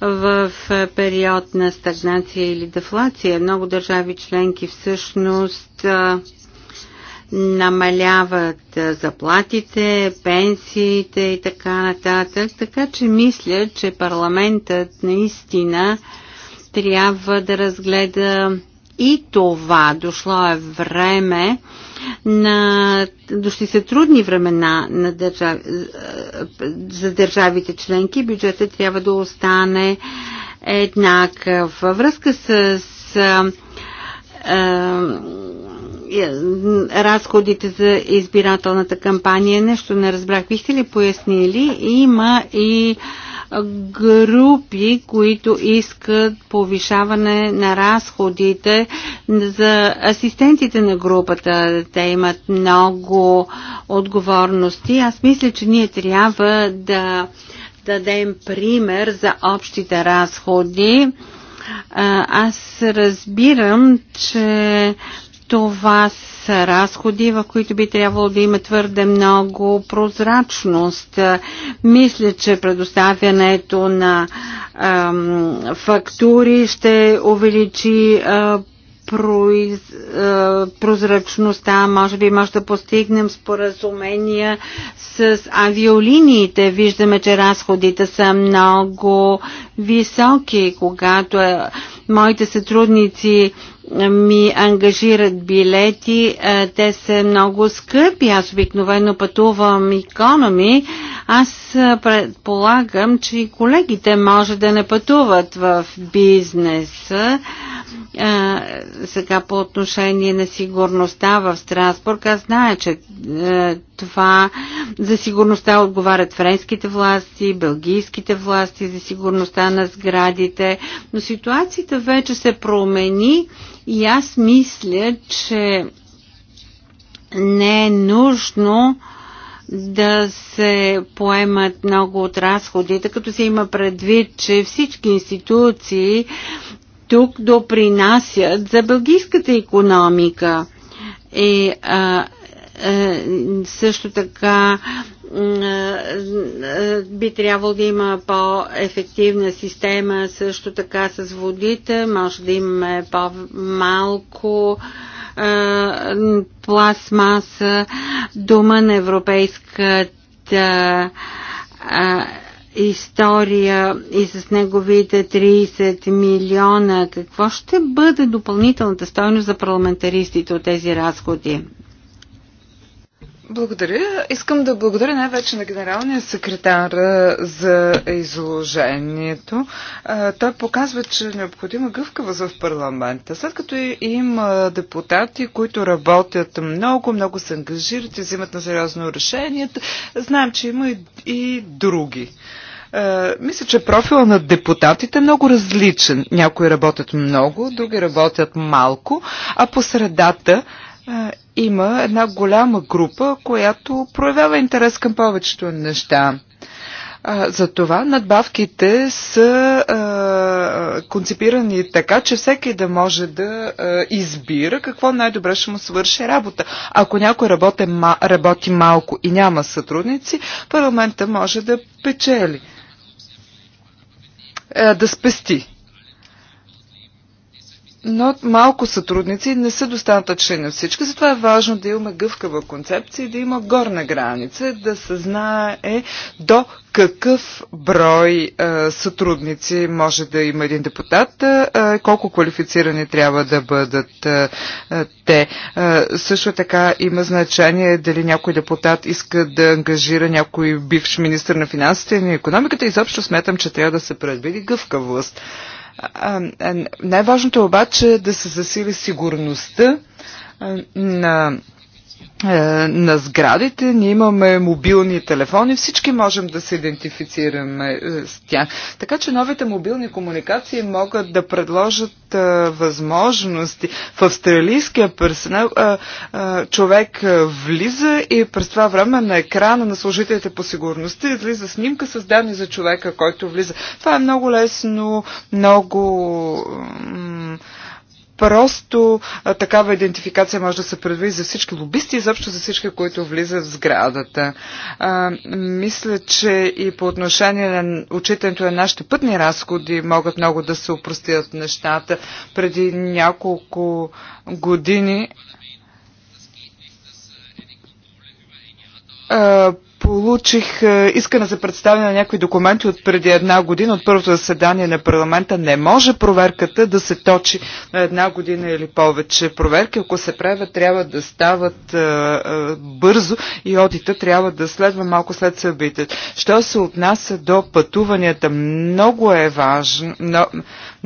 Speaker 1: в период на стагнация или дефлация. Много държави членки всъщност намаляват заплатите, пенсиите и така нататък. Така че мисля, че парламентът наистина трябва да разгледа и това. Дошло е време на... но се трудни времена на държав... за държавите членки. Бюджета трябва да остане еднакъв. Във връзка с разходите за избирателната кампания. Нещо не разбрах. Бихте ли пояснили? Има и а, групи, които искат повишаване на разходите за асистентите на групата. Те имат много отговорности. Аз мисля, че ние трябва да дадем пример за общите разходи. Аз разбирам, че това са разходи, в които би трябвало да има твърде много прозрачност. Мисля, че предоставянето на ам, фактури ще увеличи а, произ, а, прозрачността. Може би може да постигнем споразумения с авиолиниите. Виждаме, че разходите са много високи, когато е Моите сътрудници ми ангажират билети. Те са много скъпи. Аз обикновено пътувам економи, аз предполагам, че и колегите може да не пътуват в бизнеса. А, сега по отношение на сигурността в Страсбург, аз знае, че а, това за сигурността отговарят френските власти, белгийските власти за сигурността на сградите, но ситуацията вече се промени и аз мисля, че не е нужно а, да се поемат много от разходите, като се има предвид, че всички институции тук допринасят за бългийската економика. И а, а, също така би трябвало да има по-ефективна система също така с водите, може да имаме по-малко а, пластмаса, дума на европейската история и с неговите 30 милиона, какво ще бъде допълнителната стойност за парламентаристите от тези разходи?
Speaker 3: Благодаря. Искам да благодаря най-вече на генералния секретар за изложението. Той показва, че е необходима гъвкавост в парламента. След като има депутати, които работят много, много се ангажират и взимат на сериозно решение. знаем, че има и, и други мисля, че профила на депутатите е много различен. Някои работят много, други работят малко, а по средата има една голяма група, която проявява интерес към повечето неща. Затова надбавките са а, конципирани така, че всеки да може да а, избира какво най-добре ще му свърши работа. Ако някой работи, работи малко и няма сътрудници, парламента може да печели, а, да спести но малко сътрудници не са достатъчни на всички, затова е важно да имаме гъвкава концепция, да има горна граница, да се знае до какъв брой а, е, сътрудници може да има един депутат, а, е, колко квалифицирани трябва да бъдат а, е, те. А, също така има значение дали някой депутат иска да ангажира някой бивш министр на финансите и на економиката. Изобщо смятам, че трябва да се предвиди гъвкавост. власт. Най-важното е обаче е да се засили сигурността на е, на сградите, ние имаме мобилни телефони, всички можем да се идентифицираме е, с тях. Така че новите мобилни комуникации могат да предложат а, е, възможности. В австралийския персонал а, а, човек влиза и през това време на екрана на служителите по сигурността излиза снимка с данни за човека, който влиза. Това е много лесно, много Просто а, такава идентификация може да се предвиди за всички лобисти и заобщо за всички, които влизат в сградата. А, мисля, че и по отношение на отчитането на нашите пътни разходи могат много да се упростят нещата. Преди няколко години а, Получих е, искане за представяне на някои документи от преди една година, от първото заседание на парламента. Не може проверката да се точи на една година или повече. Проверки, ако се правят, трябва да стават а, е, а, е, бързо и одита трябва да следва малко след събитието. Що се отнася до пътуванията, много е важно,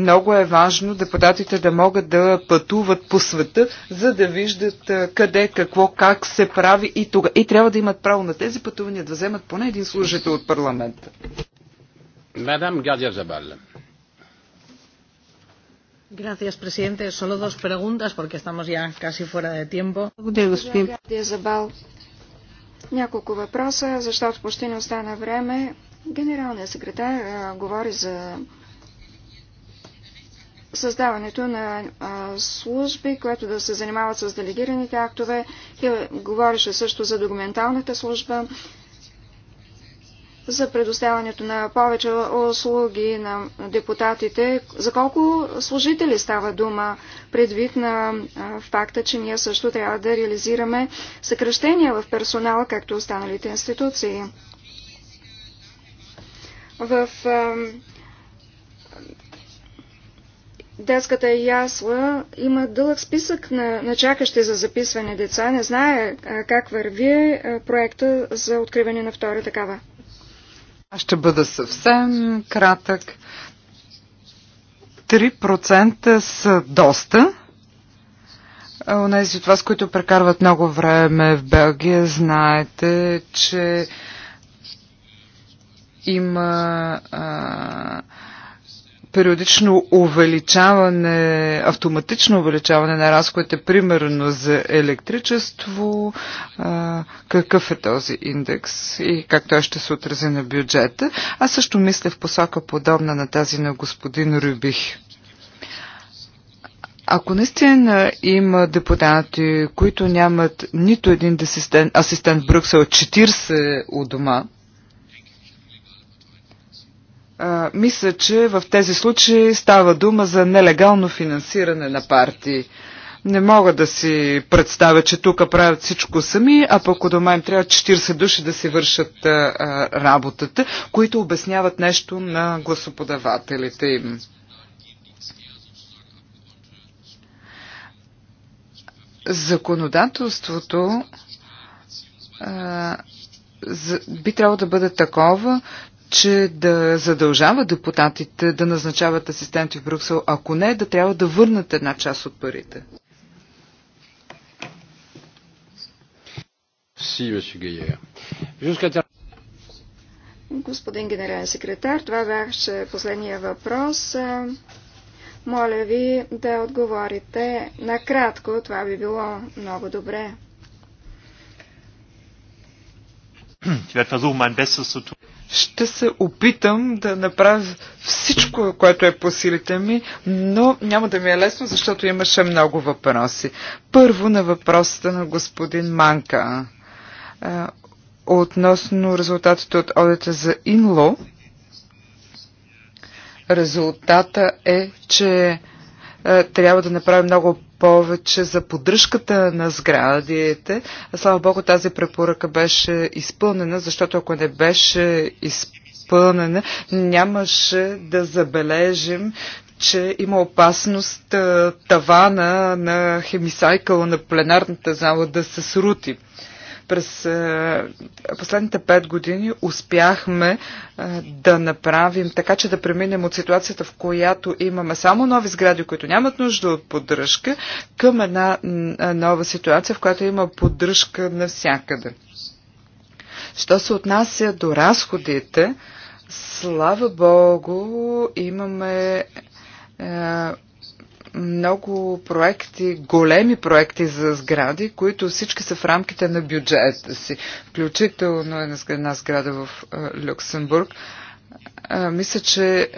Speaker 3: много е важно депутатите да могат да пътуват по света, за да виждат къде, какво, как се прави и тога. И трябва да имат право на тези пътувания да вземат поне един служител от парламента.
Speaker 4: Мадам Гадя Забал.
Speaker 1: Gracias, presidente. Solo dos preguntas, porque estamos ya casi fuera de tiempo.
Speaker 2: Няколко въпроса, защото почти не остана време. Генералният секретар говори за създаването на а, служби, които да се занимават с делегираните актове. И говореше също за документалната служба, за предоставянето на повече услуги на депутатите. За колко служители става дума предвид на а, факта, че ние също трябва да реализираме съкръщения в персонала, както останалите институции. В а, детската ясла има дълъг списък на, на чакащи за записване деца. Не знае как върви проекта за откриване на втора такава.
Speaker 3: Аз ще бъда съвсем кратък. 3% са доста. Унези от вас, които прекарват много време в Белгия, знаете, че има а, периодично увеличаване, автоматично увеличаване на разходите, примерно за електричество, какъв е този индекс и как той ще се отрази на бюджета. Аз също мисля в посока подобна на тази на господин Рюбих. Ако наистина има депутати, които нямат нито един асистент в Брюксел, 40 у дома, мисля, че в тези случаи става дума за нелегално финансиране на партии. Не мога да си представя, че тук правят всичко сами, а пък до мен трябва 40 души да си вършат а, работата, които обясняват нещо на гласоподавателите им. Законодателството а, би трябвало да бъде такова, че да задължава депутатите да назначават асистенти в Брюксел, ако не, да трябва да върнат една част от парите.
Speaker 2: Господин генерален секретар, това беше последния въпрос. Моля ви да отговорите накратко, това би било много добре.
Speaker 3: Ще се опитам да направя всичко, което е по силите ми, но няма да ми е лесно, защото имаше много въпроси. Първо на въпросите на господин Манка относно резултатите от одита за Инло. Резултата е, че трябва да направим много повече за поддръжката на сградите. Слава Богу, тази препоръка беше изпълнена, защото ако не беше изпълнена, нямаше да забележим, че има опасност тавана на хемисайкъла на пленарната зала да се срути. През е, последните пет години успяхме е, да направим така, че да преминем от ситуацията, в която имаме само нови сгради, които нямат нужда от поддръжка, към една е, нова ситуация, в която има поддръжка навсякъде. Що се отнася до разходите, слава Богу, имаме много проекти, големи проекти за сгради, които всички са в рамките на бюджета си, включително е една сграда в е, Люксембург. Е, мисля, че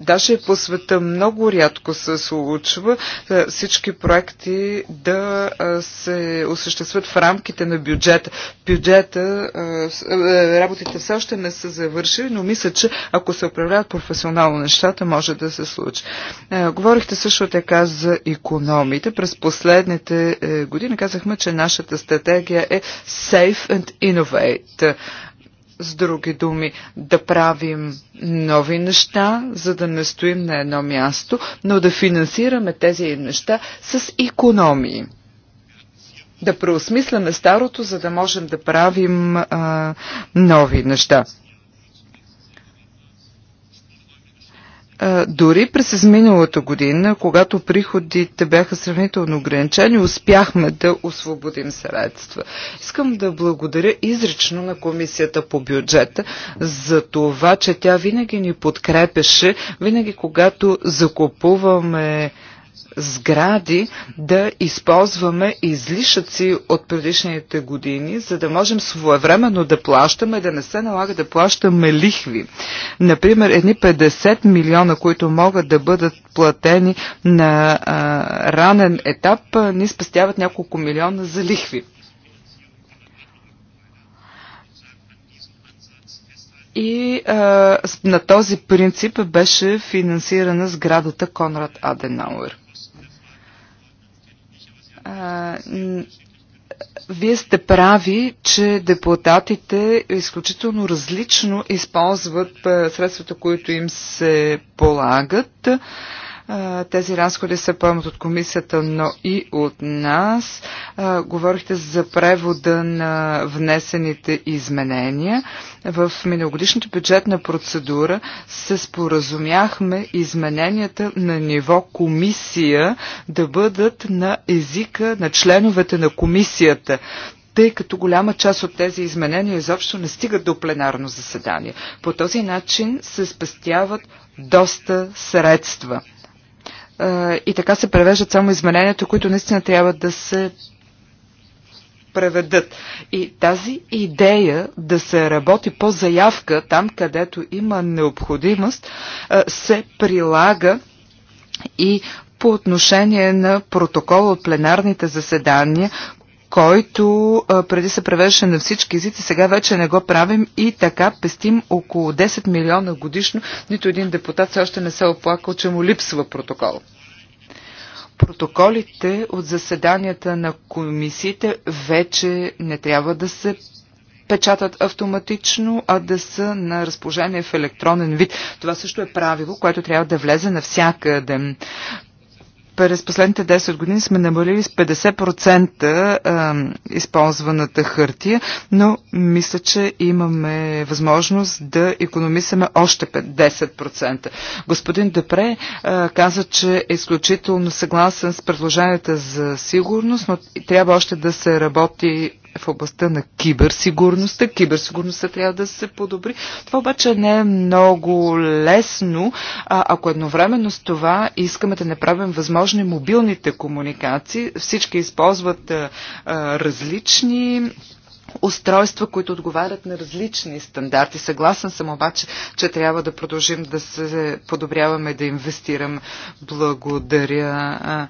Speaker 3: Даже по света много рядко се случва е, всички проекти да е, се осъществят в рамките на бюджета. Бюджета, е, работите все още не са завършили, но мисля, че ако се управляват професионално нещата, може да се случи. Говорихте също така за економите. През последните години казахме, че нашата стратегия е Safe and Innovate с други думи, да правим нови неща, за да не стоим на едно място, но да финансираме тези неща с економии. Да преосмисляме старото, за да можем да правим а, нови неща. Дори през изминалата година, когато приходите бяха сравнително ограничени, успяхме да освободим средства. Искам да благодаря изрично на Комисията по бюджета за това, че тя винаги ни подкрепеше, винаги когато закупуваме сгради да използваме излишъци от предишните години, за да можем своевременно да плащаме, да не се налага да плащаме лихви. Например, едни 50 милиона, които могат да бъдат платени на а, ранен етап, а, ни спестяват няколко милиона за лихви. И а, на този принцип беше финансирана сградата Конрад Аденауер вие сте прави, че депутатите изключително различно използват средствата, които им се полагат. Тези разходи се поемат от комисията, но и от нас. Говорихте за превода на внесените изменения. В миналогодишната бюджетна процедура се споразумяхме измененията на ниво комисия да бъдат на езика на членовете на комисията тъй като голяма част от тези изменения изобщо не стигат до пленарно заседание. По този начин се спестяват доста средства и така се превеждат само измененията, които наистина трябва да се преведат. И тази идея да се работи по заявка там, където има необходимост, се прилага и по отношение на протокола от пленарните заседания, който преди се превеждаше на всички езици, сега вече не го правим и така пестим около 10 милиона годишно. Нито един депутат все още не се е оплакал, че му липсва протокол. Протоколите от заседанията на комисиите вече не трябва да се печатат автоматично, а да са на разположение в електронен вид. Това също е правило, което трябва да влезе навсякъде през последните 10 години сме намалили с 50% използваната хартия, но мисля, че имаме възможност да економисаме още 10%. Господин Депре каза, че е изключително съгласен с предложенията за сигурност, но трябва още да се работи в областта на киберсигурността. Киберсигурността трябва да се подобри. Това обаче не е много лесно, а, ако едновременно с това искаме да направим възможни мобилните комуникации. Всички използват а, а, различни устройства, които отговарят на различни стандарти. Съгласен съм обаче, че трябва да продължим да се подобряваме, да инвестирам. Благодаря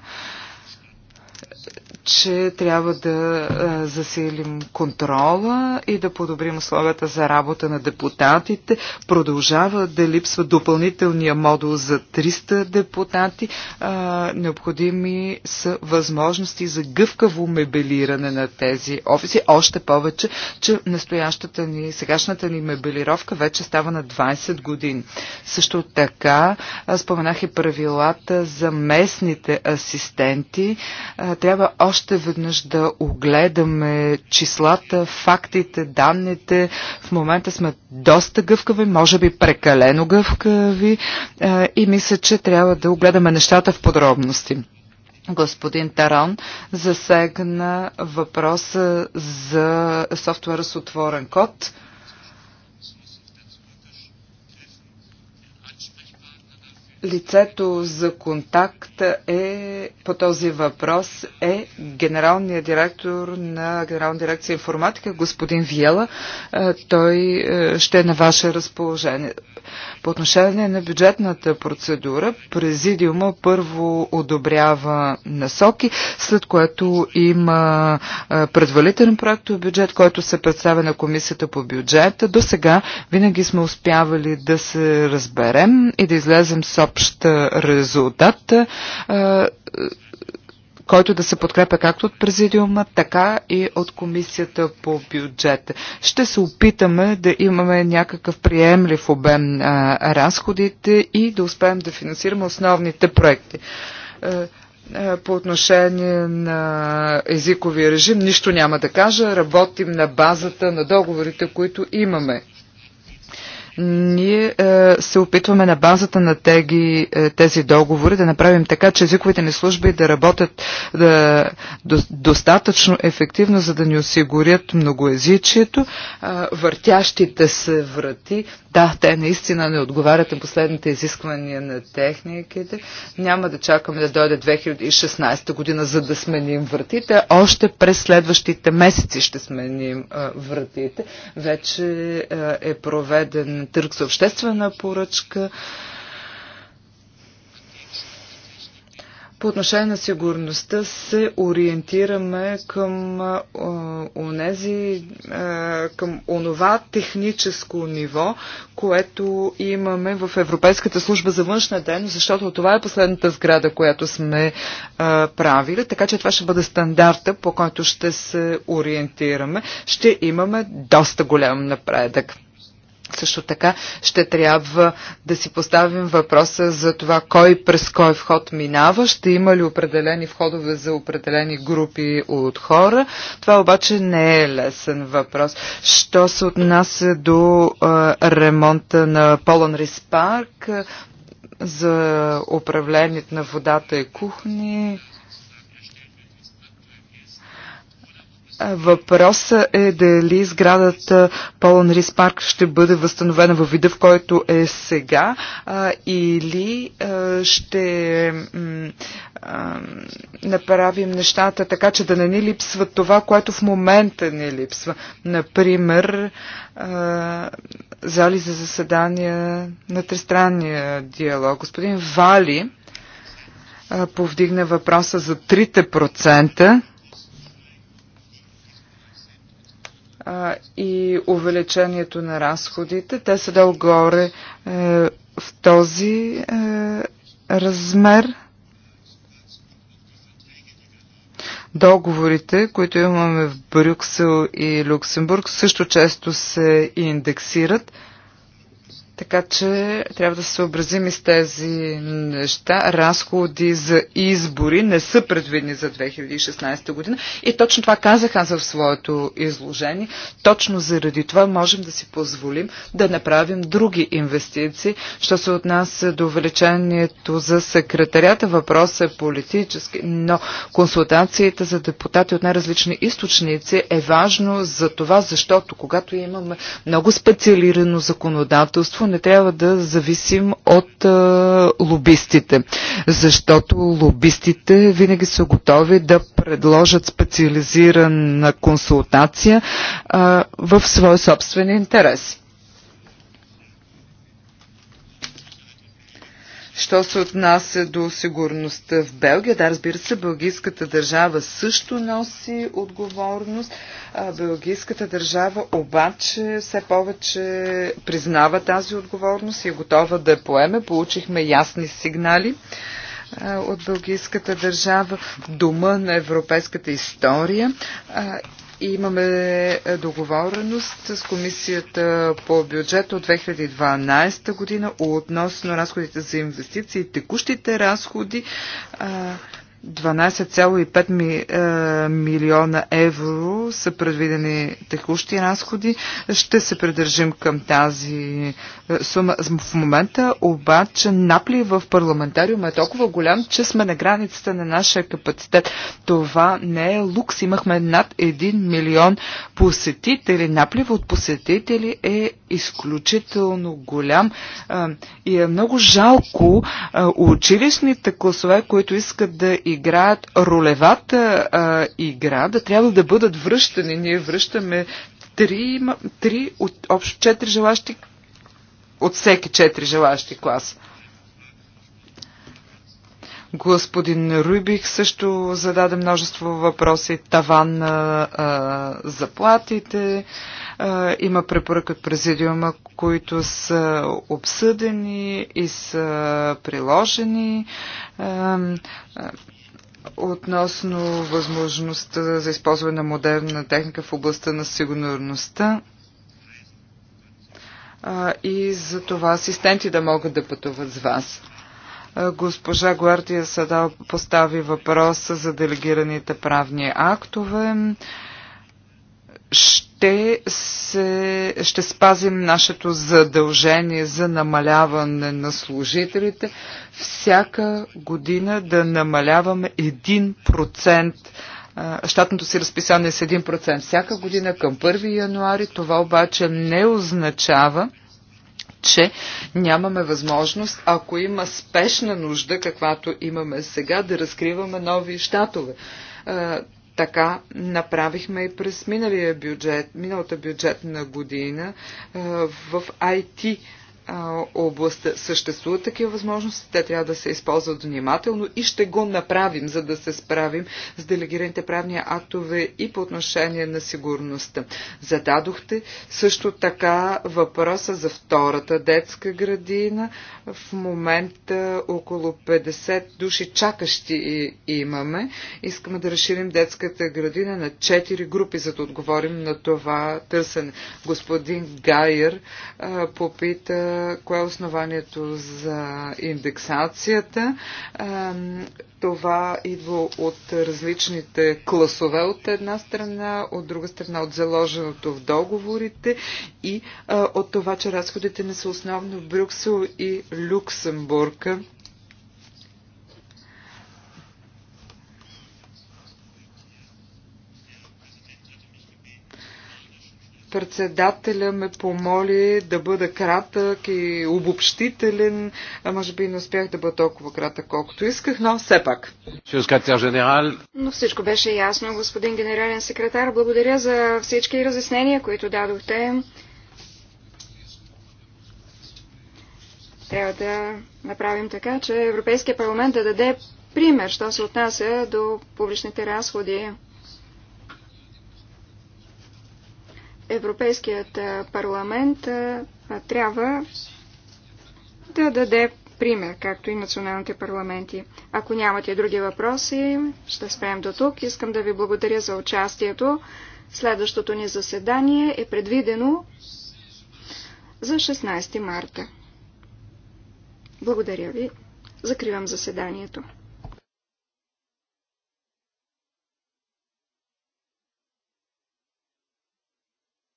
Speaker 3: че трябва да е, засилим контрола и да подобрим условията за работа на депутатите. Продължава да липсва допълнителния модул за 300 депутати. Е, необходими са възможности за гъвкаво мебелиране на тези офиси. Още повече, че настоящата ни, сегашната ни мебелировка вече става на 20 години. Също така е, споменах и правилата за местните асистенти. Трябва още веднъж да огледаме числата, фактите, данните. В момента сме доста гъвкави, може би прекалено гъвкави и мисля, че трябва да огледаме нещата в подробности. Господин Тарон засегна въпроса за софтуера с отворен код – лицето за контакт е, по този въпрос е генералният директор на Генерална дирекция информатика, господин Виела. Е, той е, ще е на ваше разположение. По отношение на бюджетната процедура, президиума първо одобрява насоки, след което има предварителен проект бюджет, който се представя на комисията по бюджета. До сега винаги сме успявали да се разберем и да излезем с общ резултат който да се подкрепя както от президиума, така и от комисията по бюджет. Ще се опитаме да имаме някакъв приемлив обем а, разходите и да успеем да финансираме основните проекти е, е, по отношение на езиковия режим. Нищо няма да кажа. Работим на базата на договорите, които имаме. Ние е, се опитваме на базата на теги, е, тези договори да направим така, че езиковите ни служби да работят да, до, достатъчно ефективно, за да ни осигурят многоязичието. Е, въртящите се врати, да, те наистина не отговарят на последните изисквания на техниките. Няма да чакаме да дойде 2016 година, за да сменим вратите. Още през следващите месеци ще сменим е, вратите. Вече е, е проведен търг с обществена поръчка. По отношение на сигурността се ориентираме към онези, към онова техническо ниво, което имаме в Европейската служба за външна дейност, защото това е последната сграда, която сме правили, така че това ще бъде стандарта, по който ще се ориентираме. Ще имаме доста голям напредък. Също така ще трябва да си поставим въпроса за това кой през кой вход минава, ще има ли определени входове за определени групи от хора. Това обаче не е лесен въпрос. Що се отнася до а, ремонта на Полон Рис парк, за управлението на водата и кухни, Въпросът е дали сградата Полон Рис Парк ще бъде възстановена във вида, в който е сега, а, или а, ще а, направим нещата така, че да не ни липсва това, което в момента ни липсва. Например, а, зали за заседания на тристранния диалог. Господин Вали а, повдигна въпроса за 3%. а, и увеличението на разходите. Те са долу горе е, в този е, размер. Договорите, които имаме в Брюксел и Люксембург, също често се индексират. Е, така че трябва да се съобразим и с тези неща. Разходи за избори не са предвидени за 2016 година. И точно това казах аз в своето изложение. Точно заради това можем да си позволим да направим други инвестиции. Що се отнася до увеличението за секретарята, въпросът е политически, но консултациите за депутати от най-различни източници е важно за това, защото когато имаме много специалирано законодателство, не трябва да зависим от а, лобистите, защото лобистите винаги са готови да предложат специализирана консултация а, в свой собствен интерес. Що се отнася до сигурността в Белгия, да, разбира се, бългийската държава също носи отговорност. Белгийската държава обаче все повече признава тази отговорност и е готова да я поеме. Получихме ясни сигнали от бългийската държава в Дума на европейската история Имаме е, договореност с комисията по бюджет от 2012 година относно разходите за инвестиции, текущите разходи. А, 12,5 е, милиона евро са предвидени текущи разходи. Ще се придържим към тази е, сума. В момента обаче напли в парламентариума е толкова голям, че сме на границата на нашия капацитет. Това не е лукс. Имахме над 1 милион посетители. Наплива от посетители е изключително голям е, и е много жалко училищните класове, които искат да играят ролевата а, игра, да трябва да бъдат връщани. Ние връщаме три, три от общо четири желащи, от всеки четири желащи клас. Господин Рубих също зададе множество въпроси. Таван на заплатите. А, има препоръка от президиума, които са обсъдени и са приложени. А, а, относно възможността за използване на модерна техника в областта на сигурността и за това асистенти да могат да пътуват с вас. Госпожа Гвардия Садал постави въпроса за делегираните правни актове. Ще ще, се, ще спазим нашето задължение за намаляване на служителите. Всяка година да намаляваме 1% щатното си разписание с 1% всяка година към 1 януари. Това обаче не означава, че нямаме възможност, ако има спешна нужда, каквато имаме сега, да разкриваме нови щатове така направихме и през миналия бюджет, миналата бюджетна година в IT областта. Съществуват такива възможности, те трябва да се използват внимателно и ще го направим, за да се справим с делегираните правни актове и по отношение на сигурността. Зададохте също така въпроса за втората детска градина. В момента около 50 души чакащи имаме. Искаме да разширим детската градина на 4 групи, за да отговорим на това търсене. Господин Гайер попита кое е основанието за индексацията. Това идва от различните класове от една страна, от друга страна от заложеното в договорите и от това, че разходите не са основно в Брюксел и Люксембург. Председателя ме помоли да бъда кратък и обобщителен. А може би не успях да бъда толкова кратък, колкото исках, но все пак.
Speaker 2: Но всичко беше ясно, господин генерален секретар. Благодаря за всички разяснения, които дадохте. Трябва да направим така, че Европейския парламент да даде пример, що се отнася до публичните разходи. Европейският парламент трябва да даде пример, както и националните парламенти. Ако нямате други въпроси, ще спрем до тук. Искам да ви благодаря за участието. Следващото ни заседание е предвидено за 16 марта. Благодаря ви. Закривам заседанието.